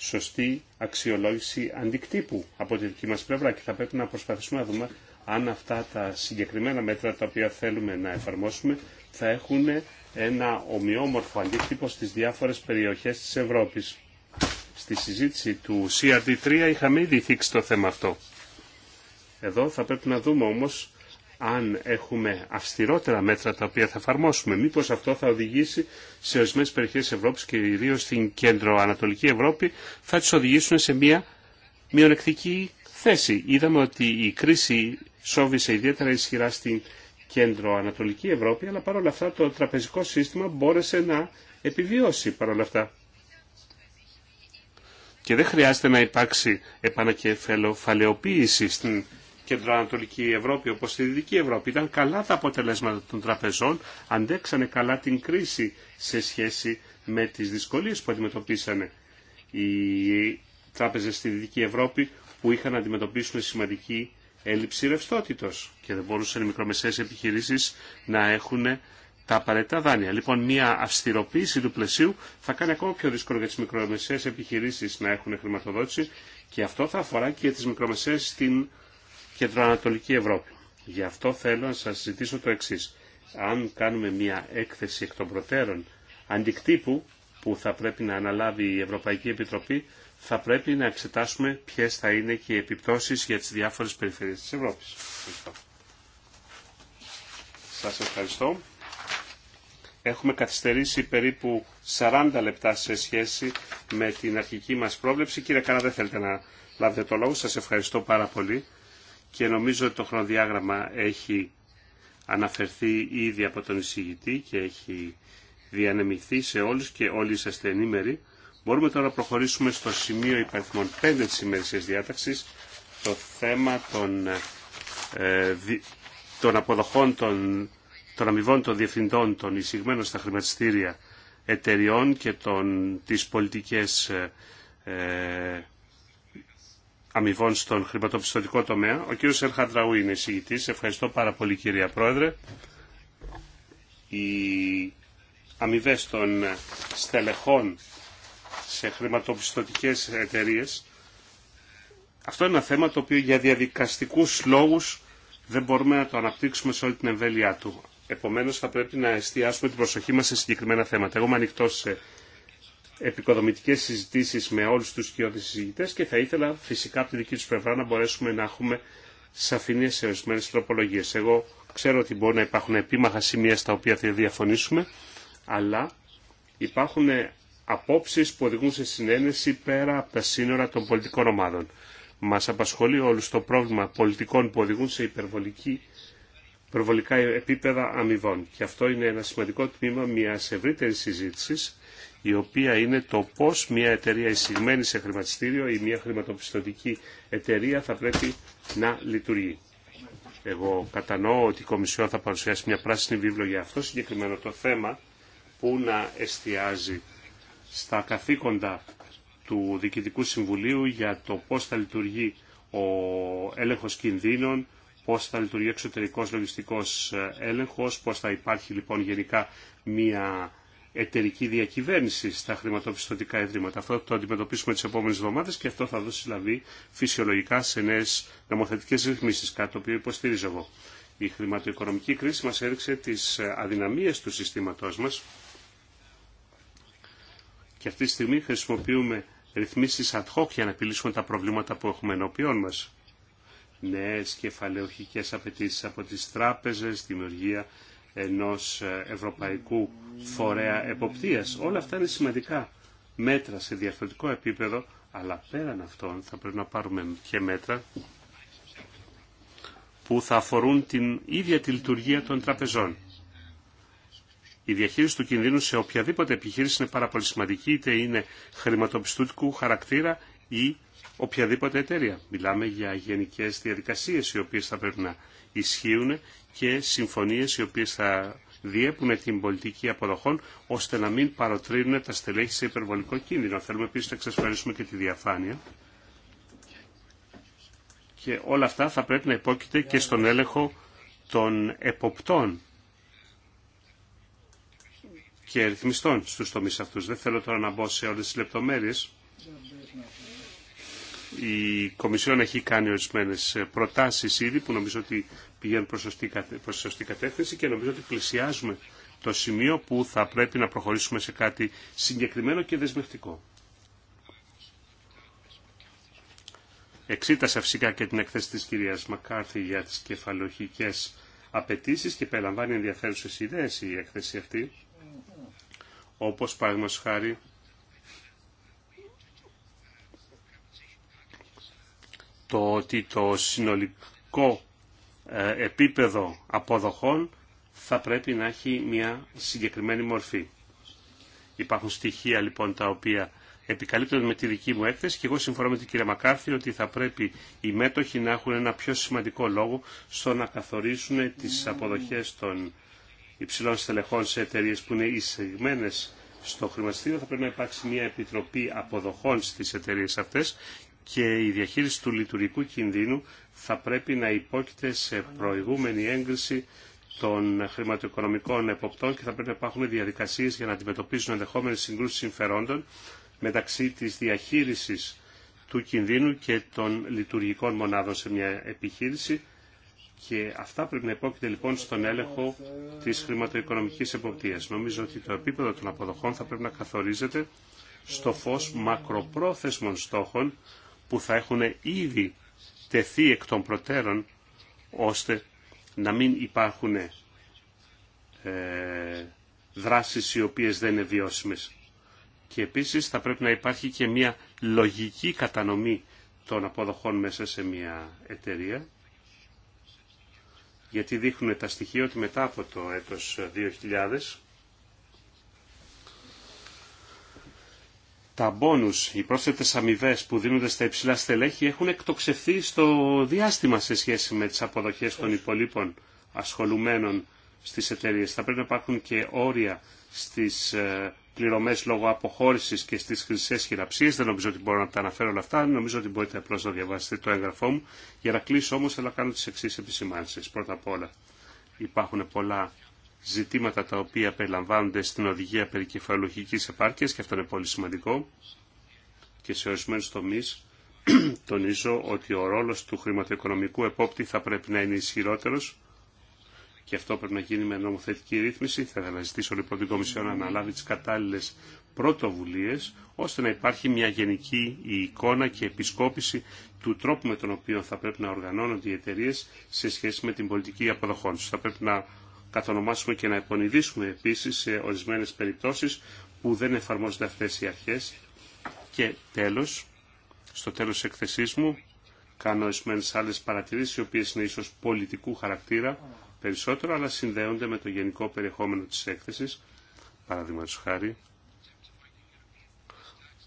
σωστή αξιολόγηση αντικτύπου από τη δική μας πλευρά και θα πρέπει να προσπαθήσουμε να δούμε αν αυτά τα συγκεκριμένα μέτρα τα οποία θέλουμε να εφαρμόσουμε θα έχουν ένα ομοιόμορφο αντίκτυπο στις διάφορες περιοχές της Ευρώπης. Στη συζήτηση του CRD3 είχαμε ήδη θίξει το θέμα αυτό. Εδώ θα πρέπει να δούμε όμως αν έχουμε αυστηρότερα μέτρα τα οποία θα εφαρμόσουμε. Μήπως αυτό θα οδηγήσει σε ορισμένε περιοχές της Ευρώπης, και ιδίω στην κέντρο-ανατολική Ευρώπη, θα τις οδηγήσουν σε μια μειονεκτική θέση. Είδαμε ότι η κρίση σώβησε ιδιαίτερα ισχυρά στην κέντρο-ανατολική Ευρώπη, αλλά παρόλα αυτά το τραπεζικό σύστημα μπόρεσε να επιβιώσει παρόλα αυτά. Και δεν χρειάζεται να υπάρξει επανακεφαλαιοποίηση στην Κεντροανατολική Ευρώπη όπω στη Δυτική Ευρώπη. Ήταν καλά τα αποτελέσματα των τραπεζών, αντέξανε καλά την κρίση σε σχέση με τις δυσκολίες που αντιμετωπίσανε οι τράπεζες στη Δυτική Ευρώπη που είχαν να αντιμετωπίσουν σημαντική έλλειψη ρευστότητο και δεν μπορούσαν οι μικρομεσαίες επιχειρήσεις να έχουν τα απαραίτητα δάνεια. Λοιπόν, μια αυστηροποίηση του πλαισίου θα κάνει ακόμα πιο δύσκολο για τις μικρομεσαίες επιχειρήσεις να έχουν χρηματοδότηση και αυτό θα αφορά και τις μικρομεσαίες στην Κεντροανατολική Ευρώπη. Γι' αυτό θέλω να σας ζητήσω το εξής. Αν κάνουμε μια έκθεση εκ των προτέρων αντικτύπου που θα πρέπει να αναλάβει η Ευρωπαϊκή Επιτροπή, θα πρέπει να εξετάσουμε ποιες θα είναι και οι επιπτώσεις για τις διάφορες περιφερειές της Ευρώπης. Ευχαριστώ. Σας ευχαριστώ. Έχουμε καθυστερήσει περίπου 40 λεπτά σε σχέση με την αρχική μας πρόβλεψη. Κύριε Κάνα, δεν θέλετε να λάβετε το λόγο. Σας ευχαριστώ πάρα πολύ και νομίζω ότι το χρονοδιάγραμμα έχει αναφερθεί ήδη από τον εισηγητή και έχει διανεμηθεί σε όλους και όλοι είσαστε ενήμεροι. Μπορούμε τώρα να προχωρήσουμε στο σημείο υπαριθμών 5 της ημερησίας διάταξης, το θέμα των, ε, των αποδοχών των, των αμοιβών των διευθυντών των εισηγμένων στα χρηματιστήρια εταιριών και των, τις πολιτικές ε, ε, αμοιβών στον χρηματοπιστωτικό τομέα. Ο κύριος Ερχαντραού είναι εισηγητής. Ευχαριστώ πάρα πολύ κυρία Πρόεδρε. Οι αμοιβέ των στελεχών σε χρηματοπιστωτικές εταιρείες αυτό είναι ένα θέμα το οποίο για διαδικαστικούς λόγους δεν μπορούμε να το αναπτύξουμε σε όλη την εμβέλειά του. Επομένως θα πρέπει να εστιάσουμε την προσοχή μας σε συγκεκριμένα θέματα. Εγώ είμαι ανοιχτό σε επικοδομητικές συζητήσεις με όλους τους σκιώδεις συζητητές και θα ήθελα φυσικά από τη δική τους πλευρά να μπορέσουμε να έχουμε σαφήνειες σε ορισμένες τροπολογίες. Εγώ ξέρω ότι μπορεί να υπάρχουν επίμαχα σημεία στα οποία θα διαφωνήσουμε, αλλά υπάρχουν απόψεις που οδηγούν σε συνένεση πέρα από τα σύνορα των πολιτικών ομάδων. Μας απασχολεί όλους το πρόβλημα πολιτικών που οδηγούν σε υπερβολική υπερβολικά επίπεδα αμοιβών. Και αυτό είναι ένα σημαντικό τμήμα μιας ευρύτερη συζήτηση η οποία είναι το πώς μια εταιρεία εισηγμένη σε χρηματιστήριο ή μια χρηματοπιστωτική εταιρεία θα πρέπει να λειτουργεί. Εγώ κατανοώ ότι η Κομισιόν θα παρουσιάσει μια πράσινη βίβλο για αυτό συγκεκριμένο το θέμα που να εστιάζει στα καθήκοντα του Διοικητικού Συμβουλίου για το πώς θα λειτουργεί ο έλεγχος κινδύνων, πώς θα λειτουργεί εξωτερικός λογιστικός έλεγχος, πώς θα υπάρχει λοιπόν γενικά μια εταιρική διακυβέρνηση στα χρηματοπιστωτικά ιδρύματα. Αυτό το αντιμετωπίσουμε τις επόμενες εβδομάδες και αυτό θα δώσει λαβή φυσιολογικά σε νέες νομοθετικές ρυθμίσεις, κάτι το οποίο υποστηρίζω εγώ. Η χρηματοοικονομική κρίση μας έδειξε τις ε, αδυναμίες του συστήματός μας και αυτή τη στιγμή χρησιμοποιούμε ρυθμίσεις ad hoc για να επιλύσουμε τα προβλήματα που έχουμε ενώπιόν μας. Νέες κεφαλαιοχικές απαιτήσει από τις τράπεζες, δημιουργία ενός ε, ευρωπαϊκού φορέα εποπτείας. Όλα αυτά είναι σημαντικά μέτρα σε διαφορετικό επίπεδο, αλλά πέραν αυτών θα πρέπει να πάρουμε και μέτρα που θα αφορούν την ίδια τη λειτουργία των τραπεζών. Η διαχείριση του κινδύνου σε οποιαδήποτε επιχείρηση είναι πάρα πολύ σημαντική, είτε είναι χρηματοπιστωτικού χαρακτήρα, ή οποιαδήποτε εταιρεία. Μιλάμε για γενικές διαδικασίες οι οποίες θα πρέπει να ισχύουν και συμφωνίες οι οποίες θα διέπουν την πολιτική αποδοχών ώστε να μην παροτρύνουν τα στελέχη σε υπερβολικό κίνδυνο. Θέλουμε επίσης να εξασφαλίσουμε και τη διαφάνεια και όλα αυτά θα πρέπει να υπόκειται και στον έλεγχο των εποπτών και ρυθμιστών στους τομείς αυτούς. Δεν θέλω τώρα να μπω σε όλες τις λεπτομέρειες. Η Κομισιόν έχει κάνει ορισμένε ε, προτάσεις ήδη που νομίζω ότι πηγαίνουν προς σωστή, κατεύθυνση και νομίζω ότι πλησιάζουμε το σημείο που θα πρέπει να προχωρήσουμε σε κάτι συγκεκριμένο και δεσμευτικό. Εξήτασα φυσικά και την εκθέση της κυρίας Μακάρθη για τις κεφαλοχικέ απαιτήσει και περιλαμβάνει ενδιαφέρουσες ιδέες η έκθεση αυτή, όπως παραδείγματος χάρη το ότι το συνολικό ε, επίπεδο αποδοχών θα πρέπει να έχει μια συγκεκριμένη μορφή. Υπάρχουν στοιχεία λοιπόν τα οποία επικαλύπτονται με τη δική μου έκθεση και εγώ συμφωνώ με την κυρία Μακάρθη ότι θα πρέπει οι μέτοχοι να έχουν ένα πιο σημαντικό λόγο στο να καθορίσουν τις αποδοχές των υψηλών στελεχών σε εταιρείε που είναι εισηγμένε στο χρηματιστήριο. Θα πρέπει να υπάρξει μια επιτροπή αποδοχών στις εταιρείε αυτές και η διαχείριση του λειτουργικού κινδύνου θα πρέπει να υπόκειται σε προηγούμενη έγκριση των χρηματοοικονομικών εποπτών και θα πρέπει να υπάρχουν διαδικασίες για να αντιμετωπίσουν ενδεχόμενες συγκρούσεις συμφερόντων μεταξύ της διαχείρισης του κινδύνου και των λειτουργικών μονάδων σε μια επιχείρηση και αυτά πρέπει να υπόκειται λοιπόν στον έλεγχο της χρηματοοικονομικής εποπτείας. Νομίζω ότι το επίπεδο των αποδοχών θα πρέπει να καθορίζεται στο φως μακροπρόθεσμων στόχων που θα έχουν ήδη τεθεί εκ των προτέρων ώστε να μην υπάρχουν ε, δράσεις οι οποίες δεν είναι βιώσιμες. Και επίσης θα πρέπει να υπάρχει και μια λογική κατανομή των αποδοχών μέσα σε μια εταιρεία γιατί δείχνουν τα στοιχεία ότι μετά από το έτος 2000 ε, τα μπόνους, οι πρόσθετες αμοιβέ που δίνονται στα υψηλά στελέχη έχουν εκτοξευθεί στο διάστημα σε σχέση με τις αποδοχές των υπολείπων ασχολουμένων στις εταιρείε. Θα πρέπει να υπάρχουν και όρια στις ε, πληρωμές λόγω αποχώρησης και στις χρυσές χειραψίες. Δεν νομίζω ότι μπορώ να τα αναφέρω όλα αυτά. Νομίζω ότι μπορείτε απλώ να διαβάσετε το έγγραφό μου. Για να κλείσω όμως θέλω κάνω τις εξής επισημάνσεις. Πρώτα απ' όλα υπάρχουν πολλά ζητήματα τα οποία περιλαμβάνονται στην οδηγία περί κεφαλουχικής επάρκειας και αυτό είναι πολύ σημαντικό και σε ορισμένου τομεί τονίζω ότι ο ρόλος του χρηματοοικονομικού επόπτη θα πρέπει να είναι ισχυρότερος και αυτό πρέπει να γίνει με νομοθετική ρύθμιση. Θα ήθελα ζητήσω λοιπόν την Κομισιόν να αναλάβει τι κατάλληλε πρωτοβουλίε, ώστε να υπάρχει μια γενική εικόνα και επισκόπηση του τρόπου με τον οποίο θα πρέπει να οργανώνονται οι εταιρείε σε σχέση με την πολιτική αποδοχών του. Θα πρέπει να κατονομάσουμε και να επωνυδίσουμε επίσης σε ορισμένες περιπτώσεις που δεν εφαρμόζονται αυτές οι αρχές. Και τέλος, στο τέλος της εκθεσής μου, κάνω ορισμένε άλλες παρατηρήσεις, οι οποίες είναι ίσως πολιτικού χαρακτήρα περισσότερο, αλλά συνδέονται με το γενικό περιεχόμενο της έκθεσης. Παραδείγματος χάρη,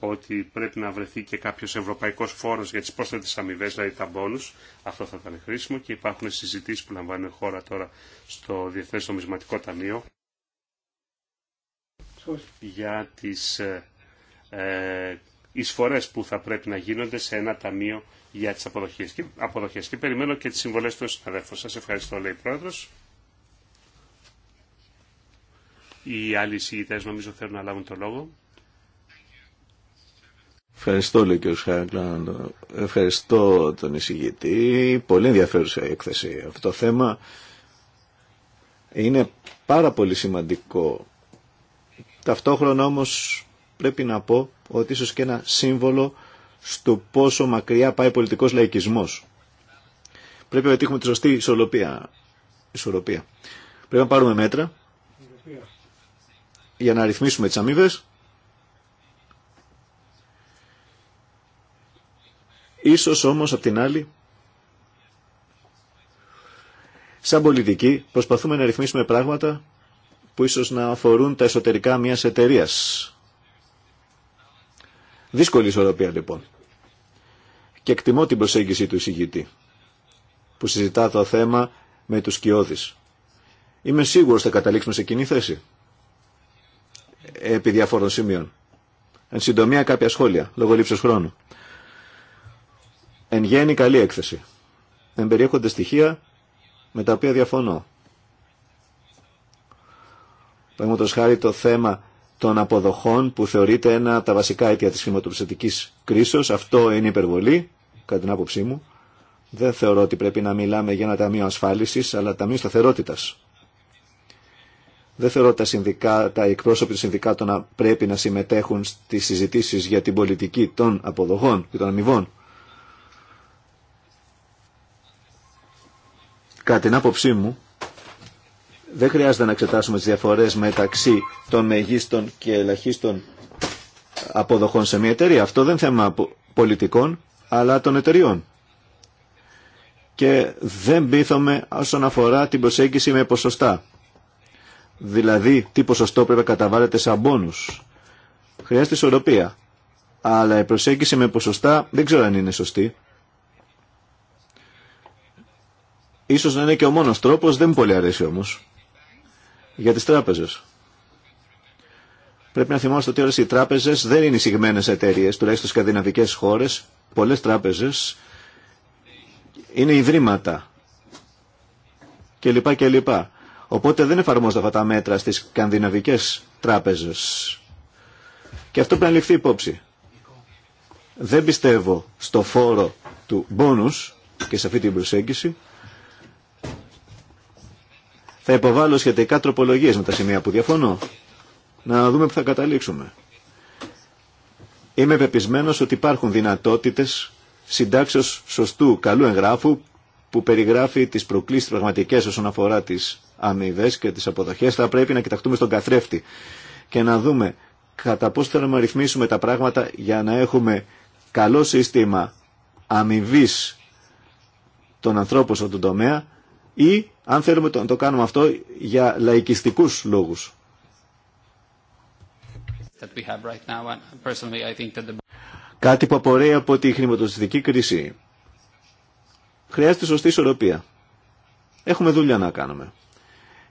ότι πρέπει να βρεθεί και κάποιος ευρωπαϊκός φόρος για τις πρόσθετες αμοιβέ, δηλαδή τα μπόνους. Αυτό θα ήταν χρήσιμο και υπάρχουν συζητήσεις που λαμβάνουν χώρα τώρα στο Διεθνές Νομισματικό Ταμείο για τις ε, ε, εισφορές που θα πρέπει να γίνονται σε ένα ταμείο για τις αποδοχές. Και, αποδοχές. και περιμένω και τις συμβολές των συναδέλφων. Σας ευχαριστώ, λέει η Πρόεδρος. Οι άλλοι συγγητές νομίζω θέλουν να λάβουν το λόγο. Ευχαριστώ, λέει ο Χάγκλαντ. Ευχαριστώ τον εισηγητή. Πολύ ενδιαφέρουσα η έκθεση. Αυτό το θέμα είναι πάρα πολύ σημαντικό. Ταυτόχρονα όμως πρέπει να πω ότι ίσως και ένα σύμβολο στο πόσο μακριά πάει πολιτικός λαϊκισμός. Πρέπει να πετύχουμε τη σωστή ισορροπία. Πρέπει να πάρουμε μέτρα για να ρυθμίσουμε τις αμοιβέ Ίσως όμως απ' την άλλη, σαν πολιτικοί προσπαθούμε να ρυθμίσουμε πράγματα που ίσως να αφορούν τα εσωτερικά μιας εταιρείας. Δύσκολη ισορροπία λοιπόν. Και εκτιμώ την προσέγγιση του εισηγητή που συζητά το θέμα με τους κοιόδης. Είμαι σίγουρος θα καταλήξουμε σε κοινή θέση. Επί διαφόρων σημείων. Εν συντομία κάποια σχόλια, λόγω λήψης χρόνου. Εν γέννη καλή έκθεση. Εμπεριέχονται στοιχεία με τα οποία διαφωνώ. Παραδείγματο χάρη το θέμα των αποδοχών που θεωρείται ένα από τα βασικά αίτια της χρηματοπιστωτικής κρίσεως. Αυτό είναι υπερβολή, κατά την άποψή μου. Δεν θεωρώ ότι πρέπει να μιλάμε για ένα ταμείο ασφάλισης, αλλά ταμείο σταθερότητας. Δεν θεωρώ ότι τα, συνδικά, τα εκπρόσωποι των συνδικάτων να πρέπει να συμμετέχουν στις συζητήσεις για την πολιτική των αποδοχών και των αμοιβών. Κατά την άποψή μου, δεν χρειάζεται να εξετάσουμε τις διαφορές μεταξύ των μεγίστων και ελαχίστων αποδοχών σε μια εταιρεία. Αυτό δεν θέμα πολιτικών, αλλά των εταιριών. Και δεν πείθομαι όσον αφορά την προσέγγιση με ποσοστά. Δηλαδή, τι ποσοστό πρέπει να καταβάλλεται σαν πόνους. Χρειάζεται ισορροπία. Αλλά η προσέγγιση με ποσοστά δεν ξέρω αν είναι σωστή. Ίσως να είναι και ο μόνος τρόπος, δεν μου πολύ αρέσει όμως. Για τις τράπεζες. Πρέπει να θυμάστε ότι όλες οι τράπεζες δεν είναι εισηγμένες εταιρείε, τουλάχιστον στις σκανδιναβικές χώρες. Πολλές τράπεζες είναι ιδρύματα και λοιπά και Οπότε δεν εφαρμόζονται αυτά τα μέτρα στις σκανδιναβικές τράπεζες. Και αυτό πρέπει να ληφθεί υπόψη. Δεν πιστεύω στο φόρο του μπόνους και σε αυτή την προσέγγιση. Θα υποβάλω σχετικά τροπολογίε με τα σημεία που διαφωνώ. Να δούμε που θα καταλήξουμε. Είμαι πεπισμένο ότι υπάρχουν δυνατότητες συντάξεως σωστού καλού εγγράφου που περιγράφει τις προκλήσεις πραγματικές όσον αφορά τις αμοιβέ και τις αποδοχέ, Θα πρέπει να κοιταχτούμε στον καθρέφτη και να δούμε κατά πώ θέλουμε να ρυθμίσουμε τα πράγματα για να έχουμε καλό σύστημα αμοιβή των ανθρώπων στον τομέα ή αν θέλουμε το, να το κάνουμε αυτό για λαϊκιστικούς λόγους. Κάτι που απορρέει από τη χρηματοδοτική κρίση. Χρειάζεται σωστή ισορροπία. Έχουμε δουλειά να κάνουμε.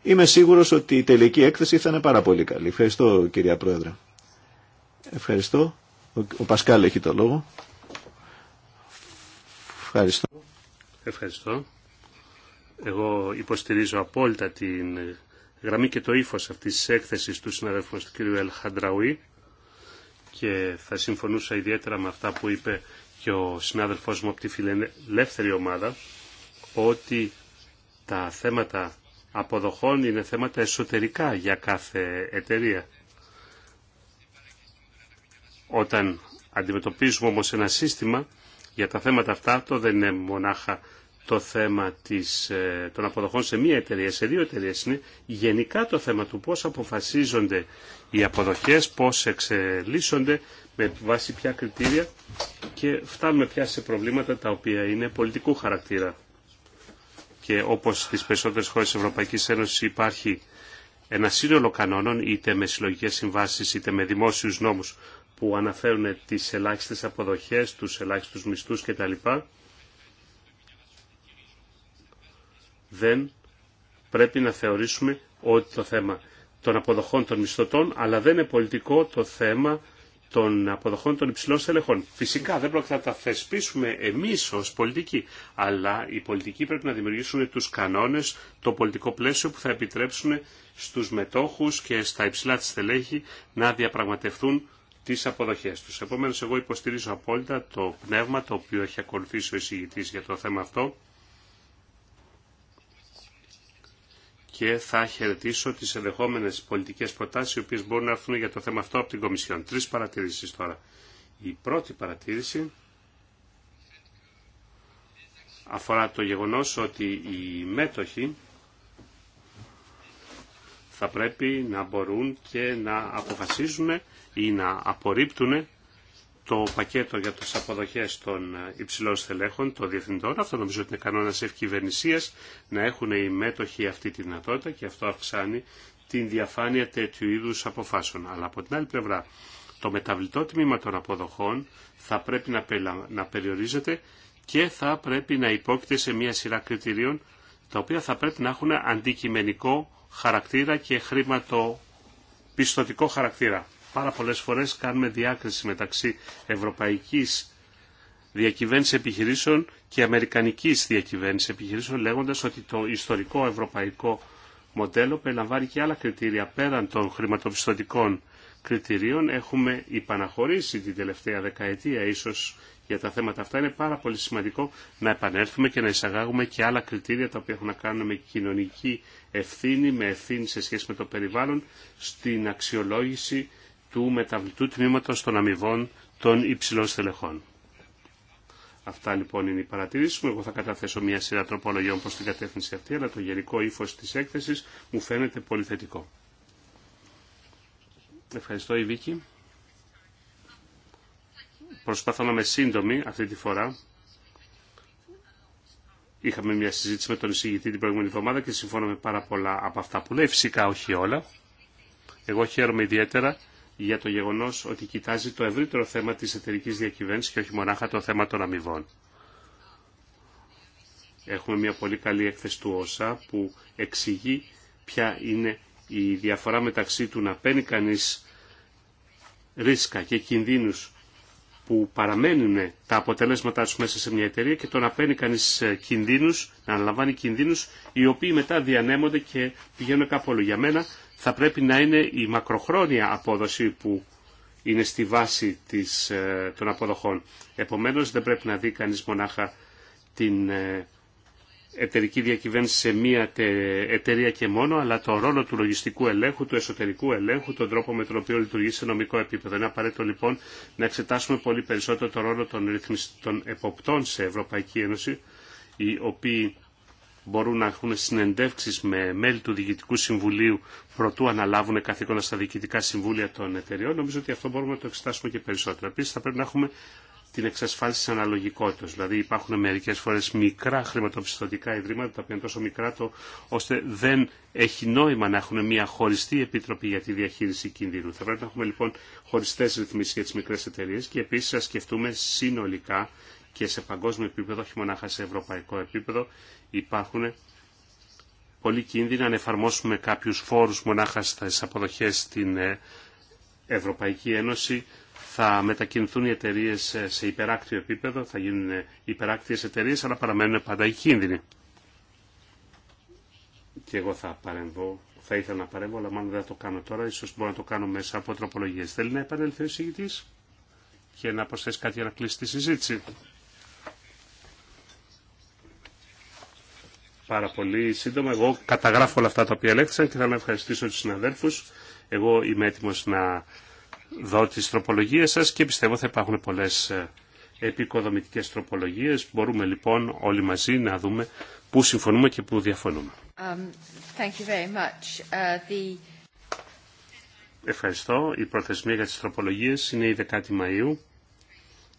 Είμαι σίγουρος ότι η τελική έκθεση θα είναι πάρα πολύ καλή. Ευχαριστώ κυρία Πρόεδρε. Ευχαριστώ. Ο Πασκάλ έχει το λόγο. Ευχαριστώ. Ευχαριστώ. Εγώ υποστηρίζω απόλυτα την γραμμή και το ύφος αυτής της έκθεσης του συναδελφού του κ. Ελχαντραουή και θα συμφωνούσα ιδιαίτερα με αυτά που είπε και ο συνάδελφός μου από τη φιλελεύθερη ομάδα ότι τα θέματα αποδοχών είναι θέματα εσωτερικά για κάθε εταιρεία. Όταν αντιμετωπίζουμε όμως ένα σύστημα για τα θέματα αυτά, το δεν είναι μονάχα το θέμα της, ε, των αποδοχών σε μία εταιρεία, σε δύο εταιρείες είναι γενικά το θέμα του πώς αποφασίζονται οι αποδοχές, πώς εξελίσσονται, με βάση ποια κριτήρια και φτάνουμε πια σε προβλήματα τα οποία είναι πολιτικού χαρακτήρα. Και όπως στις περισσότερες χώρες της Ευρωπαϊκής Ένωσης υπάρχει ένα σύνολο κανόνων, είτε με συλλογικέ συμβάσεις είτε με δημόσιους νόμους που αναφέρουν τις ελάχιστες αποδοχές, τους ελάχιστους μισθούς κτλ. δεν πρέπει να θεωρήσουμε ότι το θέμα των αποδοχών των μισθωτών, αλλά δεν είναι πολιτικό το θέμα των αποδοχών των υψηλών στελεχών. Φυσικά δεν πρόκειται να τα θεσπίσουμε εμεί ω πολιτικοί, αλλά οι πολιτικοί πρέπει να δημιουργήσουν του κανόνε, το πολιτικό πλαίσιο που θα επιτρέψουν στου μετόχου και στα υψηλά τη στελέχη να διαπραγματευτούν τι αποδοχέ του. Επομένω, εγώ υποστηρίζω απόλυτα το πνεύμα το οποίο έχει ακολουθήσει ο εισηγητή για το θέμα αυτό και θα χαιρετήσω τις ενδεχόμενες πολιτικές προτάσεις οι οποίες μπορούν να έρθουν για το θέμα αυτό από την Κομισιόν. Τρεις παρατηρήσεις τώρα. Η πρώτη παρατήρηση αφορά το γεγονός ότι οι μέτοχοι θα πρέπει να μπορούν και να αποφασίζουν ή να απορρίπτουν το πακέτο για τις αποδοχές των υψηλών στελέχων, των διευθυντών. Αυτό νομίζω ότι είναι κανόνα ευκυβερνησία να έχουν οι μέτοχοι αυτή τη δυνατότητα και αυτό αυξάνει την διαφάνεια τέτοιου είδους αποφάσεων. Αλλά από την άλλη πλευρά, το μεταβλητό τμήμα των αποδοχών θα πρέπει να περιορίζεται και θα πρέπει να υπόκειται σε μια σειρά κριτηρίων τα οποία θα πρέπει να έχουν αντικειμενικό χαρακτήρα και χρηματοπιστωτικό χαρακτήρα πάρα πολλές φορές κάνουμε διάκριση μεταξύ ευρωπαϊκής διακυβέρνηση επιχειρήσεων και αμερικανικής διακυβέρνηση επιχειρήσεων λέγοντας ότι το ιστορικό ευρωπαϊκό μοντέλο περιλαμβάνει και άλλα κριτήρια πέραν των χρηματοπιστωτικών κριτηρίων. Έχουμε υπαναχωρήσει την τελευταία δεκαετία ίσως για τα θέματα αυτά. Είναι πάρα πολύ σημαντικό να επανέλθουμε και να εισαγάγουμε και άλλα κριτήρια τα οποία έχουν να κάνουν με κοινωνική ευθύνη, με ευθύνη σε σχέση με το περιβάλλον, στην αξιολόγηση του μεταβλητού τμήματος των αμοιβών των υψηλών στελεχών. Αυτά λοιπόν είναι οι παρατηρήσει μου. Εγώ θα καταθέσω μια σειρά τροπολογιών προ την κατεύθυνση αυτή, αλλά το γενικό ύφο τη έκθεση μου φαίνεται πολύ θετικό. Ευχαριστώ, η Βίκη. Προσπαθώ να είμαι σύντομη αυτή τη φορά. Είχαμε μια συζήτηση με τον εισηγητή την προηγούμενη εβδομάδα και με πάρα πολλά από αυτά που λέει. Φυσικά όχι όλα. Εγώ χαίρομαι ιδιαίτερα για το γεγονό ότι κοιτάζει το ευρύτερο θέμα τη εταιρική διακυβέρνηση και όχι μονάχα το θέμα των αμοιβών. Έχουμε μια πολύ καλή έκθεση του ΩΣΑ που εξηγεί ποια είναι η διαφορά μεταξύ του να παίρνει κανείς ρίσκα και κινδύνους που παραμένουν τα αποτελέσματά τους μέσα σε μια εταιρεία και το να παίρνει κανείς ε, κινδύνους, να αναλαμβάνει κινδύνους οι οποίοι μετά διανέμονται και πηγαίνουν κάπου όλο. Για μένα θα πρέπει να είναι η μακροχρόνια απόδοση που είναι στη βάση της, ε, των αποδοχών. Επομένως δεν πρέπει να δει κανείς μονάχα την ε, εταιρική διακυβέρνηση σε μία εταιρεία και μόνο, αλλά το ρόλο του λογιστικού ελέγχου, του εσωτερικού ελέγχου, τον τρόπο με τον οποίο λειτουργεί σε νομικό επίπεδο. Είναι απαραίτητο λοιπόν να εξετάσουμε πολύ περισσότερο το ρόλο των, των εποπτών σε Ευρωπαϊκή Ένωση, οι οποίοι μπορούν να έχουν συνεντεύξεις με μέλη του Διοικητικού Συμβουλίου προτού αναλάβουν καθήκοντα στα διοικητικά συμβούλια των εταιριών. Νομίζω ότι αυτό μπορούμε να το εξετάσουμε και περισσότερο. Επίση, θα πρέπει να έχουμε την εξασφάλιση τη αναλογικότητα. Δηλαδή, υπάρχουν μερικέ φορέ μικρά χρηματοπιστωτικά ιδρύματα, τα οποία είναι τόσο μικρά, το, ώστε δεν έχει νόημα να έχουν μια χωριστή επιτροπή για τη διαχείριση κινδύνου. Θα πρέπει να έχουμε λοιπόν χωριστέ ρυθμίσει για τι μικρέ εταιρείε και επίση να σκεφτούμε συνολικά και σε παγκόσμιο επίπεδο, όχι μονάχα σε ευρωπαϊκό επίπεδο, υπάρχουν πολλοί κίνδυνοι αν εφαρμόσουμε κάποιους φόρους μονάχα στις αποδοχές στην ε, Ευρωπαϊκή Ένωση, θα μετακινηθούν οι εταιρείε ε, σε υπεράκτιο επίπεδο, θα γίνουν ε, υπεράκτιες εταιρείε, αλλά παραμένουν πάντα οι κίνδυνοι. Και εγώ θα παρεμβώ, θα ήθελα να παρέμβω, αλλά μάλλον δεν θα το κάνω τώρα, ίσως μπορώ να το κάνω μέσα από τροπολογίες. Θέλει να επανέλθει ο εισηγητής και να προσθέσει κάτι για να κλείσει τη συζήτηση. πάρα πολύ σύντομα. Εγώ καταγράφω όλα αυτά τα οποία λέξαν και θα να ευχαριστήσω τους συναδέλφους. Εγώ είμαι έτοιμος να δω τις τροπολογίες σας και πιστεύω θα υπάρχουν πολλές ε, επικοδομητικές τροπολογίες. Μπορούμε λοιπόν όλοι μαζί να δούμε πού συμφωνούμε και πού διαφωνούμε. Um, uh, the... Ευχαριστώ. Η προθεσμία για τις τροπολογίες είναι η 10η Μαΐου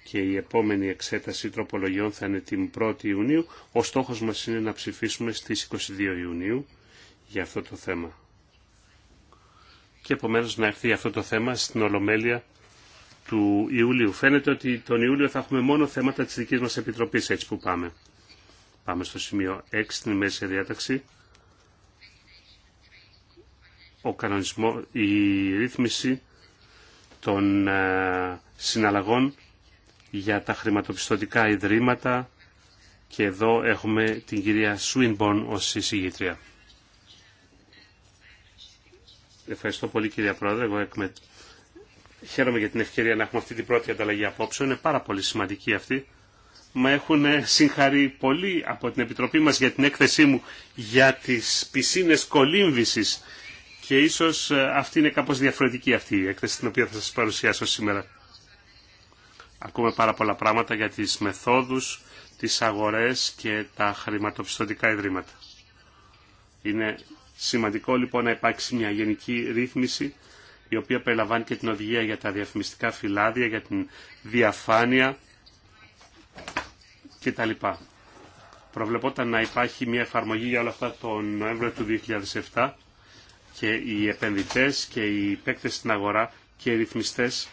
και η επόμενη εξέταση τροπολογιών θα είναι την 1η Ιουνίου. Ο στόχος μας είναι να ψηφίσουμε στις 22 Ιουνίου για αυτό το θέμα. Και επομένως να έρθει αυτό το θέμα στην Ολομέλεια του Ιουλίου. Φαίνεται ότι τον Ιούλιο θα έχουμε μόνο θέματα της δικής μας Επιτροπής έτσι που πάμε. Πάμε στο σημείο 6 στην Μέση διάταξη. η ρύθμιση των ε, συναλλαγών για τα χρηματοπιστωτικά ιδρύματα και εδώ έχουμε την κυρία Σουίνμπον ως εισηγήτρια. Ευχαριστώ πολύ κυρία Πρόεδρε. Εγώ Χαίρομαι για την ευκαιρία να έχουμε αυτή την πρώτη ανταλλαγή απόψεων. Είναι πάρα πολύ σημαντική αυτή. Μα έχουν συγχαρεί πολύ από την Επιτροπή μας για την έκθεσή μου για τις πισίνες κολύμβησης και ίσως ε, αυτή είναι κάπως διαφορετική αυτή η έκθεση την οποία θα σας παρουσιάσω σήμερα ακούμε πάρα πολλά πράγματα για τις μεθόδους, τις αγορές και τα χρηματοπιστωτικά ιδρύματα. Είναι σημαντικό λοιπόν να υπάρξει μια γενική ρύθμιση η οποία περιλαμβάνει και την οδηγία για τα διαφημιστικά φυλάδια, για την διαφάνεια κτλ. Προβλεπόταν να υπάρχει μια εφαρμογή για όλα αυτά τον Νοέμβριο του 2007 και οι επενδυτές και οι παίκτες στην αγορά και οι ρυθμιστές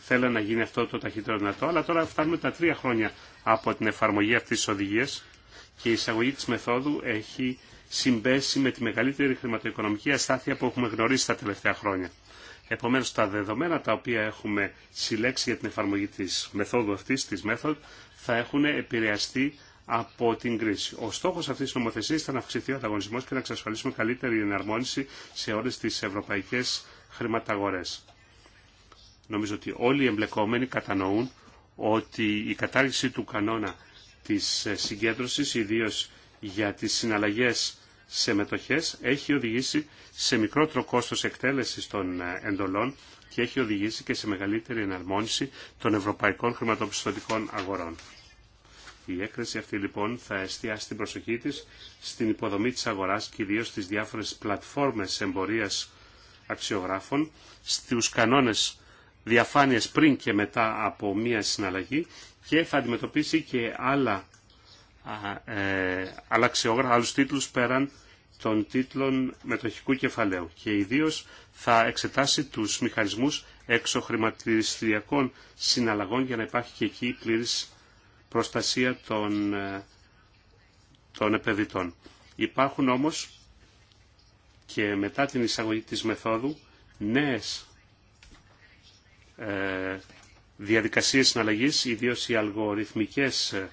Θέλω να γίνει αυτό το ταχύτερο δυνατό, αλλά τώρα φτάνουμε τα τρία χρόνια από την εφαρμογή αυτής της οδηγίας και η εισαγωγή της μεθόδου έχει συμπέσει με τη μεγαλύτερη χρηματοοικονομική αστάθεια που έχουμε γνωρίσει τα τελευταία χρόνια. Επομένως, τα δεδομένα τα οποία έχουμε συλλέξει για την εφαρμογή της μεθόδου αυτής, της μέθοδ, θα έχουν επηρεαστεί από την κρίση. Ο στόχο αυτή τη νομοθεσία ήταν να αυξηθεί ο ανταγωνισμό και να εξασφαλίσουμε καλύτερη εναρμόνιση σε όλε τι ευρωπαϊκέ χρηματαγορέ. Νομίζω ότι όλοι οι εμπλεκόμενοι κατανοούν ότι η κατάργηση του κανόνα της ε, συγκέντρωσης, ιδίως για τις συναλλαγές σε μετοχές, έχει οδηγήσει σε μικρότερο κόστος εκτέλεσης των ε, εντολών και έχει οδηγήσει και σε μεγαλύτερη εναρμόνιση των ευρωπαϊκών χρηματοπιστωτικών αγορών. Η έκθεση αυτή λοιπόν θα εστιάσει την προσοχή της στην υποδομή της αγοράς και ιδίως στις διάφορες πλατφόρμες εμπορίας αξιογράφων, στους κανόνες διαφάνειες πριν και μετά από μία συναλλαγή και θα αντιμετωπίσει και άλλα ε, άλλους τίτλους πέραν των τίτλων μετοχικού κεφαλαίου και ιδίως θα εξετάσει τους μηχανισμούς εξωχρηματιστηριακών συναλλαγών για να υπάρχει και εκεί πλήρης προστασία των, ε, των επενδυτών. Υπάρχουν όμως και μετά την εισαγωγή της μεθόδου νέες ε, διαδικασίες συναλλαγής, ιδίως οι αλγοριθμικές ε,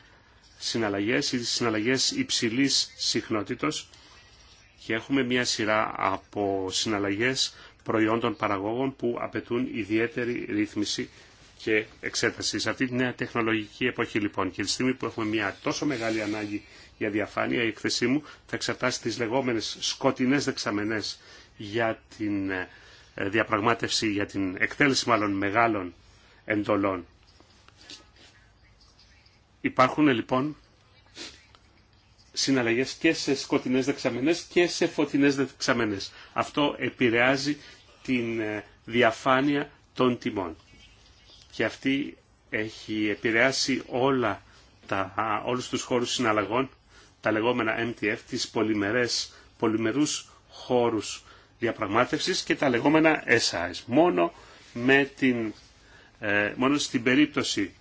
συναλλαγές, οι συναλλαγές υψηλής συχνότητος και έχουμε μια σειρά από συναλλαγές προϊόντων παραγόγων που απαιτούν ιδιαίτερη ρύθμιση και εξέταση. Σε αυτή τη νέα τεχνολογική εποχή λοιπόν και τη στιγμή που έχουμε μια τόσο μεγάλη ανάγκη για διαφάνεια, η εκθεσή μου θα εξαρτάσει τις λεγόμενες σκοτεινές δεξαμενές για την ε, ε, διαπραγμάτευση για την εκτέλεση μάλλον μεγάλων εντολών. Υπάρχουν ε, λοιπόν συναλλαγές και σε σκοτεινές δεξαμενές και σε φωτεινές δεξαμενές. Αυτό επηρεάζει την ε, διαφάνεια των τιμών. Και αυτή έχει επηρεάσει όλα τα, όλους τους χώρους συναλλαγών, τα λεγόμενα MTF, τις πολυμερές, πολυμερούς χώρους διαπραγμάτευσης και τα λεγόμενα SIs. Μόνο, με την, ε, μόνο στην περίπτωση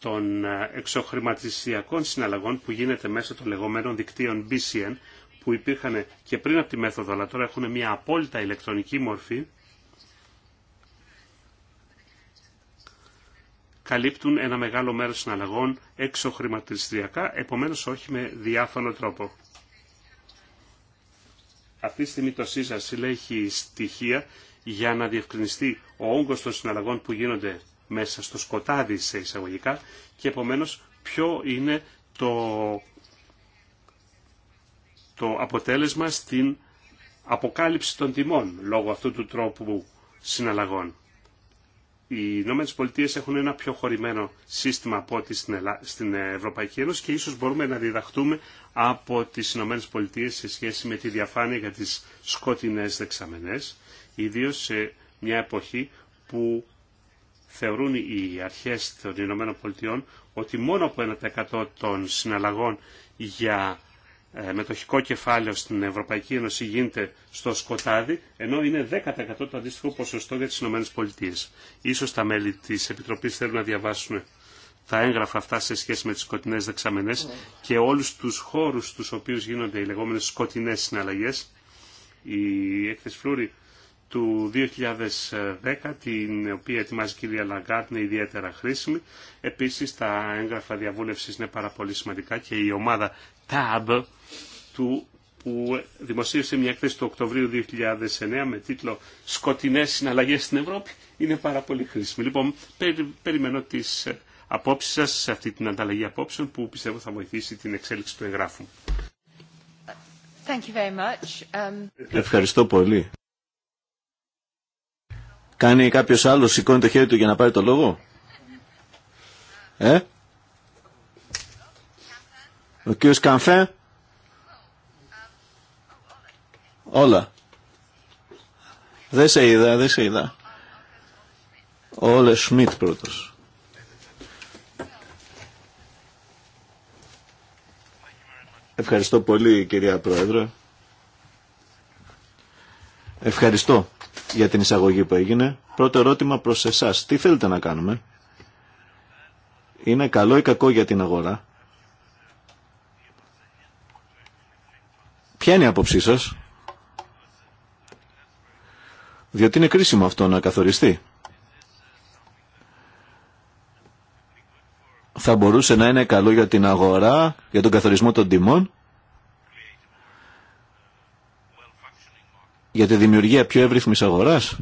των ε, εξοχρηματιστιακών συναλλαγών που γίνεται μέσω των λεγόμενων δικτύων BCN που υπήρχαν και πριν από τη μέθοδο αλλά τώρα έχουν μια απόλυτα ηλεκτρονική μορφή καλύπτουν ένα μεγάλο μέρος συναλλαγών εξοχρηματιστριακά, επομένως όχι με διάφανο τρόπο. Αυτή τη στιγμή το ΣΥΖΑ συλλέχει στοιχεία για να διευκρινιστεί ο όγκος των συναλλαγών που γίνονται μέσα στο σκοτάδι σε εισαγωγικά και επομένως ποιο είναι το, το αποτέλεσμα στην αποκάλυψη των τιμών λόγω αυτού του τρόπου συναλλαγών οι Ηνωμένε Πολιτείε έχουν ένα πιο χωρημένο σύστημα από ό,τι στην, Ευρωπαϊκή Ένωση και ίσως μπορούμε να διδαχτούμε από τις Ηνωμένε Πολιτείε σε σχέση με τη διαφάνεια για τις σκοτεινές δεξαμενές, ιδίως σε μια εποχή που θεωρούν οι αρχές των Ηνωμένων Πολιτειών ότι μόνο από 1% των συναλλαγών για ε, μετοχικό κεφάλαιο στην Ευρωπαϊκή Ένωση γίνεται στο σκοτάδι, ενώ είναι 10% το αντίστοιχο ποσοστό για τις ΗΠΑ. Ίσως τα μέλη της Επιτροπής θέλουν να διαβάσουν τα έγγραφα αυτά σε σχέση με τις σκοτεινές δεξαμενές ναι. και όλους τους χώρους στους οποίους γίνονται οι λεγόμενες σκοτεινές συναλλαγές. Η έκθεση Φλούρη του 2010, την οποία ετοιμάζει η κυρία Λαγκάρτ, είναι ιδιαίτερα χρήσιμη. Επίσης, τα έγγραφα διαβούλευσης είναι πάρα πολύ σημαντικά και η ομάδα TAB του, που δημοσίευσε μια έκθεση του Οκτωβρίου 2009 με τίτλο Σκοτεινέ συναλλαγές στην Ευρώπη» είναι πάρα πολύ χρήσιμη. Λοιπόν, περιμένω τις ε, απόψεις σας σε αυτή την ανταλλαγή απόψεων που πιστεύω θα βοηθήσει την εξέλιξη του εγγράφου. Thank um, Ευχαριστώ πολύ. Κάνει κάποιος άλλος, σηκώνει το χέρι του για να πάρει το λόγο. Ε? Ο κύριος Καμφέ. Όλα. Δεν σε είδα, δεν σε είδα. Όλε Σμιτ πρώτος. Ευχαριστώ πολύ κυρία Πρόεδρε. Ευχαριστώ για την εισαγωγή που έγινε. Πρώτο ερώτημα προς εσάς. Τι θέλετε να κάνουμε. Είναι καλό ή κακό για την αγορά. Ποια είναι η άποψή σας. Διότι είναι κρίσιμο αυτό να καθοριστεί. Θα μπορούσε να είναι καλό για την αγορά, για τον καθορισμό των τιμών για τη δημιουργία πιο εύρυθμης αγοράς.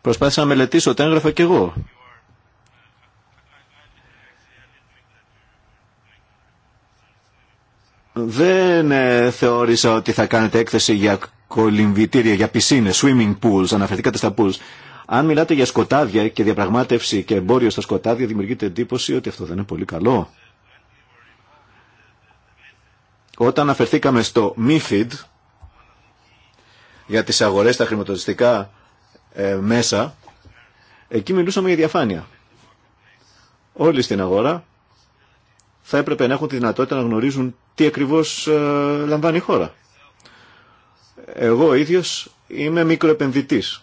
Προσπάθησα να μελετήσω τα έγγραφα και εγώ. Δεν ε, θεώρησα ότι θα κάνετε έκθεση για κολυμβητήρια, για πισίνες, swimming pools, αναφερθήκατε στα pools. Αν μιλάτε για σκοτάδια και διαπραγμάτευση και εμπόριο στα σκοτάδια, δημιουργείται εντύπωση ότι αυτό δεν είναι πολύ καλό. Όταν αναφερθήκαμε στο MIFID, για τις αγορές τα χρηματοδοτικά ε, μέσα, εκεί μιλούσαμε για διαφάνεια. Όλοι στην αγορά θα έπρεπε να έχουν τη δυνατότητα να γνωρίζουν τι ακριβώς ε, λαμβάνει η χώρα. Εγώ ίδιος είμαι μικροεπενδυτής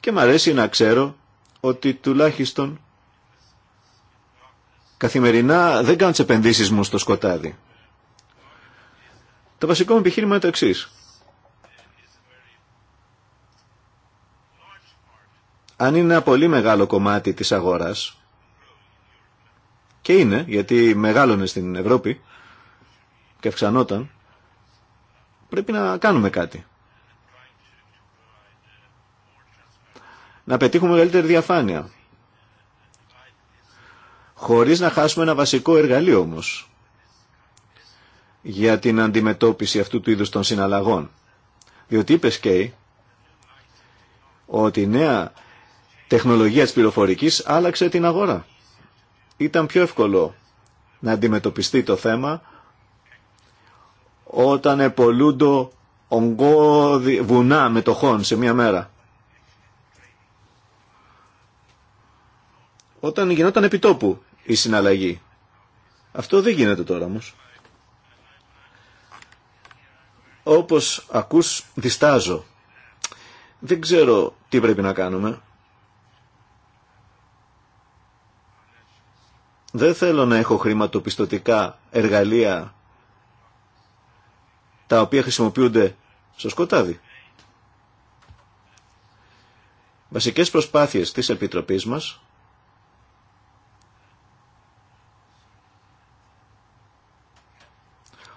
και μ' αρέσει να ξέρω ότι τουλάχιστον καθημερινά δεν κάνω τι επενδύσεις μου στο σκοτάδι. Το βασικό μου επιχείρημα είναι το εξής. Αν είναι ένα πολύ μεγάλο κομμάτι της αγοράς, και είναι, γιατί μεγάλωνε στην Ευρώπη και αυξανόταν, πρέπει να κάνουμε κάτι. Να πετύχουμε μεγαλύτερη διαφάνεια. Χωρίς να χάσουμε ένα βασικό εργαλείο όμως για την αντιμετώπιση αυτού του είδους των συναλλαγών. Διότι είπε Σκέι ότι η νέα τεχνολογία της πληροφορικής άλλαξε την αγορά. Ήταν πιο εύκολο να αντιμετωπιστεί το θέμα όταν επολούντο ογκώδη βουνά μετοχών σε μία μέρα. Όταν γινόταν επιτόπου η συναλλαγή. Αυτό δεν γίνεται τώρα όμως. Όπως ακούς διστάζω. Δεν ξέρω τι πρέπει να κάνουμε. Δεν θέλω να έχω χρηματοπιστωτικά εργαλεία τα οποία χρησιμοποιούνται στο σκοτάδι. Βασικές προσπάθειες της Επιτροπής μας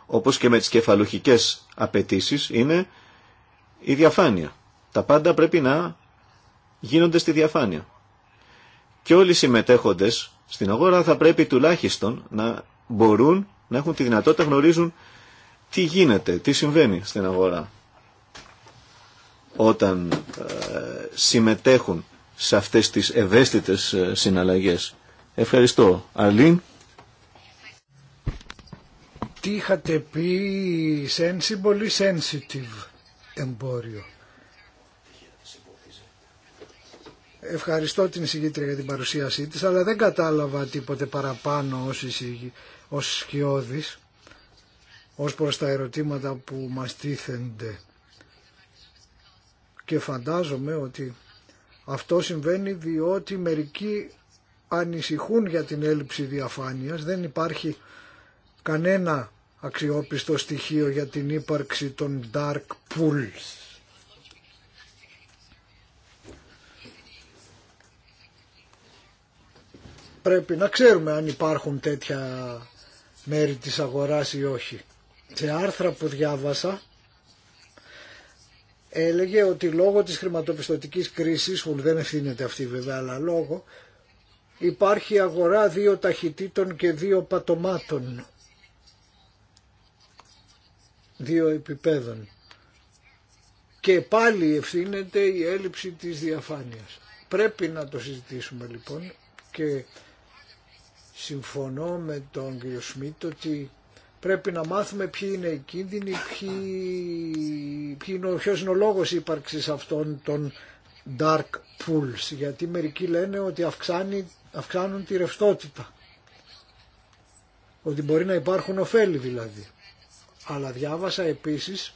όπως και με τις κεφαλουχικές απαιτήσεις είναι η διαφάνεια. Τα πάντα πρέπει να γίνονται στη διαφάνεια. Και όλοι οι συμμετέχοντες στην αγορά θα πρέπει τουλάχιστον να μπορούν να έχουν τη δυνατότητα να γνωρίζουν τι γίνεται, τι συμβαίνει στην αγορά όταν ε, συμμετέχουν σε αυτές τις ευαίσθητες ε, συναλλαγές. Ευχαριστώ. Αλήν. Τι είχατε πει sensible ή sensitive εμπόριο. Ευχαριστώ την εισηγήτρια για την παρουσίασή της, αλλά δεν κατάλαβα τίποτε παραπάνω ως, εισηγη, ως σκιώδης, ως προς τα ερωτήματα που μας τίθενται. Και φαντάζομαι ότι αυτό συμβαίνει διότι μερικοί ανησυχούν για την έλλειψη διαφάνειας, δεν υπάρχει κανένα αξιόπιστο στοιχείο για την ύπαρξη των dark pools. πρέπει να ξέρουμε αν υπάρχουν τέτοια μέρη της αγοράς ή όχι. Σε άρθρα που διάβασα έλεγε ότι λόγω της χρηματοπιστωτικής κρίσης, που δεν ευθύνεται αυτή βέβαια, αλλά λόγω, υπάρχει αγορά δύο ταχυτήτων και δύο πατομάτων, δύο επιπέδων. Και πάλι ευθύνεται η έλλειψη της διαφάνειας. Πρέπει να το συζητήσουμε λοιπόν και συμφωνώ με τον κύριο Σμίτ ότι πρέπει να μάθουμε ποιοι είναι οι κίνδυνοι, ποιοι, ποιοι είναι, ποιος είναι ο λόγος ύπαρξης αυτών των dark pools, γιατί μερικοί λένε ότι αυξάνει, αυξάνουν τη ρευστότητα. Ότι μπορεί να υπάρχουν ωφέλη δηλαδή. Αλλά διάβασα επίσης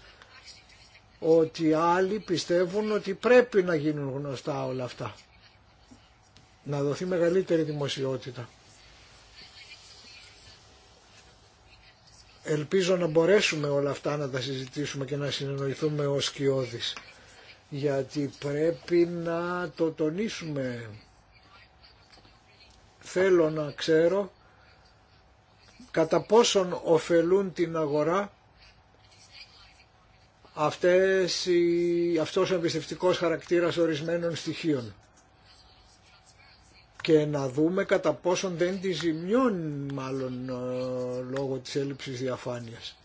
ότι άλλοι πιστεύουν ότι πρέπει να γίνουν γνωστά όλα αυτά. Να δοθεί μεγαλύτερη δημοσιότητα. Ελπίζω να μπορέσουμε όλα αυτά να τα συζητήσουμε και να συνεννοηθούμε ως κοιόδης, Γιατί πρέπει να το τονίσουμε. Θέλω να ξέρω κατά πόσον ωφελούν την αγορά αυτές οι, αυτός ο εμπιστευτικός χαρακτήρας ορισμένων στοιχείων και να δούμε κατά πόσον δεν τη ζημιώνει μάλλον ε, λόγω της έλλειψης διαφάνειας.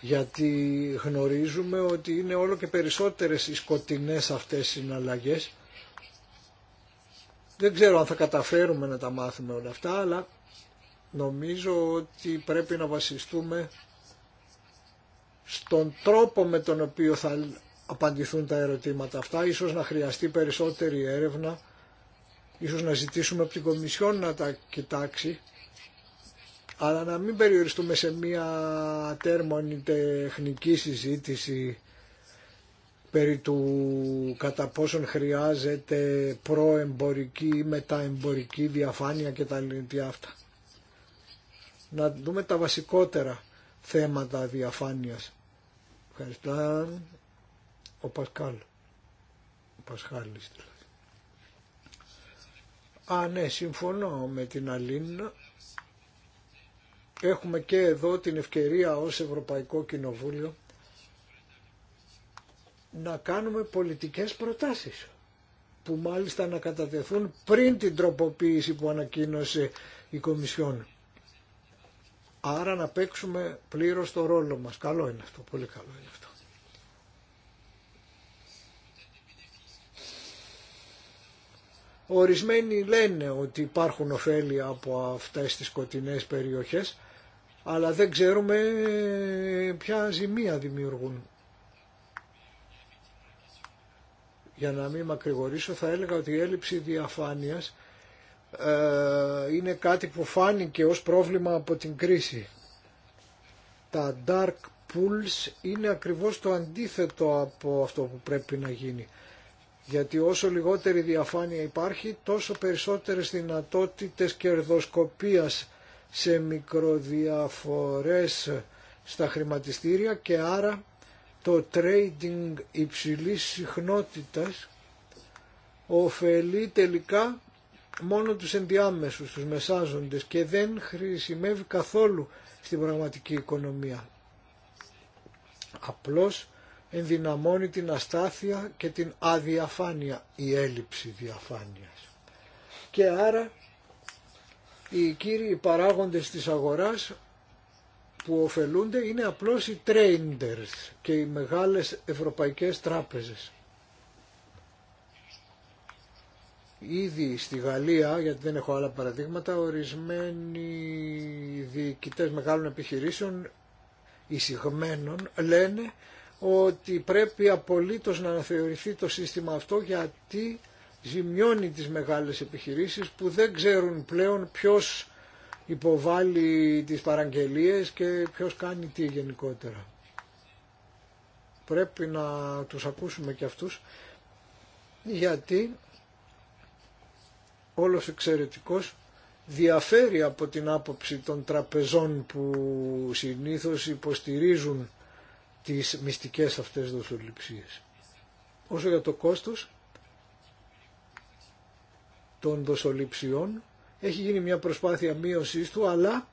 Γιατί γνωρίζουμε ότι είναι όλο και περισσότερες οι σκοτεινές αυτές οι συναλλαγές. Δεν ξέρω αν θα καταφέρουμε να τα μάθουμε όλα αυτά, αλλά νομίζω ότι πρέπει να βασιστούμε στον τρόπο με τον οποίο θα απαντηθούν τα ερωτήματα αυτά. Ίσως να χρειαστεί περισσότερη έρευνα, ίσως να ζητήσουμε από την Κομισιόν να τα κοιτάξει, αλλά να μην περιοριστούμε σε μία τέρμονη τεχνική συζήτηση περί του κατά πόσον χρειάζεται προεμπορική ή μεταεμπορική διαφάνεια και τα αυτά. Να δούμε τα βασικότερα θέματα διαφάνειας. Ευχαριστώ ο Πασκάλ. Ο Πασχάλης δηλαδή. Α, ναι, συμφωνώ με την Αλίνα. Έχουμε και εδώ την ευκαιρία ως Ευρωπαϊκό Κοινοβούλιο να κάνουμε πολιτικές προτάσεις που μάλιστα να κατατεθούν πριν την τροποποίηση που ανακοίνωσε η Κομισιόν. Άρα να παίξουμε πλήρως το ρόλο μας. Καλό είναι αυτό, πολύ καλό είναι αυτό. Ορισμένοι λένε ότι υπάρχουν ωφέλη από αυτές τις σκοτεινές περιοχές, αλλά δεν ξέρουμε ε, ποια ζημία δημιουργούν. Για να μην μακρηγορήσω θα έλεγα ότι η έλλειψη διαφάνειας ε, είναι κάτι που φάνηκε ως πρόβλημα από την κρίση. Τα dark pools είναι ακριβώς το αντίθετο από αυτό που πρέπει να γίνει γιατί όσο λιγότερη διαφάνεια υπάρχει τόσο περισσότερες δυνατότητες κερδοσκοπίας σε μικροδιαφορές στα χρηματιστήρια και άρα το trading υψηλής συχνότητας ωφελεί τελικά μόνο τους ενδιάμεσους, τους μεσάζοντες και δεν χρησιμεύει καθόλου στην πραγματική οικονομία. Απλώς ενδυναμώνει την αστάθεια και την αδιαφάνεια, η έλλειψη διαφάνειας. Και άρα οι κύριοι παράγοντες της αγοράς που ωφελούνται είναι απλώς οι traders και οι μεγάλες ευρωπαϊκές τράπεζες. Ήδη στη Γαλλία, γιατί δεν έχω άλλα παραδείγματα, ορισμένοι διοικητές μεγάλων επιχειρήσεων εισηγμένων λένε ότι πρέπει απολύτως να αναθεωρηθεί το σύστημα αυτό γιατί ζημιώνει τις μεγάλες επιχειρήσεις που δεν ξέρουν πλέον ποιος υποβάλλει τις παραγγελίες και ποιος κάνει τι γενικότερα. Πρέπει να τους ακούσουμε και αυτούς γιατί όλος εξαιρετικός διαφέρει από την άποψη των τραπεζών που συνήθως υποστηρίζουν τις μυστικές αυτές δοσοληψίες. Όσο για το κόστος των δοσοληψιών έχει γίνει μια προσπάθεια μείωσής του αλλά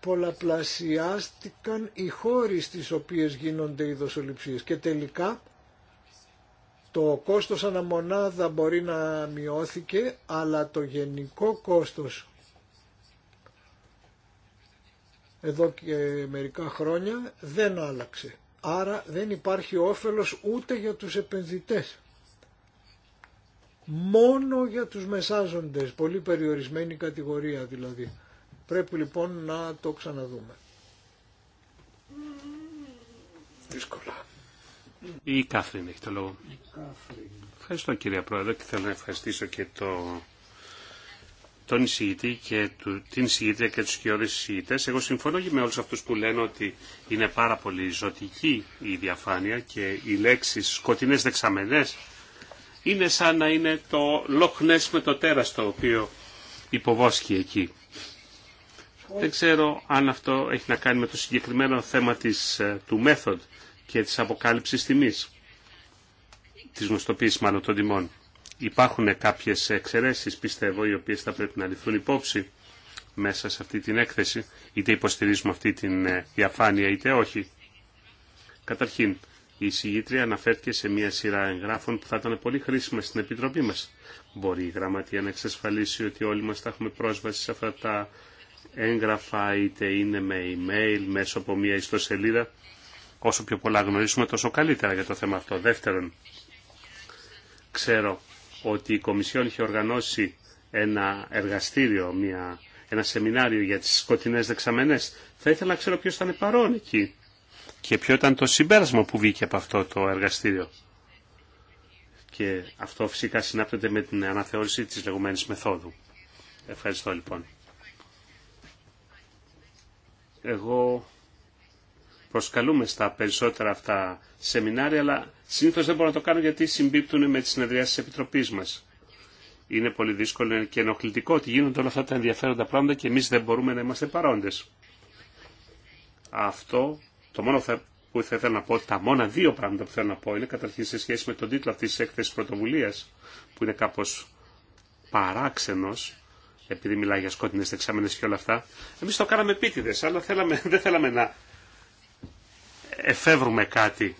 πολλαπλασιάστηκαν οι χώροι στις οποίες γίνονται οι δοσοληψίες και τελικά το κόστος αναμονάδα μπορεί να μειώθηκε αλλά το γενικό κόστος εδώ και μερικά χρόνια δεν άλλαξε. Άρα δεν υπάρχει όφελος ούτε για τους επενδυτές. Μόνο για τους μεσάζοντες, πολύ περιορισμένη κατηγορία δηλαδή. Πρέπει λοιπόν να το ξαναδούμε. Δύσκολα. Η Κάθριν έχει το λόγο. Ευχαριστώ κυρία Πρόεδρε και θέλω να ευχαριστήσω και το τον εισηγητή και του, την εισηγήτρια και τους κοιόδες εισηγητές. Εγώ συμφωνώ και με όλους αυτούς που λένε ότι είναι πάρα πολύ ζωτική η διαφάνεια και οι λέξεις σκοτεινές δεξαμενές είναι σαν να είναι το λόχνες με το τέρας το οποίο υποβόσκει εκεί. Δεν ξέρω αν αυτό έχει να κάνει με το συγκεκριμένο θέμα της, ε, του μέθοδ και της αποκάλυψης τιμής, της γνωστοποίησης μάλλον των τιμών. Υπάρχουν κάποιες εξαιρέσεις, πιστεύω, οι οποίες θα πρέπει να ληφθούν υπόψη μέσα σε αυτή την έκθεση, είτε υποστηρίζουμε αυτή την ε, διαφάνεια είτε όχι. Καταρχήν, η συγγήτρια αναφέρθηκε σε μια σειρά εγγράφων που θα ήταν πολύ χρήσιμα στην Επιτροπή μας. Μπορεί η Γραμματεία να εξασφαλίσει ότι όλοι μας θα έχουμε πρόσβαση σε αυτά τα έγγραφα, είτε είναι με email, μέσω από μια ιστοσελίδα. Όσο πιο πολλά γνωρίσουμε, τόσο καλύτερα για το θέμα αυτό. Δεύτερον, ξέρω ότι η Κομισιόν είχε οργανώσει ένα εργαστήριο, μια, ένα σεμινάριο για τις σκοτεινές δεξαμενές. Θα ήθελα να ξέρω ποιος ήταν παρόν εκεί και ποιο ήταν το συμπέρασμα που βγήκε από αυτό το εργαστήριο. Και αυτό φυσικά συνάπτεται με την αναθεώρηση της λεγόμενης μεθόδου. Ευχαριστώ λοιπόν. Εγώ προσκαλούμε στα περισσότερα αυτά σεμινάρια, αλλά Συνήθω δεν μπορώ να το κάνω γιατί συμπίπτουν με τι συνεδριάσει τη Επιτροπή μα. Είναι πολύ δύσκολο και ενοχλητικό ότι γίνονται όλα αυτά τα ενδιαφέροντα πράγματα και εμεί δεν μπορούμε να είμαστε παρόντε. Αυτό το μόνο που θα ήθελα να πω, τα μόνα δύο πράγματα που θέλω να πω είναι καταρχήν σε σχέση με τον τίτλο αυτή τη έκθεση πρωτοβουλία που είναι κάπω παράξενο επειδή μιλάει για σκότεινε δεξάμενε και όλα αυτά. Εμεί το κάναμε επίτηδε, αλλά θέλαμε, δεν θέλαμε να εφεύρουμε κάτι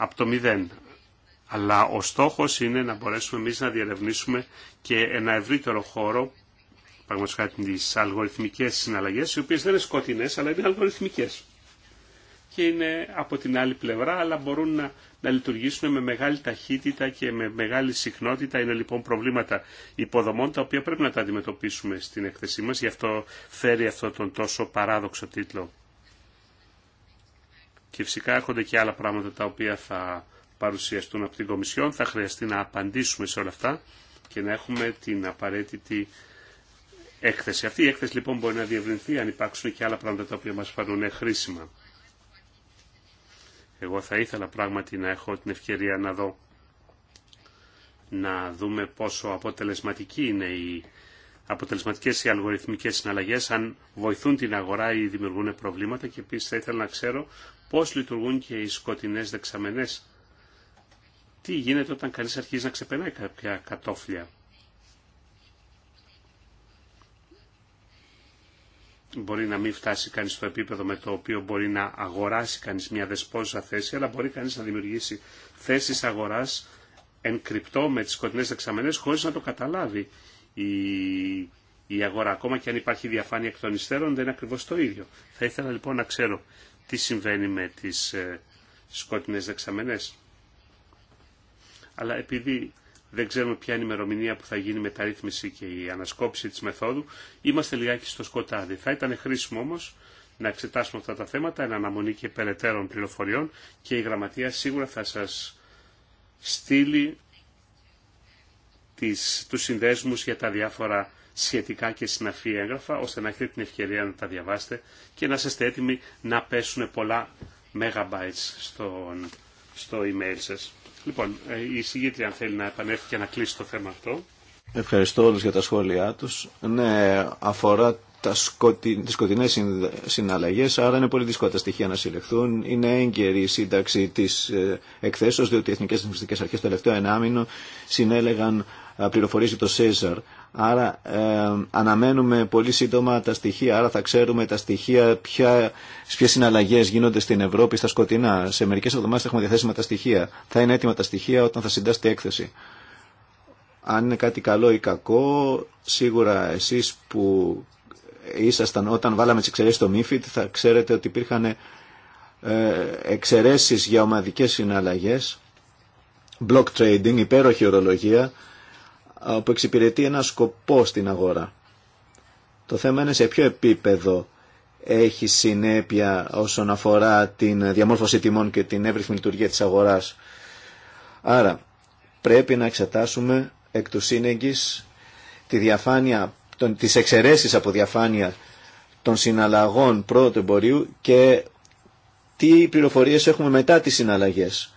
από το μηδέν. Αλλά ο στόχος είναι να μπορέσουμε εμείς να διερευνήσουμε και ένα ευρύτερο χώρο πραγματικά τις αλγοριθμικές συναλλαγές, οι οποίες δεν είναι σκοτεινές, αλλά είναι αλγοριθμικές. Και είναι από την άλλη πλευρά, αλλά μπορούν να, να λειτουργήσουν με μεγάλη ταχύτητα και με μεγάλη συχνότητα. Είναι λοιπόν προβλήματα υποδομών, τα οποία πρέπει να τα αντιμετωπίσουμε στην έκθεσή μας. Γι' αυτό φέρει αυτό τον τόσο παράδοξο τίτλο και φυσικά έρχονται και άλλα πράγματα τα οποία θα παρουσιαστούν από την Κομισιόν. Θα χρειαστεί να απαντήσουμε σε όλα αυτά και να έχουμε την απαραίτητη έκθεση. Αυτή η έκθεση λοιπόν μπορεί να διευρυνθεί αν υπάρξουν και άλλα πράγματα τα οποία μας φανούν χρήσιμα. Εγώ θα ήθελα πράγματι να έχω την ευκαιρία να δω να δούμε πόσο αποτελεσματική είναι οι αποτελεσματικές οι αλγοριθμικές συναλλαγές αν βοηθούν την αγορά ή δημιουργούν προβλήματα και επίσης θα ήθελα να ξέρω πώς λειτουργούν και οι σκοτεινές δεξαμενές. Τι γίνεται όταν κανείς αρχίζει να ξεπερνάει κάποια κατόφλια. Μπορεί να μην φτάσει κανείς στο επίπεδο με το οποίο μπορεί να αγοράσει κανείς μια δεσπόζουσα θέση, αλλά μπορεί κανείς να δημιουργήσει θέσεις αγοράς εν κρυπτό με τις σκοτεινές δεξαμενές χωρίς να το καταλάβει η, η αγορά. Ακόμα και αν υπάρχει διαφάνεια εκ των υστέρων δεν είναι ακριβώς το ίδιο. Θα ήθελα λοιπόν να ξέρω τι συμβαίνει με τις ε, σκότεινες δεξαμενές. Αλλά επειδή δεν ξέρουμε ποια είναι η ημερομηνία που θα γίνει τα μεταρρύθμιση και η ανασκόπηση της μεθόδου, είμαστε λιγάκι στο σκοτάδι. Θα ήταν χρήσιμο όμως να εξετάσουμε αυτά τα θέματα, εν αναμονή και περαιτέρων πληροφοριών και η γραμματεία σίγουρα θα σας στείλει τις, τους συνδέσμους για τα διάφορα σχετικά και συναφή έγγραφα, ώστε να έχετε την ευκαιρία να τα διαβάσετε και να είστε έτοιμοι να πέσουν πολλά megabytes στο, στο email σας. Λοιπόν, ε, η συγγήτρια αν θέλει να επανέλθει και να κλείσει το θέμα αυτό. Ευχαριστώ όλους για τα σχόλιά τους. Ναι, αφορά τα σκοτεινέ τις σκοτεινές συναλλαγές, άρα είναι πολύ δύσκολα τα στοιχεία να συλλεχθούν. Είναι έγκαιρη η σύνταξη της ε, εκθέσεως, διότι οι Εθνικές Δημιστικές Αρχές το τελευταίο ενάμινο συνέλεγαν πληροφορίες για το ΣΕΖΑΡ Άρα ε, αναμένουμε πολύ σύντομα τα στοιχεία, άρα θα ξέρουμε τα στοιχεία, ποια, ποιες συναλλαγές γίνονται στην Ευρώπη στα σκοτεινά. Σε μερικές εβδομάδες θα έχουμε διαθέσιμα τα στοιχεία. Θα είναι έτοιμα τα στοιχεία όταν θα συντάσσετε έκθεση. Αν είναι κάτι καλό ή κακό, σίγουρα εσείς που ήσασταν όταν βάλαμε τις εξαιρέσεις στο MIFID θα ξέρετε ότι υπήρχαν ε, εξαιρέσεις για ομαδικές συναλλαγές, block trading, υπέροχη ορολογία, που εξυπηρετεί ένα σκοπό στην αγορά. Το θέμα είναι σε ποιο επίπεδο έχει συνέπεια όσον αφορά την διαμόρφωση τιμών και την εύρυθμη λειτουργία της αγοράς. Άρα πρέπει να εξετάσουμε εκ του σύνεγγυς τη διαφάνεια, τον, τις εξαιρέσεις από διαφάνεια των συναλλαγών πρώτου εμπορίου και τι πληροφορίες έχουμε μετά τις συναλλαγές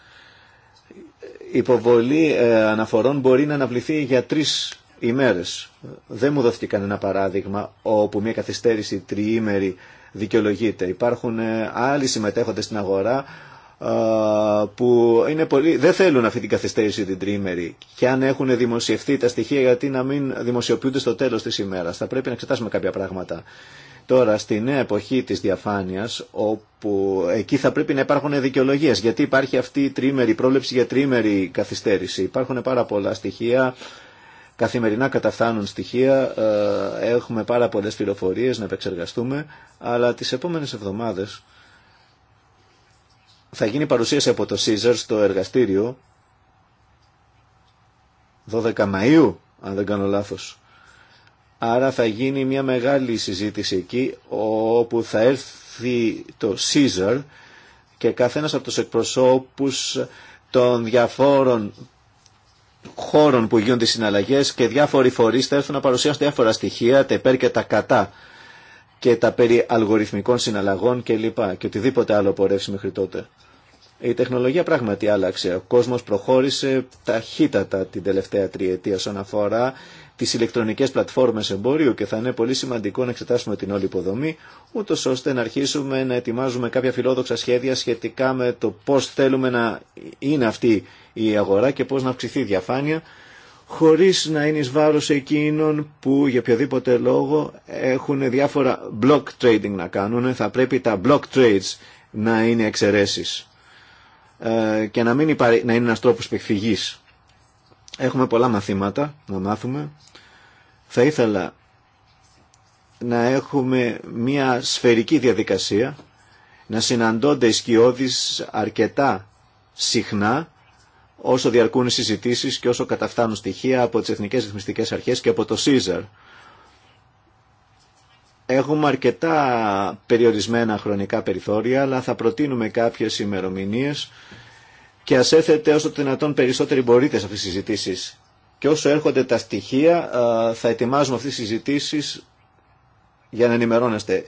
υποβολή ε, αναφορών μπορεί να αναβληθεί για τρεις ημέρες. Δεν μου δόθηκε κανένα παράδειγμα όπου μια καθυστέρηση τριήμερη δικαιολογείται. Υπάρχουν ε, άλλοι συμμετέχοντες στην αγορά ε, που είναι πολύ, δεν θέλουν αυτή την καθυστέρηση την τριήμερη και αν έχουν δημοσιευθεί τα στοιχεία γιατί να μην δημοσιοποιούνται στο τέλος της ημέρας. Θα πρέπει να εξετάσουμε κάποια πράγματα. Τώρα, στη νέα εποχή της διαφάνειας, όπου εκεί θα πρέπει να υπάρχουν δικαιολογίες, γιατί υπάρχει αυτή η τρίμερη πρόληψη για τρίμερη καθυστέρηση. Υπάρχουν πάρα πολλά στοιχεία, καθημερινά καταφθάνουν στοιχεία, ε, έχουμε πάρα πολλές πληροφορίες να επεξεργαστούμε, αλλά τις επόμενες εβδομάδες θα γίνει παρουσίαση από το Caesar στο εργαστήριο 12 Μαΐου, αν δεν κάνω λάθος. Άρα θα γίνει μια μεγάλη συζήτηση εκεί όπου θα έρθει το Caesar και καθένας από τους εκπροσώπους των διαφόρων χώρων που γίνονται συναλλαγές και διάφοροι φορείς θα έρθουν να παρουσιάσουν διάφορα στοιχεία, τα υπέρ και τα κατά και τα περί αλγοριθμικών συναλλαγών κλπ. Και, και οτιδήποτε άλλο πορεύσει μέχρι τότε. Η τεχνολογία πράγματι άλλαξε. Ο κόσμος προχώρησε ταχύτατα την τελευταία τριετία όσον αφορά τι ηλεκτρονικές πλατφόρμες εμπόριου και θα είναι πολύ σημαντικό να εξετάσουμε την όλη υποδομή, ούτω ώστε να αρχίσουμε να ετοιμάζουμε κάποια φιλόδοξα σχέδια σχετικά με το πώς θέλουμε να είναι αυτή η αγορά και πώς να αυξηθεί η διαφάνεια, χωρίς να είναι εις βάρος εκείνων που για οποιοδήποτε λόγο έχουν διάφορα block trading να κάνουν, θα πρέπει τα block trades να είναι εξαιρέσει ε, και να, μην υπάρει, να είναι ένα τρόπο εκφυγής. Έχουμε πολλά μαθήματα να μάθουμε θα ήθελα να έχουμε μια σφαιρική διαδικασία, να συναντώνται οι σκιώδεις αρκετά συχνά, όσο διαρκούν οι συζητήσεις και όσο καταφτάνουν στοιχεία από τις Εθνικές Ρυθμιστικές Αρχές και από το ΣΥΖΑΡ. Έχουμε αρκετά περιορισμένα χρονικά περιθώρια, αλλά θα προτείνουμε κάποιες ημερομηνίες και ας έθετε όσο το δυνατόν περισσότεροι μπορείτε σε αυτές τις συζητήσεις. Και όσο έρχονται τα στοιχεία θα ετοιμάζουμε αυτές τις συζητήσεις για να ενημερώνεστε.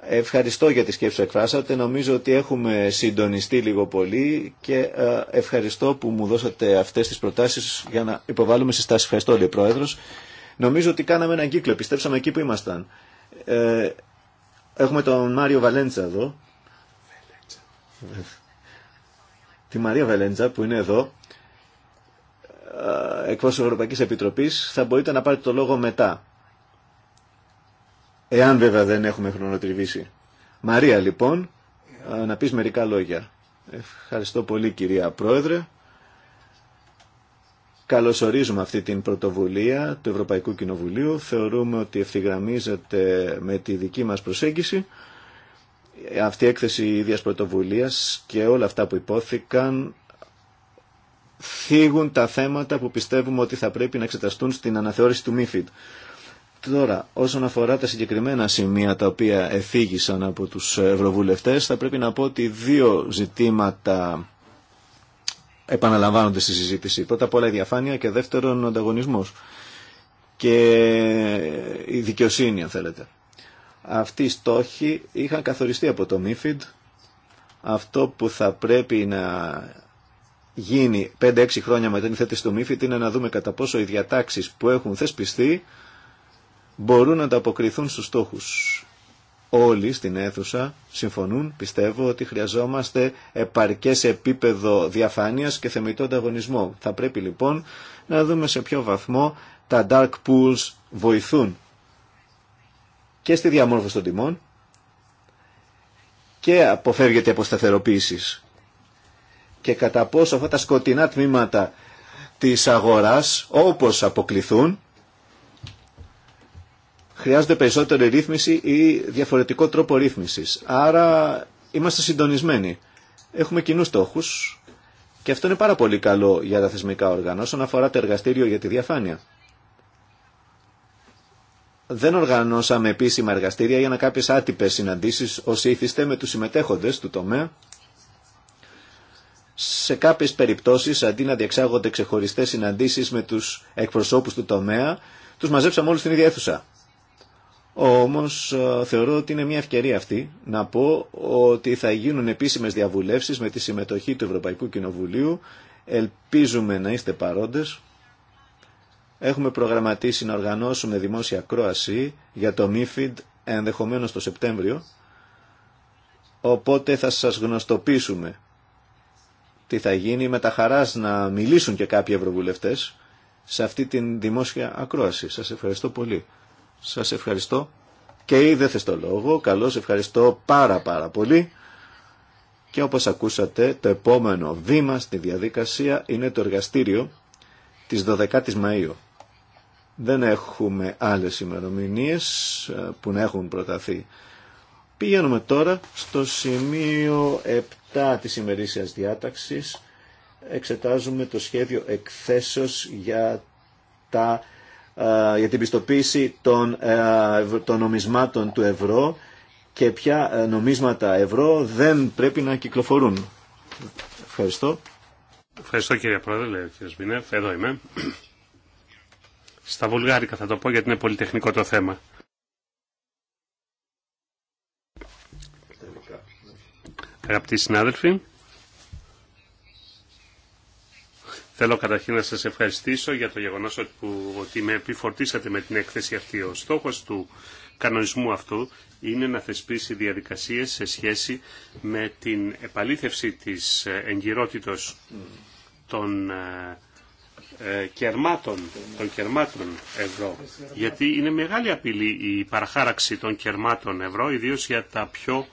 Ευχαριστώ για τη σκέψη που εκφράσατε. Νομίζω ότι έχουμε συντονιστεί λίγο πολύ και ευχαριστώ που μου δώσατε αυτές τις προτάσεις για να υποβάλουμε συστάσεις. Ευχαριστώ, λέει Πρόεδρος. Νομίζω ότι κάναμε έναν κύκλο. Πιστέψαμε εκεί που ήμασταν. Ε, έχουμε τον Μάριο Βαλέντσα εδώ. Τη Μαρία Βαλέντσα που είναι εδώ ε, εκπρόσωπος Ευρωπαϊκή Επιτροπής θα μπορείτε να πάρετε το λόγο μετά. Εάν βέβαια δεν έχουμε χρονοτριβήσει. Μαρία λοιπόν, ε, να πεις μερικά λόγια. Ευχαριστώ πολύ κυρία Πρόεδρε. Καλωσορίζουμε αυτή την πρωτοβουλία του Ευρωπαϊκού Κοινοβουλίου. Θεωρούμε ότι ευθυγραμμίζεται με τη δική μας προσέγγιση. Αυτή η έκθεση ίδιας πρωτοβουλίας και όλα αυτά που υπόθηκαν φύγουν τα θέματα που πιστεύουμε ότι θα πρέπει να εξεταστούν στην αναθεώρηση του ΜΥΦΙΤ. Τώρα, όσον αφορά τα συγκεκριμένα σημεία τα οποία εφήγησαν από τους ευρωβουλευτές, θα πρέπει να πω ότι δύο ζητήματα επαναλαμβάνονται στη συζήτηση. Πρώτα απ' όλα η διαφάνεια και δεύτερον ο ανταγωνισμός και η δικαιοσύνη αν θέλετε. Αυτοί οι στόχοι είχαν καθοριστεί από το MIFID. Αυτό που θα πρέπει να γίνει 5-6 χρόνια μετά την θέτηση του ΜΥΦΙΤ είναι να δούμε κατά πόσο οι διατάξεις που έχουν θεσπιστεί μπορούν να ανταποκριθούν στους στόχους. Όλοι στην αίθουσα συμφωνούν, πιστεύω, ότι χρειαζόμαστε επαρκές επίπεδο διαφάνειας και θεμητό ανταγωνισμό. Θα πρέπει λοιπόν να δούμε σε ποιο βαθμό τα dark pools βοηθούν και στη διαμόρφωση των τιμών και αποφεύγεται από σταθεροποίησης και κατά πόσο αυτά τα σκοτεινά τμήματα της αγοράς, όπως αποκληθούν, χρειάζονται περισσότερη ρύθμιση ή διαφορετικό τρόπο ρύθμισης. Άρα είμαστε συντονισμένοι. Έχουμε κοινούς στόχους και αυτό είναι πάρα πολύ καλό για τα θεσμικά όργανα όσον αφορά το εργαστήριο για τη διαφάνεια. Δεν οργανώσαμε επίσημα εργαστήρια για να κάποιες άτυπες συναντήσεις όσοι ήθιστε με τους συμμετέχοντες του τομέα σε κάποιες περιπτώσεις αντί να διεξάγονται ξεχωριστές συναντήσεις με τους εκπροσώπους του τομέα, τους μαζέψαμε όλους στην ίδια αίθουσα. Όμως ε, θεωρώ ότι είναι μια ευκαιρία αυτή να πω ότι θα γίνουν επίσημες διαβουλεύσεις με τη συμμετοχή του Ευρωπαϊκού Κοινοβουλίου. Ελπίζουμε να είστε παρόντες. Έχουμε προγραμματίσει να οργανώσουμε δημόσια κρόαση για το MIFID ενδεχομένως το Σεπτέμβριο. Οπότε θα σας γνωστοποιήσουμε τι θα γίνει με τα χαράς να μιλήσουν και κάποιοι ευρωβουλευτές σε αυτή την δημόσια ακρόαση. Σας ευχαριστώ πολύ. Σας ευχαριστώ και δεν θες το λόγο. Καλώς ευχαριστώ πάρα πάρα πολύ. Και όπως ακούσατε το επόμενο βήμα στη διαδικασία είναι το εργαστήριο της 12ης Μαΐου. Δεν έχουμε άλλες ημερομηνίε ε, που να έχουν προταθεί. Πηγαίνουμε τώρα στο σημείο μετά της ημερήσιας διάταξης εξετάζουμε το σχέδιο εκθέσεως για, τα, για την πιστοποίηση των, των νομισμάτων του ευρώ και ποια νομίσματα ευρώ δεν πρέπει να κυκλοφορούν. Ευχαριστώ. Ευχαριστώ κύριε Πρόεδρε, λέει ο Εδώ είμαι. Στα βουλγάρικα θα το πω γιατί είναι πολυτεχνικό το θέμα. Αγαπητοί συνάδελφοι, θέλω καταρχήν να σας ευχαριστήσω για το γεγονός ότι, που, ότι με επιφορτήσατε με την έκθεση αυτή. Ο στόχος του κανονισμού αυτού είναι να θεσπίσει διαδικασίες σε σχέση με την επαλήθευση της ε, εγκυρότητος των ε, ε, κερμάτων, των κερμάτων ευρώ. Γιατί είναι μεγάλη απειλή η παραχάραξη των κερμάτων ευρώ, ιδίως για τα πιο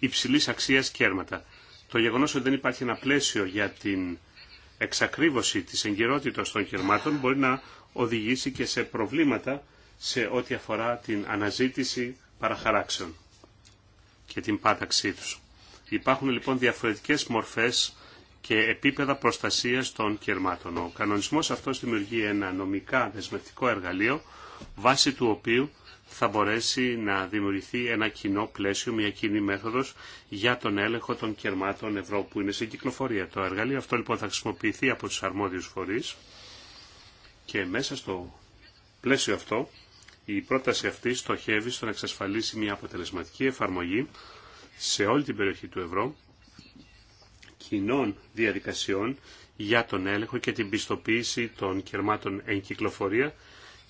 υψηλής αξίας κέρματα. Το γεγονός ότι δεν υπάρχει ένα πλαίσιο για την εξακρίβωση της εγκυρότητας των κερμάτων μπορεί να οδηγήσει και σε προβλήματα σε ό,τι αφορά την αναζήτηση παραχαράξεων και την πάταξή τους. Υπάρχουν λοιπόν διαφορετικές μορφές και επίπεδα προστασίας των κερμάτων. Ο κανονισμός αυτός δημιουργεί ένα νομικά δεσμευτικό εργαλείο βάσει του οποίου θα μπορέσει να δημιουργηθεί ένα κοινό πλαίσιο, μια κοινή μέθοδος για τον έλεγχο των κερμάτων ευρώ που είναι σε κυκλοφορία. Το εργαλείο αυτό λοιπόν θα χρησιμοποιηθεί από τους αρμόδιους φορείς και μέσα στο πλαίσιο αυτό η πρόταση αυτή στοχεύει στο να εξασφαλίσει μια αποτελεσματική εφαρμογή σε όλη την περιοχή του ευρώ κοινών διαδικασιών για τον έλεγχο και την πιστοποίηση των κερμάτων εν κυκλοφορία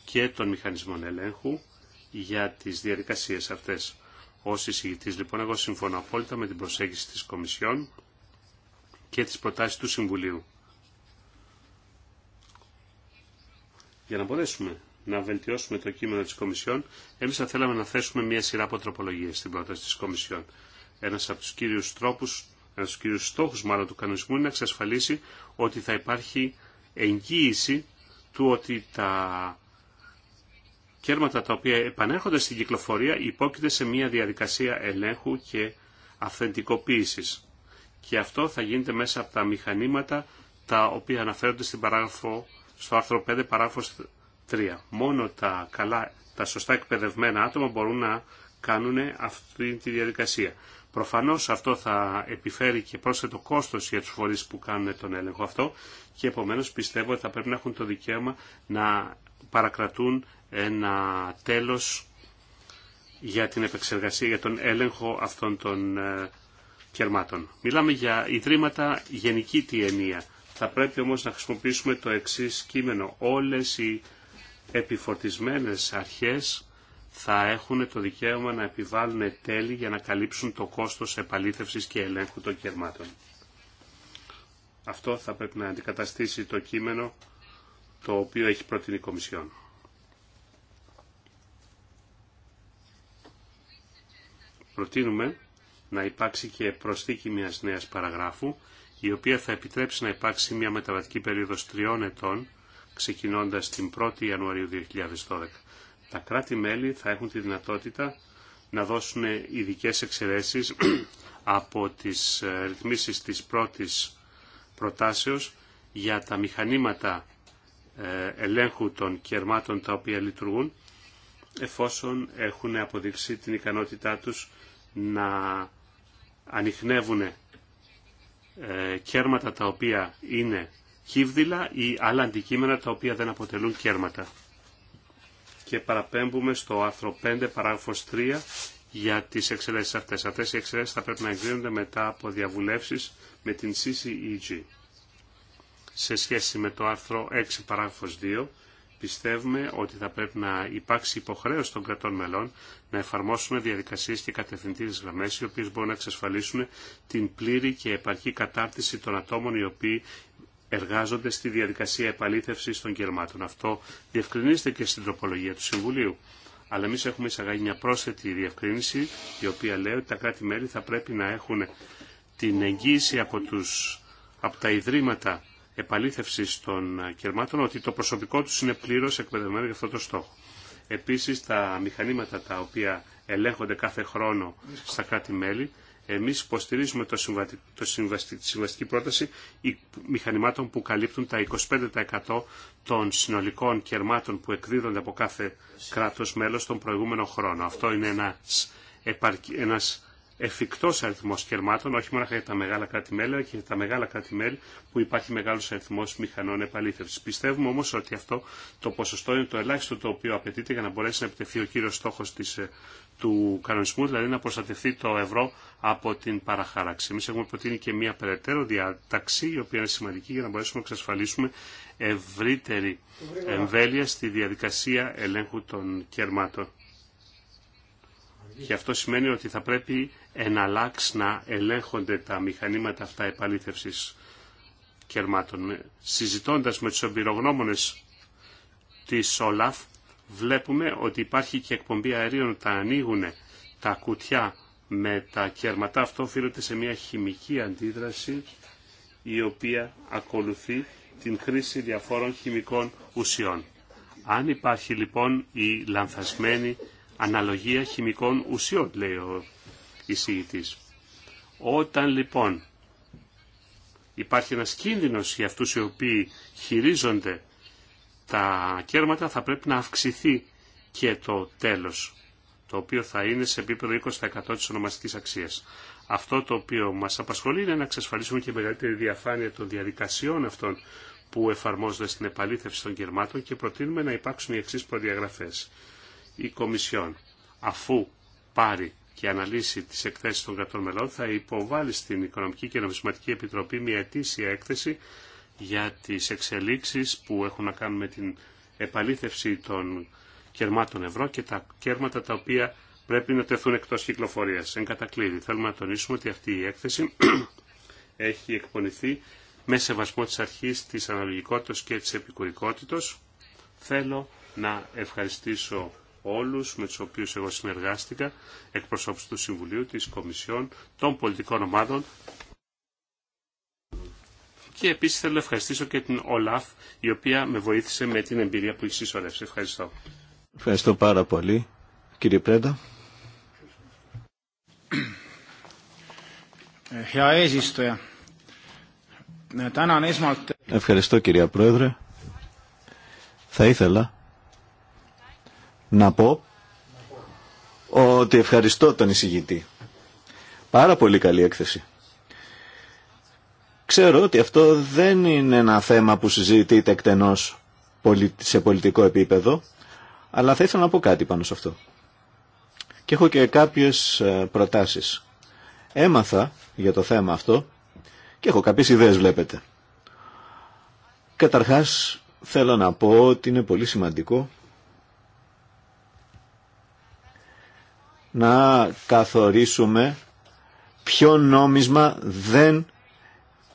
και των μηχανισμών ελέγχου για τις διαδικασίες αυτές. Ως εισηγητής λοιπόν εγώ συμφωνώ απόλυτα με την προσέγγιση της Κομισιόν και τις προτάσεις του Συμβουλίου. Για να μπορέσουμε να βελτιώσουμε το κείμενο της Κομισιόν, εμείς θα θέλαμε να θέσουμε μια σειρά από τροπολογίες στην πρόταση της Κομισιόν. Ένας από τους κύριους τρόπους, ένας από τους κύριους στόχους μάλλον του κανονισμού είναι να εξασφαλίσει ότι θα υπάρχει εγγύηση του ότι τα κέρματα τα οποία επανέρχονται στην κυκλοφορία υπόκειται σε μια διαδικασία ελέγχου και αυθεντικοποίησης. Και αυτό θα γίνεται μέσα από τα μηχανήματα τα οποία αναφέρονται στην παράγραφο, στο άρθρο 5 παράγραφος 3. Μόνο τα, καλά, τα σωστά εκπαιδευμένα άτομα μπορούν να κάνουν αυτή τη διαδικασία. Προφανώς αυτό θα επιφέρει και πρόσθετο κόστος για τους φορείς που κάνουν τον έλεγχο αυτό και επομένως πιστεύω ότι θα πρέπει να έχουν το δικαίωμα να παρακρατούν ένα τέλος για την επεξεργασία, για τον έλεγχο αυτών των ε, κερμάτων. Μιλάμε για ιδρύματα γενική ένία Θα πρέπει όμως να χρησιμοποιήσουμε το εξής κείμενο. Όλες οι επιφορτισμένες αρχές θα έχουν το δικαίωμα να επιβάλλουν τέλη για να καλύψουν το κόστος επαλήθευσης και ελέγχου των κερμάτων. Αυτό θα πρέπει να αντικαταστήσει το κείμενο το οποίο έχει προτείνει η Κομισιόν. προτείνουμε να υπάρξει και προσθήκη μιας νέας παραγράφου, η οποία θα επιτρέψει να υπάρξει μια μεταβατική περίοδος τριών ετών, ξεκινώντας την 1η Ιανουαρίου 2012. Τα κράτη-μέλη θα έχουν τη δυνατότητα να δώσουν ειδικέ εξαιρέσεις από τις ε, ρυθμίσεις της πρώτης προτάσεως για τα μηχανήματα ε, ελέγχου των κερμάτων τα οποία λειτουργούν εφόσον έχουν αποδείξει την ικανότητά τους να ανοιχνεύουν ε, κέρματα τα οποία είναι κύβδηλα ή άλλα αντικείμενα τα οποία δεν αποτελούν κέρματα. Και παραπέμπουμε στο άρθρο 5 παράγραφος 3 για τις εξελέσεις αυτές. Αυτές οι εξελέσεις θα πρέπει να εγκρίνονται μετά από διαβουλεύσεις με την CCEG. Σε σχέση με το άρθρο 6 παράγραφος 2 πιστεύουμε ότι θα πρέπει να υπάρξει υποχρέωση των κρατών μελών να εφαρμόσουν διαδικασίε και κατευθυντήριε γραμμέ, οι οποίε μπορούν να εξασφαλίσουν την πλήρη και επαρκή κατάρτιση των ατόμων οι οποίοι εργάζονται στη διαδικασία επαλήθευση των κερμάτων. Αυτό διευκρινίζεται και στην τροπολογία του Συμβουλίου. Αλλά εμεί έχουμε εισαγάγει μια πρόσθετη διευκρίνηση, η οποία λέει ότι τα κράτη-μέλη θα πρέπει να έχουν την εγγύηση από, τους, από τα ιδρύματα επαλήθευση των κερμάτων ότι το προσωπικό του είναι πλήρως εκπαιδευμένο για αυτό το στόχο. Επίσης τα μηχανήματα τα οποία ελέγχονται κάθε χρόνο στα κράτη-μέλη, εμείς υποστηρίζουμε το το τη συμβαστική πρόταση μηχανημάτων που καλύπτουν τα 25% των συνολικών κερμάτων που εκδίδονται από κάθε κράτος μέλος τον προηγούμενο χρόνο. Αυτό είναι ένα. ένας εφικτός αριθμός κερμάτων, όχι μόνο για τα μεγάλα κράτη-μέλη, αλλά και για τα μεγάλα κράτη-μέλη που υπάρχει μεγάλος αριθμός μηχανών επαλήθευσης. Πιστεύουμε όμως ότι αυτό το ποσοστό είναι το ελάχιστο το οποίο απαιτείται για να μπορέσει να επιτευχθεί ο κύριος στόχος της, ε, του κανονισμού, δηλαδή να προστατευτεί το ευρώ από την παραχάραξη. Εμεί έχουμε προτείνει και μια περαιτέρω διαταξή, η οποία είναι σημαντική για να μπορέσουμε να εξασφαλίσουμε ευρύτερη εμβέλεια στη διαδικασία ελέγχου των κερμάτων. Και αυτό σημαίνει ότι θα πρέπει εναλλάξ να ελέγχονται τα μηχανήματα αυτά επαλήθευσης κερμάτων. Συζητώντας με τους εμπειρογνώμονες της ΟΛΑΦ βλέπουμε ότι υπάρχει και εκπομπή αερίων τα ανοίγουν τα κουτιά με τα κερματά. Αυτό οφείλεται σε μια χημική αντίδραση η οποία ακολουθεί την χρήση διαφόρων χημικών ουσιών. Αν υπάρχει λοιπόν η λανθασμένη αναλογία χημικών ουσιών, λέει ο εισηγητής. Όταν λοιπόν υπάρχει ένας κίνδυνος για αυτούς οι οποίοι χειρίζονται τα κέρματα θα πρέπει να αυξηθεί και το τέλος, το οποίο θα είναι σε επίπεδο 20% της ονομαστικής αξίας. Αυτό το οποίο μας απασχολεί είναι να εξασφαλίσουμε και μεγαλύτερη διαφάνεια των διαδικασιών αυτών που εφαρμόζονται στην επαλήθευση των κερμάτων και προτείνουμε να υπάρξουν οι εξής προδιαγραφές. Η Κομισιόν, αφού πάρει και αναλύσει τις εκθέσεις των κρατών μελών, θα υποβάλει στην Οικονομική και Νομισματική Επιτροπή μια αιτήσια έκθεση για τις εξελίξεις που έχουν να κάνουν με την επαλήθευση των κερμάτων ευρώ και τα κέρματα τα οποία πρέπει να τεθούν εκτός κυκλοφορίας. Εν κατακλείδη, θέλουμε να τονίσουμε ότι αυτή η έκθεση έχει εκπονηθεί με σεβασμό της αρχής της αναλογικότητας και της επικουρικότητας. Θέλω να ευχαριστήσω όλους με τους οποίους εγώ συνεργάστηκα, εκπροσώπους του Συμβουλίου, της Κομισιόν, των πολιτικών ομάδων. Και επίσης θέλω να ευχαριστήσω και την ΟΛΑΦ, η οποία με βοήθησε με την εμπειρία που έχει συσσωρεύσει. Ευχαριστώ. Ευχαριστώ πάρα πολύ. Κύριε Πρέντα. Ευχαριστώ κυρία Πρόεδρε. Θα ήθελα να πω ότι ευχαριστώ τον εισηγητή. Πάρα πολύ καλή έκθεση. Ξέρω ότι αυτό δεν είναι ένα θέμα που συζητείται εκτενώς σε πολιτικό επίπεδο, αλλά θα ήθελα να πω κάτι πάνω σε αυτό. Και έχω και κάποιες ε, προτάσεις. Έμαθα για το θέμα αυτό και έχω κάποιες ιδέες βλέπετε. Καταρχάς θέλω να πω ότι είναι πολύ σημαντικό να καθορίσουμε ποιο νόμισμα δεν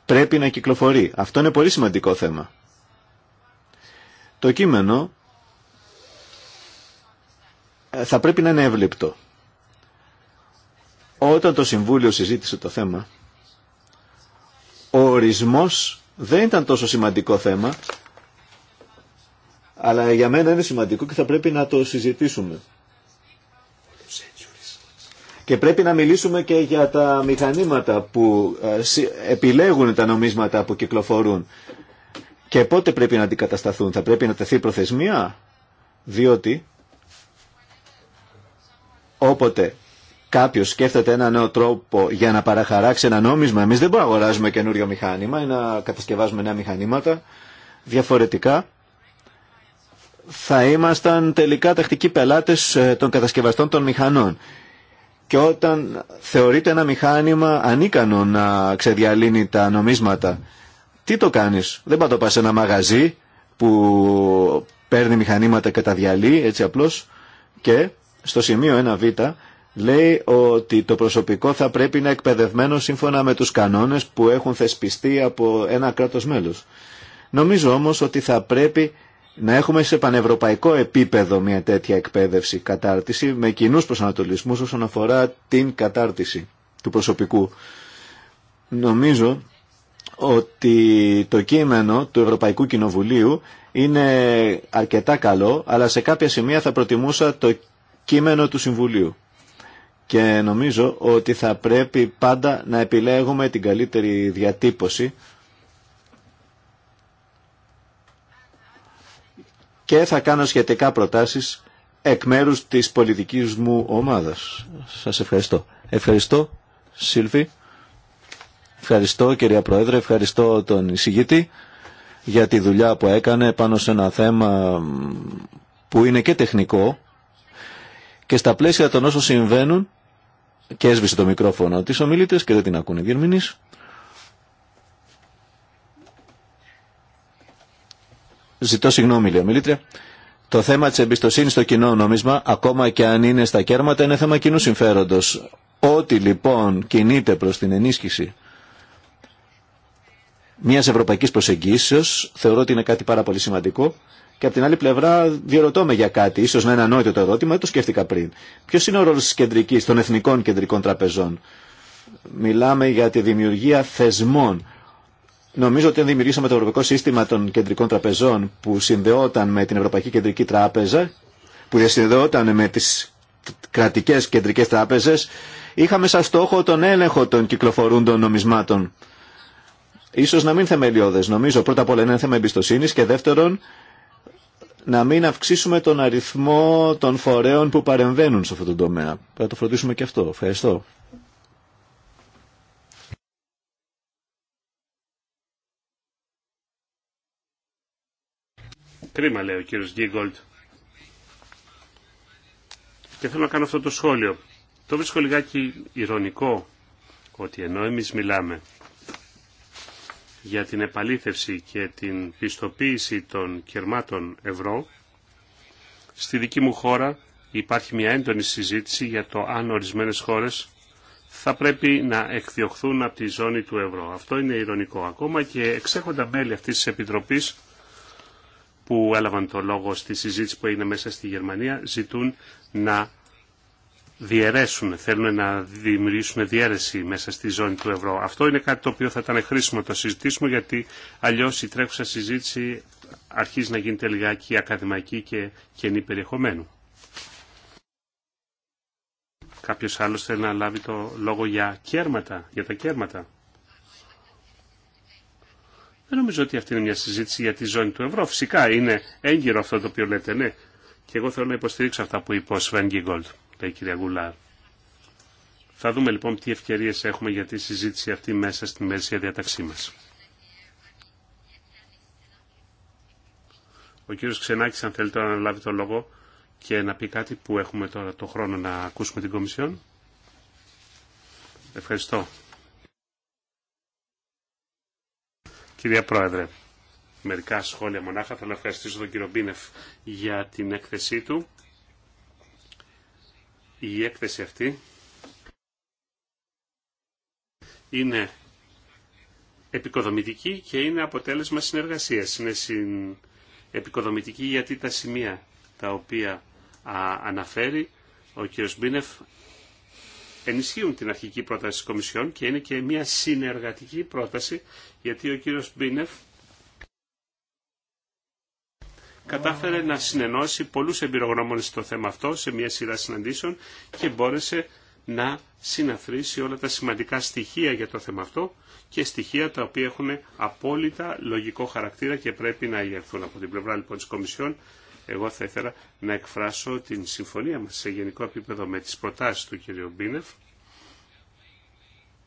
πρέπει να κυκλοφορεί. Αυτό είναι πολύ σημαντικό θέμα. Το κείμενο ε, θα πρέπει να είναι εύληπτο. Όταν το Συμβούλιο συζήτησε το θέμα, ο ορισμός δεν ήταν τόσο σημαντικό θέμα, αλλά για μένα είναι σημαντικό και θα πρέπει να το συζητήσουμε. Και πρέπει να μιλήσουμε και για τα μηχανήματα που ε, επιλέγουν τα νομίσματα που κυκλοφορούν. Και πότε πρέπει να αντικατασταθούν. Θα πρέπει να τεθεί προθεσμία. Διότι όποτε κάποιο σκέφτεται ένα νέο τρόπο για να παραχαράξει ένα νόμισμα, εμεί δεν μπορούμε να αγοράζουμε καινούριο μηχάνημα ή να κατασκευάζουμε νέα μηχανήματα. Διαφορετικά θα ήμασταν τελικά τακτικοί πελάτες ε, των κατασκευαστών των μηχανών και όταν θεωρείται ένα μηχάνημα ανίκανο να ξεδιαλύνει τα νομίσματα, τι το κάνεις. Δεν το πας σε ένα μαγαζί που παίρνει μηχανήματα και τα διαλύει έτσι απλώς και στο σημείο 1β λέει ότι το προσωπικό θα πρέπει να εκπαιδευμένο σύμφωνα με τους κανόνες που έχουν θεσπιστεί από ένα κράτος μέλος. Νομίζω όμως ότι θα πρέπει να έχουμε σε πανευρωπαϊκό επίπεδο μια τέτοια εκπαίδευση, κατάρτιση, με κοινού προσανατολισμού όσον αφορά την κατάρτιση του προσωπικού. Νομίζω ότι το κείμενο του Ευρωπαϊκού Κοινοβουλίου είναι αρκετά καλό, αλλά σε κάποια σημεία θα προτιμούσα το κείμενο του Συμβουλίου. Και νομίζω ότι θα πρέπει πάντα να επιλέγουμε την καλύτερη διατύπωση και θα κάνω σχετικά προτάσεις εκ μέρους της πολιτικής μου ομάδας. Σας ευχαριστώ. Ευχαριστώ, Σίλφη. Ευχαριστώ, κυρία Πρόεδρε. Ευχαριστώ τον εισηγητή για τη δουλειά που έκανε πάνω σε ένα θέμα που είναι και τεχνικό και στα πλαίσια των όσων συμβαίνουν και έσβησε το μικρόφωνο της ομιλήτες και δεν την ακούνε οι Ζητώ συγγνώμη, λέει Το θέμα τη εμπιστοσύνη στο κοινό νόμισμα, ακόμα και αν είναι στα κέρματα, είναι θέμα κοινού συμφέροντο. Ό,τι λοιπόν κινείται προ την ενίσχυση μια ευρωπαϊκή προσεγγίσεω, θεωρώ ότι είναι κάτι πάρα πολύ σημαντικό. Και από την άλλη πλευρά διερωτώ με για κάτι, ίσω να είναι ανόητο το ερώτημα, το σκέφτηκα πριν. Ποιο είναι ο ρόλο τη κεντρική, των εθνικών κεντρικών τραπεζών. Μιλάμε για τη δημιουργία θεσμών Νομίζω ότι αν δημιουργήσαμε το Ευρωπαϊκό Σύστημα των Κεντρικών Τραπεζών που συνδεόταν με την Ευρωπαϊκή Κεντρική Τράπεζα, που διασυνδεόταν με τις κρατικές κεντρικές τράπεζες, είχαμε σαν στόχο τον έλεγχο των κυκλοφορούντων νομισμάτων. Ίσως να μην θεμελιώδες. Νομίζω πρώτα απ' όλα είναι ένα θέμα εμπιστοσύνης και δεύτερον να μην αυξήσουμε τον αριθμό των φορέων που παρεμβαίνουν σε αυτό το τομέα. Θα το φροντίσουμε και αυτό. Ευχαριστώ. Κρίμα λέει ο κύριος Γκίγκολτ. Και θέλω να κάνω αυτό το σχόλιο. Το βρίσκω λιγάκι ηρωνικό ότι ενώ εμείς μιλάμε για την επαλήθευση και την πιστοποίηση των κερμάτων ευρώ, στη δική μου χώρα υπάρχει μια έντονη συζήτηση για το αν ορισμένες χώρες θα πρέπει να εκδιωχθούν από τη ζώνη του ευρώ. Αυτό είναι ηρωνικό. Ακόμα και εξέχοντα μέλη αυτής της Επιτροπής που έλαβαν το λόγο στη συζήτηση που έγινε μέσα στη Γερμανία ζητούν να διαιρέσουν, θέλουν να δημιουργήσουν διαίρεση μέσα στη ζώνη του ευρώ. Αυτό είναι κάτι το οποίο θα ήταν χρήσιμο να το συζητήσουμε γιατί αλλιώς η τρέχουσα συζήτηση αρχίζει να γίνεται λιγάκι ακαδημαϊκή και κενή περιεχομένου. Κάποιος άλλος θέλει να λάβει το λόγο για κέρματα, για τα κέρματα. Δεν νομίζω ότι αυτή είναι μια συζήτηση για τη ζώνη του ευρώ. Φυσικά είναι έγκυρο αυτό το οποίο λέτε, ναι. Και εγώ θέλω να υποστηρίξω αυτά που είπε ο Σβέν Γκίγκολτ, λέει η κυρία Γκουλάρ. Θα δούμε λοιπόν τι ευκαιρίε έχουμε για τη συζήτηση αυτή μέσα στη μέση διαταξή μα. Ο κύριος Ξενάκης αν θέλει τώρα να λάβει το λόγο και να πει κάτι που έχουμε τώρα το χρόνο να ακούσουμε την Κομισιόν. Ευχαριστώ κυρία Πρόεδρε. Μερικά σχόλια μονάχα. Θέλω να ευχαριστήσω τον κύριο Μπίνεφ για την έκθεσή του. Η έκθεση αυτή είναι επικοδομητική και είναι αποτέλεσμα συνεργασίας. Είναι συν... επικοδομητική γιατί τα σημεία τα οποία αναφέρει ο κύριος Μπίνεφ ενισχύουν την αρχική πρόταση της Κομισιόν και είναι και μια συνεργατική πρόταση γιατί ο κύριος Μπίνεφ κατάφερε να συνενώσει πολλούς εμπειρογνώμονες στο θέμα αυτό σε μια σειρά συναντήσεων και μπόρεσε να συναθρήσει όλα τα σημαντικά στοιχεία για το θέμα αυτό και στοιχεία τα οποία έχουν απόλυτα λογικό χαρακτήρα και πρέπει να ηγερθούν από την πλευρά λοιπόν της Κομισιόν. Εγώ θα ήθελα να εκφράσω την συμφωνία μας σε γενικό επίπεδο με τις προτάσεις του κ. Μπίνεφ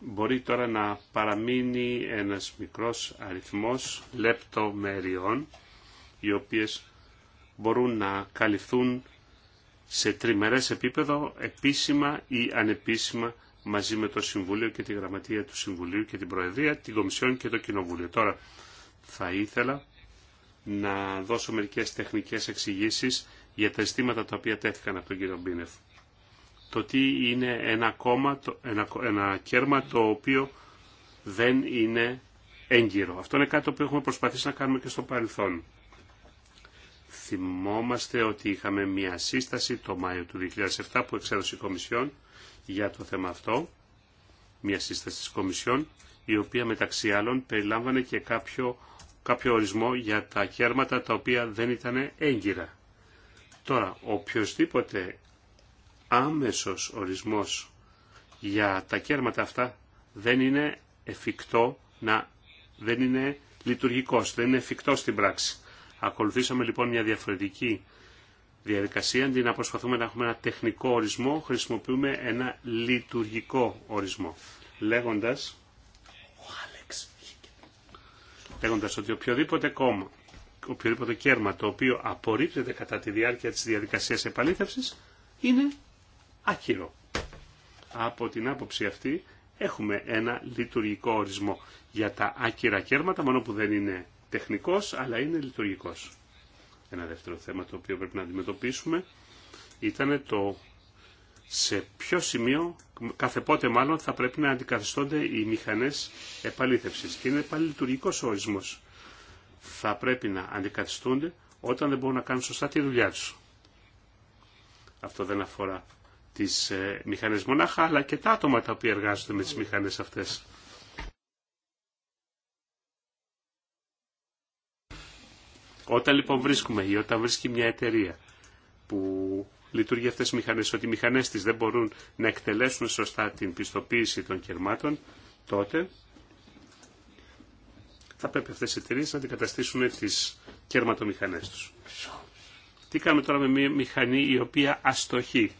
μπορεί τώρα να παραμείνει ένας μικρός αριθμός λεπτομεριών οι οποίες μπορούν να καλυφθούν σε τριμερές επίπεδο επίσημα ή ανεπίσημα μαζί με το Συμβούλιο και τη Γραμματεία του Συμβουλίου και την Προεδρία, την Κομισιόν και το Κοινοβούλιο. Τώρα θα ήθελα να δώσω μερικές τεχνικές εξηγήσεις για τα αισθήματα τα οποία τέθηκαν από τον κύριο Μπίνεφ το τι είναι ένα, κόμμα, ένα, ένα κέρμα το οποίο δεν είναι έγκυρο. Αυτό είναι κάτι που έχουμε προσπαθήσει να κάνουμε και στο παρελθόν. Θυμόμαστε ότι είχαμε μια σύσταση το Μάιο του 2007 που εξέδωσε η Κομισιόν για το θέμα αυτό, μια σύσταση της Κομισιόν, η οποία μεταξύ άλλων περιλάμβανε και κάποιο, κάποιο ορισμό για τα κέρματα τα οποία δεν ήταν έγκυρα. Τώρα, οποιοδήποτε άμεσος ορισμός για τα κέρματα αυτά δεν είναι εφικτό να δεν είναι λειτουργικός, δεν είναι εφικτό στην πράξη. Ακολουθήσαμε λοιπόν μια διαφορετική διαδικασία. Αντί να προσπαθούμε να έχουμε ένα τεχνικό ορισμό, χρησιμοποιούμε ένα λειτουργικό ορισμό. Λέγοντας, ο Άλεξ, λέγοντας ότι οποιοδήποτε κόμμα, οποιοδήποτε κέρμα το οποίο απορρίπτεται κατά τη διάρκεια της διαδικασίας επαλήθευσης είναι άχυρο. Από την άποψη αυτή έχουμε ένα λειτουργικό ορισμό για τα άκυρα κέρματα, μόνο που δεν είναι τεχνικός, αλλά είναι λειτουργικός. Ένα δεύτερο θέμα το οποίο πρέπει να αντιμετωπίσουμε ήταν το σε ποιο σημείο, κάθε πότε μάλλον, θα πρέπει να αντικαθιστώνται οι μηχανές επαλήθευσης. Και είναι πάλι λειτουργικός ο ορισμός. Θα πρέπει να αντικαθιστούνται όταν δεν μπορούν να κάνουν σωστά τη δουλειά τους. Αυτό δεν αφορά τις ε, μηχανές μονάχα, αλλά και τα άτομα τα οποία εργάζονται με τις μηχανές αυτές. Όταν λοιπόν βρίσκουμε ή όταν βρίσκει μια εταιρεία που λειτουργεί αυτές τις μηχανές, ότι οι μηχανές της δεν μπορούν να εκτελέσουν σωστά την πιστοποίηση των κερμάτων, τότε θα πρέπει αυτές οι εταιρείε να αντικαταστήσουν τις κερματομηχανές τους. Τι κάνουμε τώρα με μια μηχανή η οποία αστοχεί.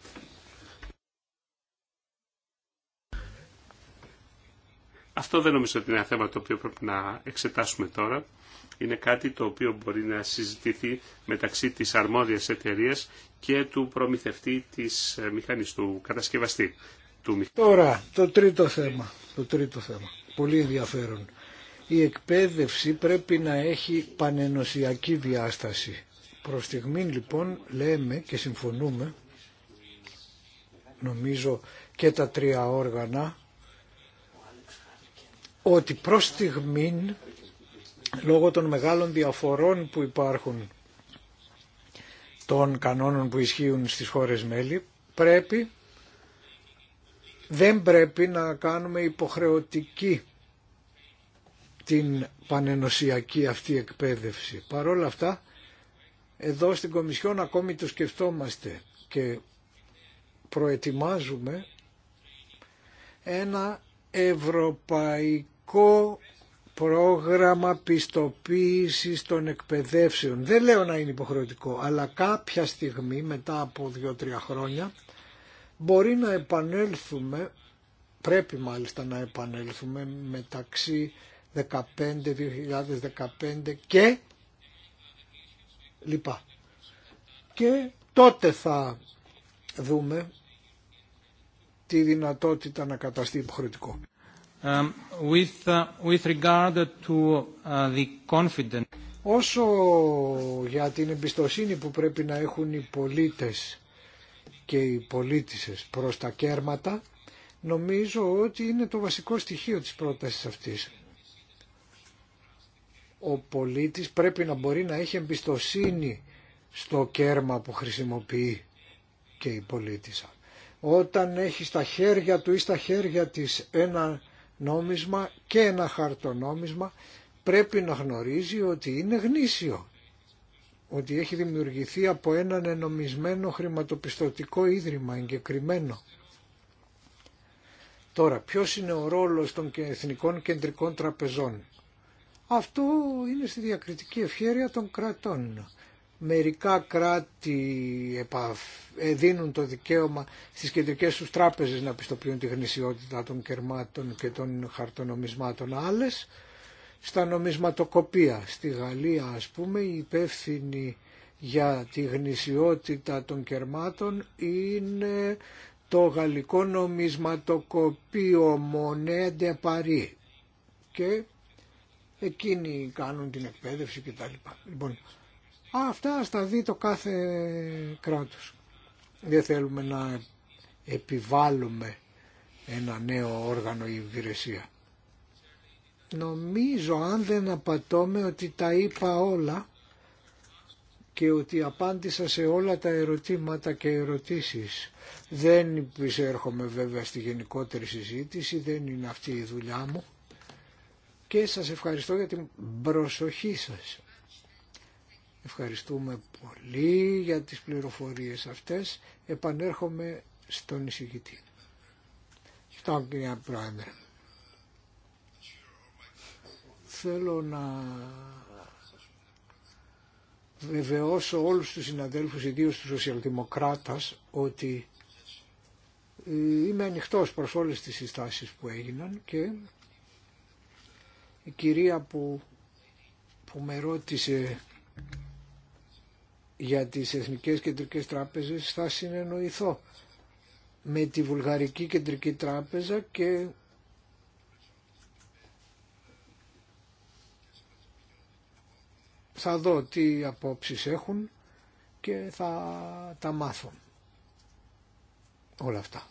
Αυτό δεν νομίζω ότι είναι ένα θέμα το οποίο πρέπει να εξετάσουμε τώρα. Είναι κάτι το οποίο μπορεί να συζητηθεί μεταξύ της αρμόδιας εταιρείας και του προμηθευτή της ε, μηχανής, του κατασκευαστή. Του... Τώρα, το τρίτο θέμα. Το τρίτο θέμα. Πολύ ενδιαφέρον. Η εκπαίδευση πρέπει να έχει πανενοσιακή διάσταση. Προς στιγμή λοιπόν λέμε και συμφωνούμε, νομίζω και τα τρία όργανα, ότι προς στιγμήν λόγω των μεγάλων διαφορών που υπάρχουν των κανόνων που ισχύουν στις χώρες μέλη πρέπει δεν πρέπει να κάνουμε υποχρεωτική την πανενοσιακή αυτή εκπαίδευση. Παρόλα αυτά, εδώ στην Κομισιόν ακόμη το σκεφτόμαστε και προετοιμάζουμε ένα ευρωπαϊκό υποχρεωτικό πρόγραμμα πιστοποίησης των εκπαιδεύσεων. Δεν λέω να είναι υποχρεωτικό, αλλά κάποια στιγμή μετά από δύο-τρία χρόνια μπορεί να επανέλθουμε, πρέπει μάλιστα να επανέλθουμε μεταξύ μεταξύ 2015 και λοιπά. Και τότε θα δούμε τη δυνατότητα να καταστεί υποχρεωτικό. Um, uh, uh, Όσο για την εμπιστοσύνη που πρέπει να έχουν οι πολίτες και οι πολίτισσες προς τα κέρματα, νομίζω ότι είναι το βασικό στοιχείο της πρότασης αυτής. Ο πολίτης πρέπει να μπορεί να έχει εμπιστοσύνη στο κέρμα που χρησιμοποιεί και η πολίτησα. Όταν έχει στα χέρια του ή στα χέρια της ένα νόμισμα και ένα χαρτονόμισμα πρέπει να γνωρίζει ότι είναι γνήσιο, ότι έχει δημιουργηθεί από έναν ενομισμένο χρηματοπιστωτικό ίδρυμα εγκεκριμένο. Τώρα, ποιος είναι ο ρόλος των εθνικών κεντρικών τραπεζών. Αυτό είναι στη διακριτική ευχέρεια των κρατών. Μερικά κράτη ε, δίνουν το δικαίωμα στις κεντρικές τους τράπεζες να πιστοποιούν τη γνησιότητα των κερμάτων και των χαρτονομισμάτων άλλες. Στα νομισματοκοπία, στη Γαλλία ας πούμε, η υπεύθυνη για τη γνησιότητα των κερμάτων είναι το γαλλικό νομισματοκοπείο de Paris και εκείνοι κάνουν την εκπαίδευση κτλ. Λοιπόν, αυτά θα τα δει το κάθε κράτος. Δεν θέλουμε να επιβάλλουμε ένα νέο όργανο ή υπηρεσία. Νομίζω αν δεν απατώμε ότι τα είπα όλα και ότι απάντησα σε όλα τα ερωτήματα και ερωτήσεις. Δεν υπησέρχομαι βέβαια στη γενικότερη συζήτηση, δεν είναι αυτή η δουλειά μου και σας ευχαριστώ για την προσοχή σας. Ευχαριστούμε πολύ για τις πληροφορίες αυτές. Επανέρχομαι στον εισηγητή. Στον κυρία Θέλω να βεβαιώσω όλους τους συναδέλφους, ιδίως του Σοσιαλδημοκράτας, ότι είμαι ανοιχτό προς όλες τις συστάσεις που έγιναν και η κυρία που, που με ρώτησε για τις Εθνικές Κεντρικές Τράπεζες θα συνεννοηθώ με τη Βουλγαρική Κεντρική Τράπεζα και θα δω τι απόψεις έχουν και θα τα μάθω όλα αυτά.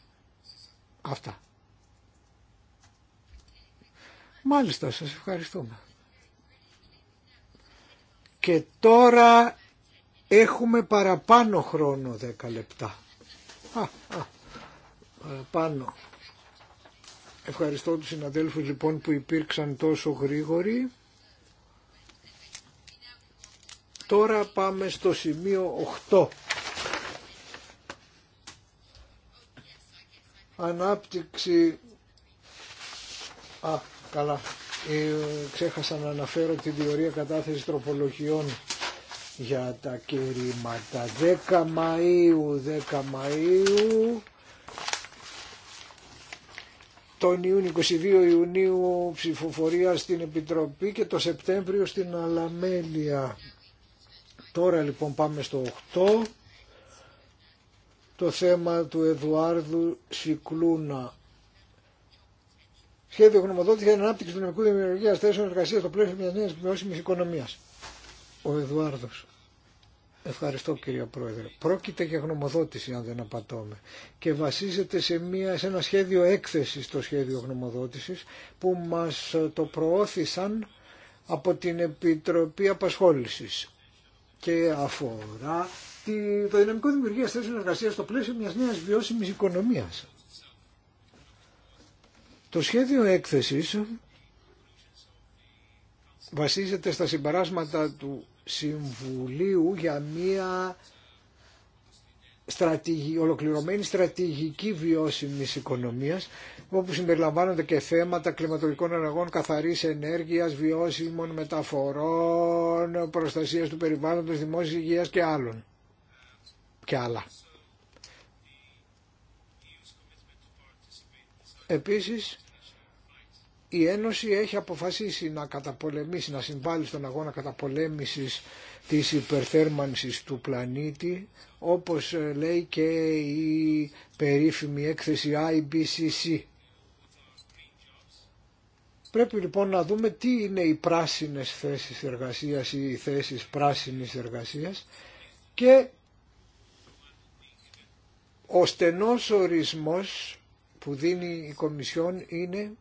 Αυτά. Μάλιστα, σας ευχαριστούμε. Και τώρα Έχουμε παραπάνω χρόνο 10 λεπτά. Α, παραπάνω. Ευχαριστώ τους συναδέλφους λοιπόν που υπήρξαν τόσο γρήγοροι. Τώρα πάμε στο σημείο 8. Ανάπτυξη... Α, καλά. Ε, ξέχασα να αναφέρω τη διορία κατάθεση τροπολογιών για τα κηρύματα. 10 Μαΐου, 10 Μαΐου, τον Ιούνιο, 22 Ιουνίου ψηφοφορία στην Επιτροπή και το Σεπτέμβριο στην Αλαμέλεια. Τώρα λοιπόν πάμε στο 8, το θέμα του Εδουάρδου Σικλούνα. Σχέδιο γνωμοδότηση για την ανάπτυξη του νομικού δημιουργία θέσεων εργασία στο πλαίσιο μια νέα βιώσιμη οικονομία. Ο Εδουάρδος. Ευχαριστώ κύριε Πρόεδρε. Πρόκειται για γνωμοδότηση αν δεν απατώμε και βασίζεται σε, μια, ένα σχέδιο έκθεσης το σχέδιο γνωμοδότησης που μας το προώθησαν από την Επιτροπή Απασχόλησης και αφορά το δυναμικό δημιουργία θέσεων εργασία στο πλαίσιο μιας νέας βιώσιμης οικονομίας. Το σχέδιο έκθεσης βασίζεται στα συμπεράσματα του Συμβουλίου για μία ολοκληρωμένη στρατηγική βιώσιμης οικονομίας όπου συμπεριλαμβάνονται και θέματα κλιματολογικών ενεργών, καθαρής ενέργειας, βιώσιμων μεταφορών, προστασίας του περιβάλλοντος, δημόσιας υγείας και άλλων. Και άλλα. Επίσης, η Ένωση έχει αποφασίσει να καταπολεμήσει, να συμβάλλει στον αγώνα καταπολέμησης της υπερθέρμανσης του πλανήτη, όπως ε, λέει και η περίφημη έκθεση IBCC. Πρέπει λοιπόν να δούμε τι είναι οι πράσινες θέσεις εργασίας ή οι θέσεις πράσινης εργασίας και ο στενός ορισμός που δίνει η Κομισιόν είναι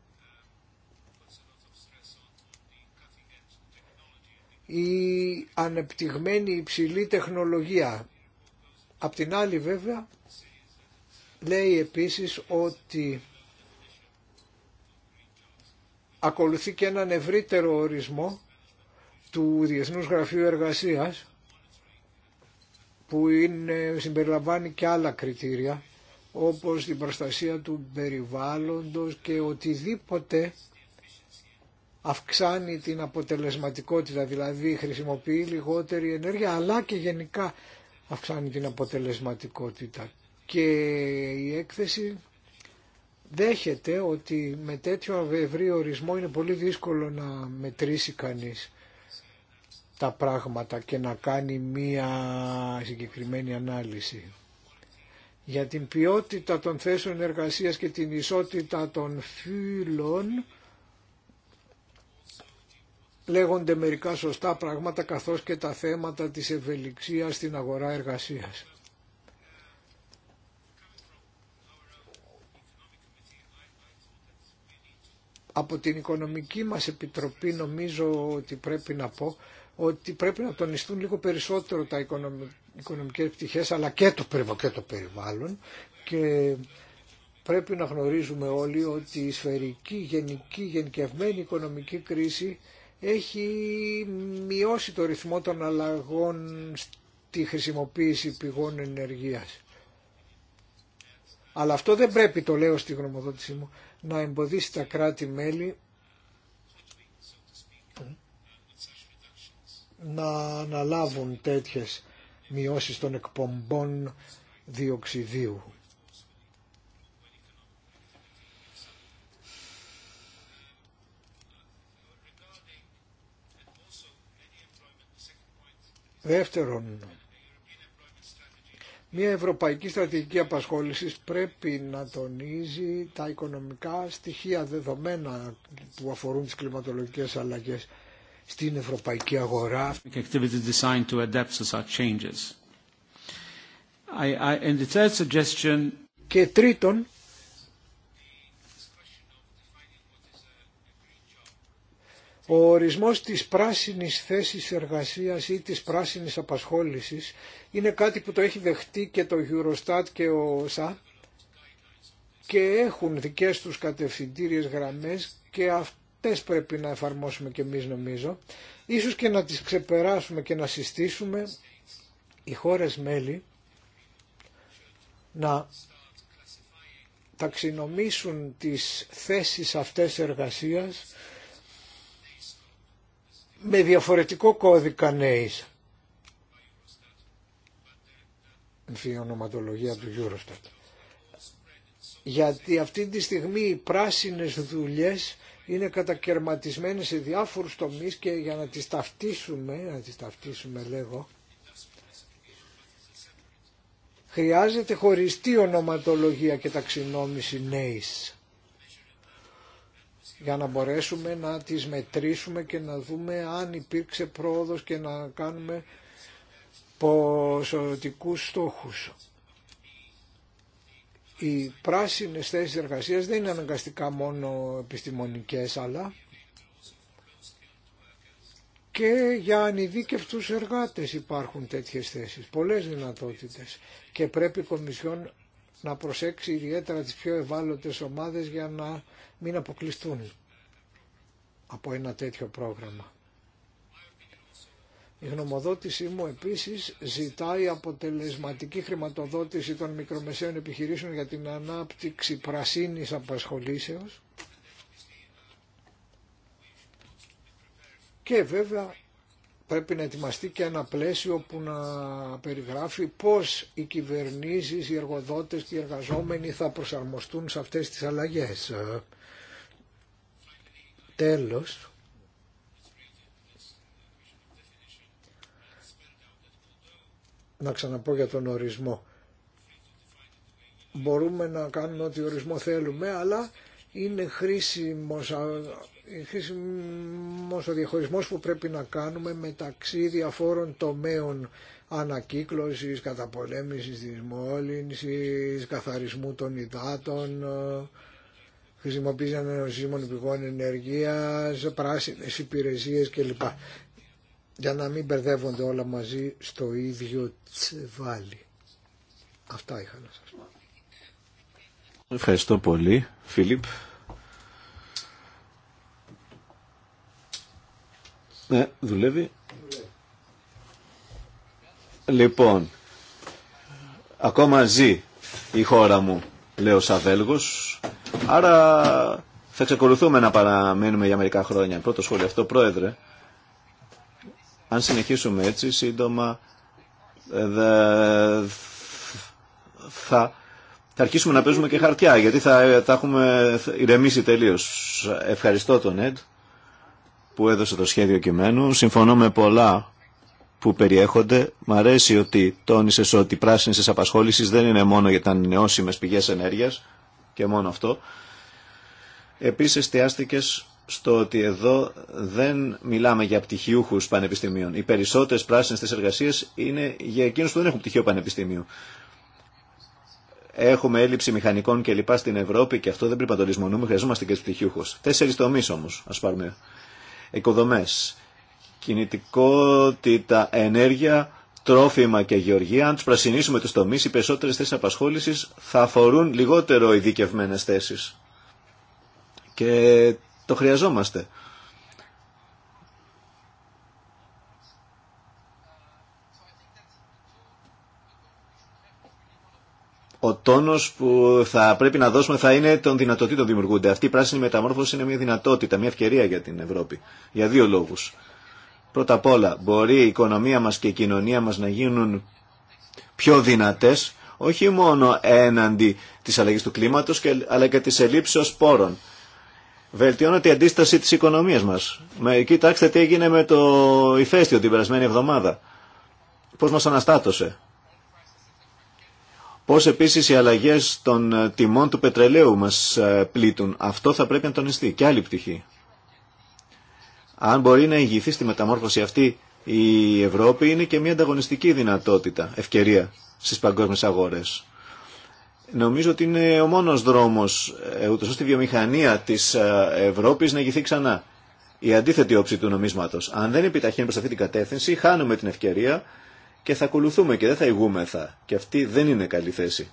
η ανεπτυγμένη υψηλή τεχνολογία. Απ' την άλλη βέβαια λέει επίσης ότι ακολουθεί και έναν ευρύτερο ορισμό του Διεθνούς Γραφείου Εργασίας που είναι, συμπεριλαμβάνει και άλλα κριτήρια όπως την προστασία του περιβάλλοντος και οτιδήποτε αυξάνει την αποτελεσματικότητα, δηλαδή χρησιμοποιεί λιγότερη ενέργεια, αλλά και γενικά αυξάνει την αποτελεσματικότητα. Και η έκθεση δέχεται ότι με τέτοιο ευρύ ορισμό είναι πολύ δύσκολο να μετρήσει κανείς τα πράγματα και να κάνει μία συγκεκριμένη ανάλυση. Για την ποιότητα των θέσεων εργασίας και την ισότητα των φύλων λέγονται μερικά σωστά πράγματα καθώς και τα θέματα της ευελιξίας στην αγορά εργασίας. Από την Οικονομική μας Επιτροπή νομίζω ότι πρέπει να πω ότι πρέπει να τονιστούν λίγο περισσότερο τα οικονομικές πτυχές αλλά και το, και το περιβάλλον και πρέπει να γνωρίζουμε όλοι ότι η σφαιρική, γενική, γενικευμένη οικονομική κρίση έχει μειώσει το ρυθμό των αλλαγών στη χρησιμοποίηση πηγών ενεργείας. Αλλά αυτό δεν πρέπει, το λέω στη γνωμοδότησή μου, να εμποδίσει τα κράτη-μέλη να αναλάβουν τέτοιες μειώσεις των εκπομπών διοξιδίου. Δεύτερον, μια ευρωπαϊκή στρατηγική απασχόλησης πρέπει να τονίζει τα οικονομικά στοιχεία δεδομένα που αφορούν τις κλιματολογικές αλλαγές στην ευρωπαϊκή αγορά. Και τρίτον, Ο ορισμός της πράσινης θέσης εργασίας ή της πράσινης απασχόλησης είναι κάτι που το έχει δεχτεί και το Eurostat και ο ΣΑ και έχουν δικές τους κατευθυντήριες γραμμές και αυτές πρέπει να εφαρμόσουμε και εμείς νομίζω. Ίσως και να τις ξεπεράσουμε και να συστήσουμε οι χώρες μέλη να ταξινομήσουν τις θέσεις αυτές εργασίας με διαφορετικό κώδικα νέης. Η ονοματολογία του Eurostat. Γιατί αυτή τη στιγμή οι πράσινες δουλειές είναι κατακαιρματισμένες σε διάφορους τομείς και για να τις ταυτίσουμε, να τις ταυτίσουμε λέγω, χρειάζεται χωριστή ονοματολογία και ταξινόμηση νέης για να μπορέσουμε να τις μετρήσουμε και να δούμε αν υπήρξε πρόοδος και να κάνουμε ποσοτικούς στόχους. Οι πράσινες θέσεις εργασίας δεν είναι αναγκαστικά μόνο επιστημονικές αλλά και για ανειδίκευτους εργάτες υπάρχουν τέτοιες θέσεις, πολλές δυνατότητες και πρέπει η Κομισιόν να προσέξει ιδιαίτερα τις πιο ευάλωτες ομάδες για να μην αποκλειστούν από ένα τέτοιο πρόγραμμα. Η γνωμοδότησή μου επίσης ζητάει αποτελεσματική χρηματοδότηση των μικρομεσαίων επιχειρήσεων για την ανάπτυξη πρασίνης απασχολήσεως και βέβαια πρέπει να ετοιμαστεί και ένα πλαίσιο που να περιγράφει πώς οι κυβερνήσεις, οι εργοδότες και οι εργαζόμενοι θα προσαρμοστούν σε αυτές τις αλλαγές. Τέλος, να ξαναπώ για τον ορισμό. Μπορούμε να κάνουμε ό,τι ορισμό θέλουμε, αλλά είναι χρήσιμος χρήσιμος ο διαχωρισμός που πρέπει να κάνουμε μεταξύ διαφόρων τομέων ανακύκλωσης, καταπολέμησης της καθαρισμού των υδάτων, χρησιμοποίηση ανανεωσίμων πηγών ενεργείας, πράσινες υπηρεσίες κλπ. Για να μην μπερδεύονται όλα μαζί στο ίδιο τσεβάλι. Αυτά είχα να σας πω. Ευχαριστώ πολύ, Φίλιπ. Ναι, δουλεύει. Λοιπόν, ακόμα ζει η χώρα μου, λέω σαν Βέλγος, άρα θα ξεκολουθούμε να παραμένουμε για μερικά χρόνια. Πρώτο σχόλιο αυτό, Πρόεδρε, αν συνεχίσουμε έτσι, σύντομα ε, θα, θα αρχίσουμε να παίζουμε και χαρτιά, γιατί θα, θα έχουμε ηρεμήσει τελείως. Ευχαριστώ τον Έντ που έδωσε το σχέδιο κειμένου. Συμφωνώ με πολλά που περιέχονται. Μ' αρέσει ότι τόνισε ότι οι πράσινε απασχόληση δεν είναι μόνο για τα νεώσιμε πηγέ ενέργεια και μόνο αυτό. Επίση, εστιάστηκε στο ότι εδώ δεν μιλάμε για πτυχιούχου πανεπιστημίων. Οι περισσότερε πράσινε τη εργασία είναι για εκείνου που δεν έχουν πτυχίο πανεπιστημίου. Έχουμε έλλειψη μηχανικών κλπ. στην Ευρώπη και αυτό δεν πρέπει να το λησμονούμε. Χρειαζόμαστε και του πτυχιούχου. Τέσσερι τομεί όμω, α πάρουμε οικοδομές, κινητικότητα, ενέργεια, τρόφιμα και γεωργία. Αν τους πρασινίσουμε του τομεί, οι περισσότερε θέσεις απασχόληση θα αφορούν λιγότερο ειδικευμένε θέσεις. Και το χρειαζόμαστε. ο τόνος που θα πρέπει να δώσουμε θα είναι των δυνατοτήτων δημιουργούνται. Αυτή η πράσινη μεταμόρφωση είναι μια δυνατότητα, μια ευκαιρία για την Ευρώπη. Για δύο λόγους. Πρώτα απ' όλα, μπορεί η οικονομία μας και η κοινωνία μας να γίνουν πιο δυνατές, όχι μόνο έναντι της αλλαγής του κλίματος, αλλά και της ω πόρων. Βελτιώνεται η αντίσταση τη οικονομία μα. κοιτάξτε τι έγινε με το ηφαίστειο την περασμένη εβδομάδα. Πώ μα αναστάτωσε. Πώς επίσης οι αλλαγές των ε, τιμών του πετρελαίου μας ε, πλήττουν. Αυτό θα πρέπει να τονιστεί. Και άλλη πτυχή. Αν μπορεί να ηγηθεί στη μεταμόρφωση αυτή η Ευρώπη είναι και μια ανταγωνιστική δυνατότητα, ευκαιρία στις παγκόσμιες αγορές. Νομίζω ότι είναι ο μόνος δρόμος ε, ούτως ώστε η βιομηχανία της Ευρώπης να ηγηθεί ξανά. Η αντίθετη όψη του νομίσματος. Αν δεν επιταχύνουμε προς αυτή την κατεύθυνση, χάνουμε την ευκαιρία και θα ακολουθούμε και δεν θα ηγούμεθα. Και αυτή δεν είναι καλή θέση.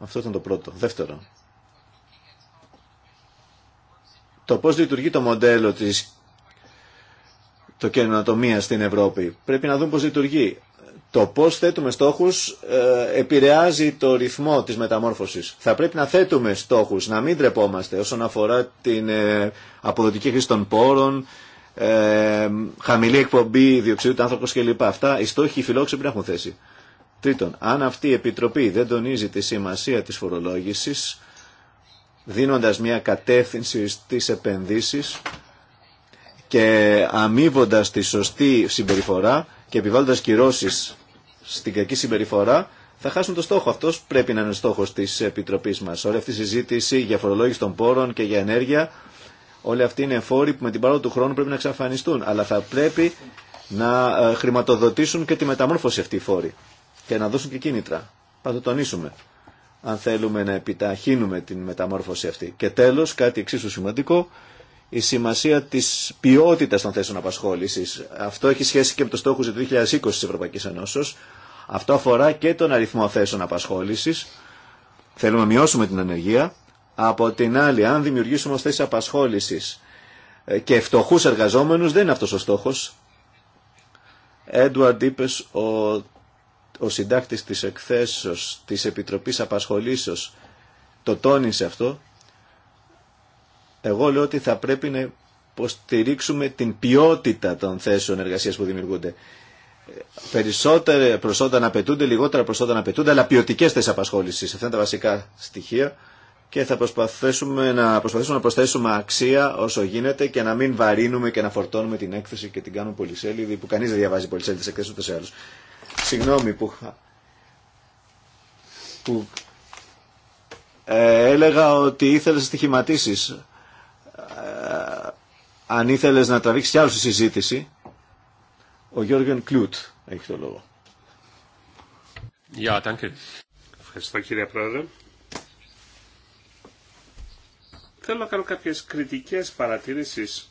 Αυτό ήταν το πρώτο. Δεύτερο. Το πώς λειτουργεί το μοντέλο της το καινοτομία στην Ευρώπη. Πρέπει να δούμε πώς λειτουργεί. Το πώς θέτουμε στόχους ε, επηρεάζει το ρυθμό της μεταμόρφωσης. Θα πρέπει να θέτουμε στόχους, να μην τρεπόμαστε όσον αφορά την ε, αποδοτική χρήση των πόρων, ε, χαμηλή εκπομπή διοξιδίου του άνθρωπο κλπ. Αυτά οι στόχοι οι πρέπει να έχουν θέση. Τρίτον, αν αυτή η Επιτροπή δεν τονίζει τη σημασία τη φορολόγηση, δίνοντα μια κατεύθυνση στι επενδύσει και αμείβοντα τη σωστή συμπεριφορά και επιβάλλοντα κυρώσει στην κακή συμπεριφορά, θα χάσουν το στόχο. Αυτό πρέπει να είναι ο στόχος της Επιτροπής μας. Όλη αυτή η συζήτηση για φορολόγηση των πόρων και για ενέργεια Όλοι αυτοί είναι φόροι που με την πάροδο του χρόνου πρέπει να εξαφανιστούν. Αλλά θα πρέπει να ε, χρηματοδοτήσουν και τη μεταμόρφωση αυτή οι φόροι και να δώσουν και κίνητρα. Θα το τονίσουμε αν θέλουμε να επιταχύνουμε την μεταμόρφωση αυτή. Και τέλος, κάτι εξίσου σημαντικό, η σημασία της ποιότητας των θέσεων απασχόλησης. Αυτό έχει σχέση και με το στόχο του 2020 της Ευρωπαϊκής Ενώσεως. Αυτό αφορά και τον αριθμό θέσεων απασχόληση. Θέλουμε να μειώσουμε την ανεργία από την άλλη, αν δημιουργήσουμε ως θέσεις απασχόλησης ε, και φτωχού εργαζόμενους, δεν είναι αυτός ο στόχος. Έντουαρντ είπε ο, ο συντάκτης της εκθέσεως της Επιτροπής Απασχολήσεως το τόνισε αυτό. Εγώ λέω ότι θα πρέπει να υποστηρίξουμε την ποιότητα των θέσεων εργασίας που δημιουργούνται. Περισσότερα προσόντα να απαιτούνται, λιγότερα προσόντα να απαιτούνται, αλλά ποιοτικέ θέσει απασχόληση. Αυτά είναι τα βασικά στοιχεία και θα προσπαθήσουμε να, προσπαθήσουμε να προσθέσουμε αξία όσο γίνεται και να μην βαρύνουμε και να φορτώνουμε την έκθεση και την κάνουμε πολυσέλιδη που κανείς δεν διαβάζει πολυσέλιδη σε εκθέσεις ούτε σε άλλους. Συγγνώμη που, που ε, έλεγα ότι ήθελες να στοιχηματίσεις. Ε, αν ήθελες να τραβήξεις κι άλλους τη συζήτηση, ο Γιώργεν Κλούτ έχει το λόγο. Ευχαριστώ κύριε Πρόεδρε. Θέλω να κάνω κάποιες κριτικές παρατηρήσεις.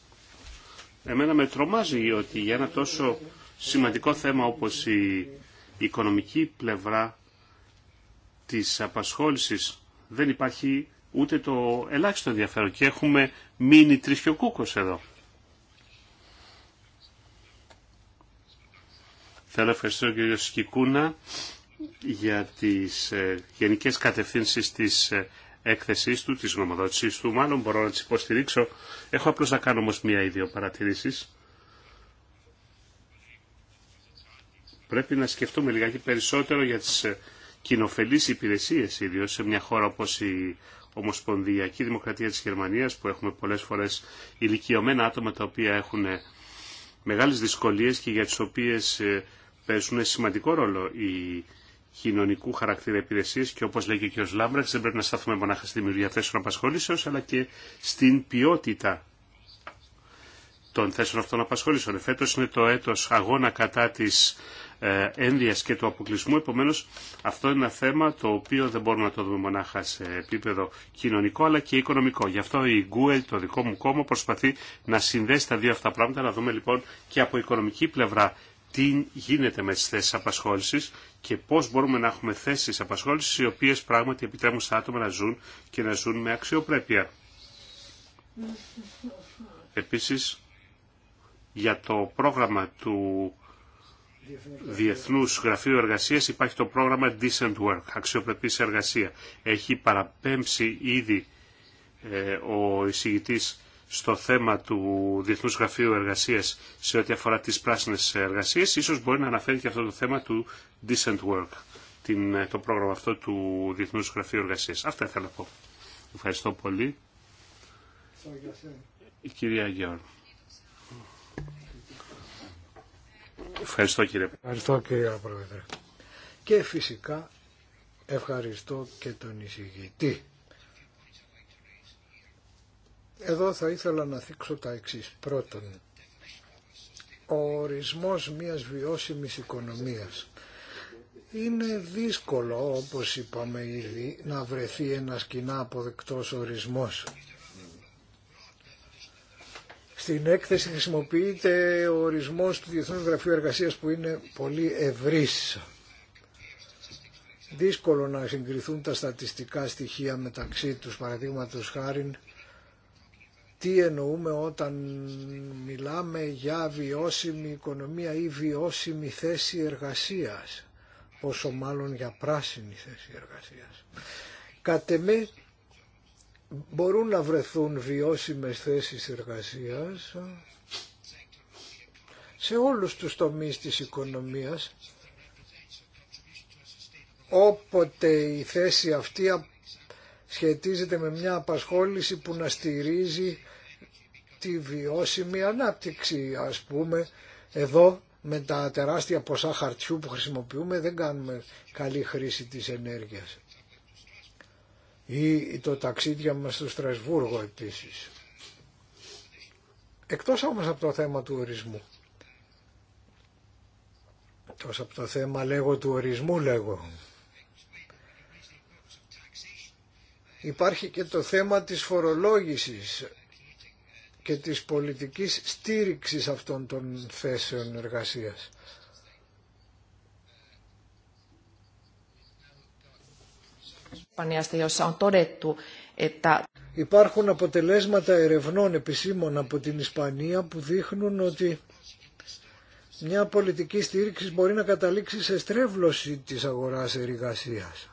Εμένα με τρομάζει ότι για ένα τόσο σημαντικό θέμα όπως η οικονομική πλευρά της απασχόλησης δεν υπάρχει ούτε το ελάχιστο ενδιαφέρον και έχουμε μείνει τρισιοκούκος εδώ. Θέλω να ευχαριστώ τον κύριο Σκικούνα για τις ε, γενικές κατευθύνσεις της ε, Έκθεση του, της γνωμοδότησή του, μάλλον μπορώ να τι υποστηρίξω. Έχω απλώς να κάνω όμω μία ή δύο παρατηρήσει. Πρέπει να σκεφτούμε λιγάκι περισσότερο για τις ε, κοινοφελείς υπηρεσίες, ιδίω σε μια χώρα όπως η Ομοσπονδιακή Δημοκρατία της Γερμανίας, που έχουμε πολλές φορές ηλικιωμένα άτομα τα οποία έχουν ε, μεγάλε δυσκολίε και για τι οποίε ε, παίζουν σημαντικό ρόλο οι κοινωνικού χαρακτήρα υπηρεσίε και όπω λέγει και ο κ. Λάμπραξ, δεν πρέπει να σταθούμε μονάχα στη δημιουργία θέσεων απασχόλησεω, αλλά και στην ποιότητα των θέσεων αυτών απασχόλησεων. Φέτο είναι το έτο αγώνα κατά τη ε, ένδυα και του αποκλεισμού. Επομένω, αυτό είναι ένα θέμα το οποίο δεν μπορούμε να το δούμε μονάχα σε επίπεδο κοινωνικό αλλά και οικονομικό. Γι' αυτό η Google, το δικό μου κόμμα, προσπαθεί να συνδέσει τα δύο αυτά πράγματα, να δούμε λοιπόν και από οικονομική πλευρά τι γίνεται με τις θέσεις απασχόλησης και πώς μπορούμε να έχουμε θέσεις απασχόλησης οι οποίες πράγματι επιτρέπουν στα άτομα να ζουν και να ζουν με αξιοπρέπεια. Επίσης, για το πρόγραμμα του Διεθνούς Γραφείου Εργασίας υπάρχει το πρόγραμμα Decent Work, αξιοπρεπής εργασία. Έχει παραπέμψει ήδη ε, ο εισηγητής στο θέμα του Διεθνούς Γραφείου Εργασίας σε ό,τι αφορά τις πράσινες εργασίες, ίσως μπορεί να αναφέρει και αυτό το θέμα του Decent Work, την, το πρόγραμμα αυτό του Διεθνούς Γραφείου Εργασίας. Αυτά ήθελα να πω. Ευχαριστώ πολύ. Η κυρία Γιώργο. Ευχαριστώ κύριε Ευχαριστώ κύριε Πρόεδρε. Και φυσικά ευχαριστώ και τον εισηγητή εδώ θα ήθελα να θίξω τα εξή. Πρώτον, ο ορισμός μιας βιώσιμης οικονομίας. Είναι δύσκολο, όπως είπαμε ήδη, να βρεθεί ένας κοινά αποδεκτός ορισμός. Στην έκθεση χρησιμοποιείται ο ορισμός του Διεθνούς Γραφείου Εργασίας που είναι πολύ ευρύς. Δύσκολο να συγκριθούν τα στατιστικά στοιχεία μεταξύ τους, παραδείγματος χάριν, τι εννοούμε όταν μιλάμε για βιώσιμη οικονομία ή βιώσιμη θέση εργασίας, όσο μάλλον για πράσινη θέση εργασίας. Κατ' εμέ μπορούν να βρεθούν βιώσιμες θέσεις εργασίας σε όλους τους τομείς της οικονομίας, όποτε η θέση αυτή σχετίζεται με μια απασχόληση που να στηρίζει τη βιώσιμη ανάπτυξη. Ας πούμε, εδώ με τα τεράστια ποσά χαρτιού που χρησιμοποιούμε δεν κάνουμε καλή χρήση της ενέργειας. Ή το ταξίδια μας στο Στρασβούργο επίσης. Εκτός όμως από το θέμα του ορισμού. Εκτός από το θέμα λέγω του ορισμού λέγω. Υπάρχει και το θέμα της φορολόγησης και της πολιτικής στήριξης αυτών των θέσεων εργασίας. Υπάρχουν αποτελέσματα ερευνών επισήμων από την Ισπανία που δείχνουν ότι μια πολιτική στήριξη μπορεί να καταλήξει σε στρέβλωση της αγοράς εργασίας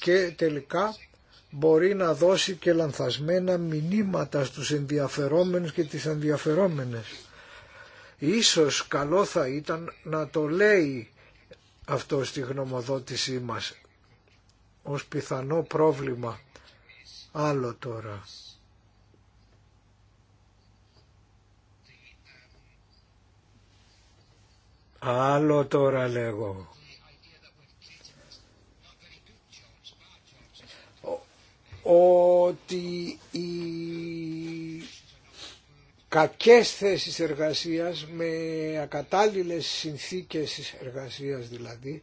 και τελικά μπορεί να δώσει και λανθασμένα μηνύματα στους ενδιαφερόμενους και τις ενδιαφερόμενες. Ίσως καλό θα ήταν να το λέει αυτό στη γνωμοδότησή μας ως πιθανό πρόβλημα. Άλλο τώρα. Άλλο τώρα λέγω. ότι οι κακές θέσεις εργασίας με ακατάλληλες συνθήκες εργασίας δηλαδή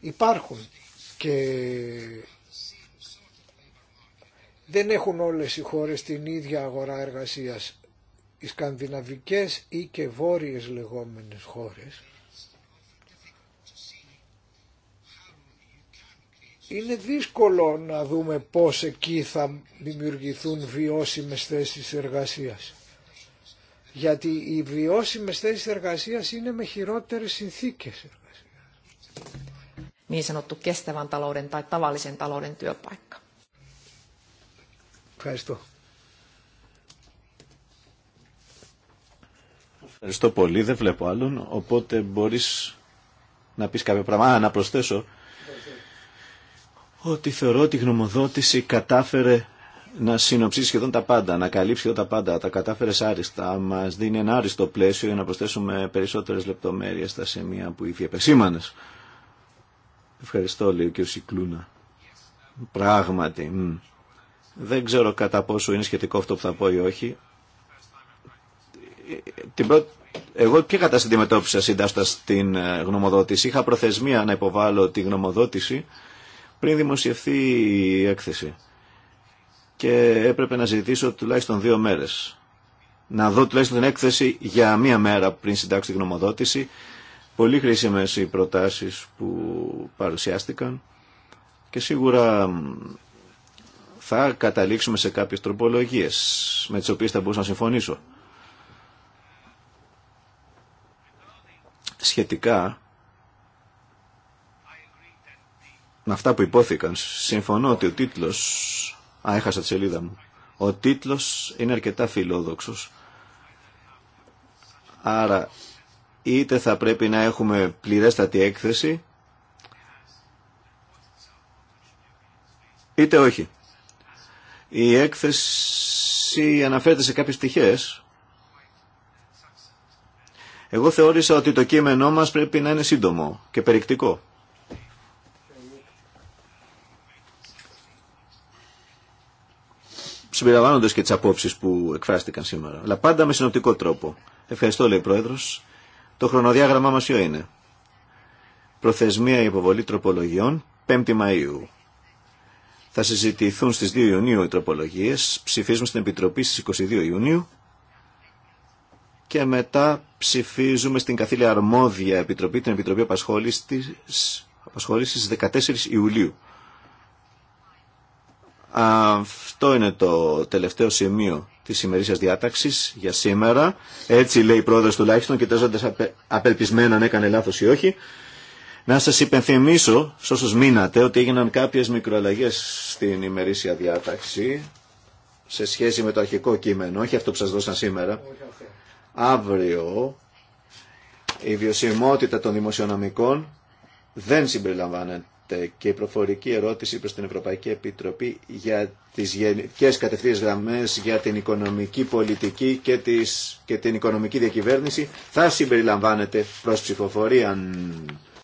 υπάρχουν και δεν έχουν όλες οι χώρες την ίδια αγορά εργασίας. Οι σκανδιναβικές ή και βόρειες λεγόμενες χώρες Είναι δύσκολο να δούμε πώς εκεί θα δημιουργηθούν βιώσιμες θέσεις εργασίας. Γιατί οι βιώσιμες θέσεις εργασίας είναι με χειρότερες συνθήκες εργασίας. talouden Ευχαριστώ. Ευχαριστώ πολύ, δεν βλέπω άλλον, οπότε μπορείς να πεις κάποια πράγματα. να προσθέσω ότι θεωρώ ότι η γνωμοδότηση κατάφερε να συνοψίσει σχεδόν τα πάντα, να καλύψει σχεδόν τα πάντα. Τα κατάφερε άριστα. Μα δίνει ένα άριστο πλαίσιο για να προσθέσουμε περισσότερε λεπτομέρειε στα σημεία που ήδη επεσήμανε. Ευχαριστώ, λέει ο κ. Σικλούνα. Πράγματι. Δεν ξέρω κατά πόσο είναι σχετικό αυτό που θα πω ή όχι. Εγώ ποια κατάσταση αντιμετώπισα συντάστα την ε, γνωμοδότηση. Είχα προθεσμία να υποβάλω τη γνωμοδότηση πριν δημοσιευθεί η έκθεση. Και έπρεπε να ζητήσω τουλάχιστον δύο μέρες. Να δω τουλάχιστον την έκθεση για μία μέρα πριν συντάξει τη γνωμοδότηση. Πολύ χρήσιμες οι προτάσεις που παρουσιάστηκαν και σίγουρα θα καταλήξουμε σε κάποιες τροπολογίες με τις οποίες θα μπορούσα να συμφωνήσω. Σχετικά με αυτά που υπόθηκαν. Συμφωνώ ότι ο τίτλος... Α, έχασα τη σελίδα μου. Ο τίτλος είναι αρκετά φιλόδοξος. Άρα είτε θα πρέπει να έχουμε πληρέστατη έκθεση είτε όχι. Η έκθεση αναφέρεται σε κάποιες πτυχές. Εγώ θεώρησα ότι το κείμενό μας πρέπει να είναι σύντομο και περιεκτικό. συμπεριλαμβάνοντα και τι απόψει που εκφράστηκαν σήμερα. Αλλά πάντα με συνοπτικό τρόπο. Ευχαριστώ, λέει ο Πρόεδρο. Το χρονοδιάγραμμά μα ποιο είναι. Προθεσμία υποβολή τροπολογιών 5η Μαου. Θα συζητηθούν στι 2 Ιουνίου οι τροπολογίε. Ψηφίζουμε στην Επιτροπή στι 22 Ιουνίου. Και μετά ψηφίζουμε στην καθήλια αρμόδια επιτροπή, την Επιτροπή Απασχόληση στις 14 Ιουλίου. Αυτό είναι το τελευταίο σημείο τη ημερήσια διάταξη για σήμερα. Έτσι λέει η πρόεδρο τουλάχιστον, κοιτάζοντα απελπισμένα αν έκανε λάθο ή όχι. Να σα υπενθυμίσω, σε όσου μείνατε, ότι έγιναν κάποιε μικροαλλαγέ στην ημερήσια διάταξη σε σχέση με το αρχικό κείμενο, όχι αυτό που σα σήμερα. Αύριο η βιωσιμότητα των δημοσιονομικών δεν συμπεριλαμβάνεται και η προφορική ερώτηση προς την Ευρωπαϊκή Επιτροπή για τις γενικές κατευθείας γραμμές για την οικονομική πολιτική και, τις, και την οικονομική διακυβέρνηση θα συμπεριλαμβάνεται προς ψηφοφορία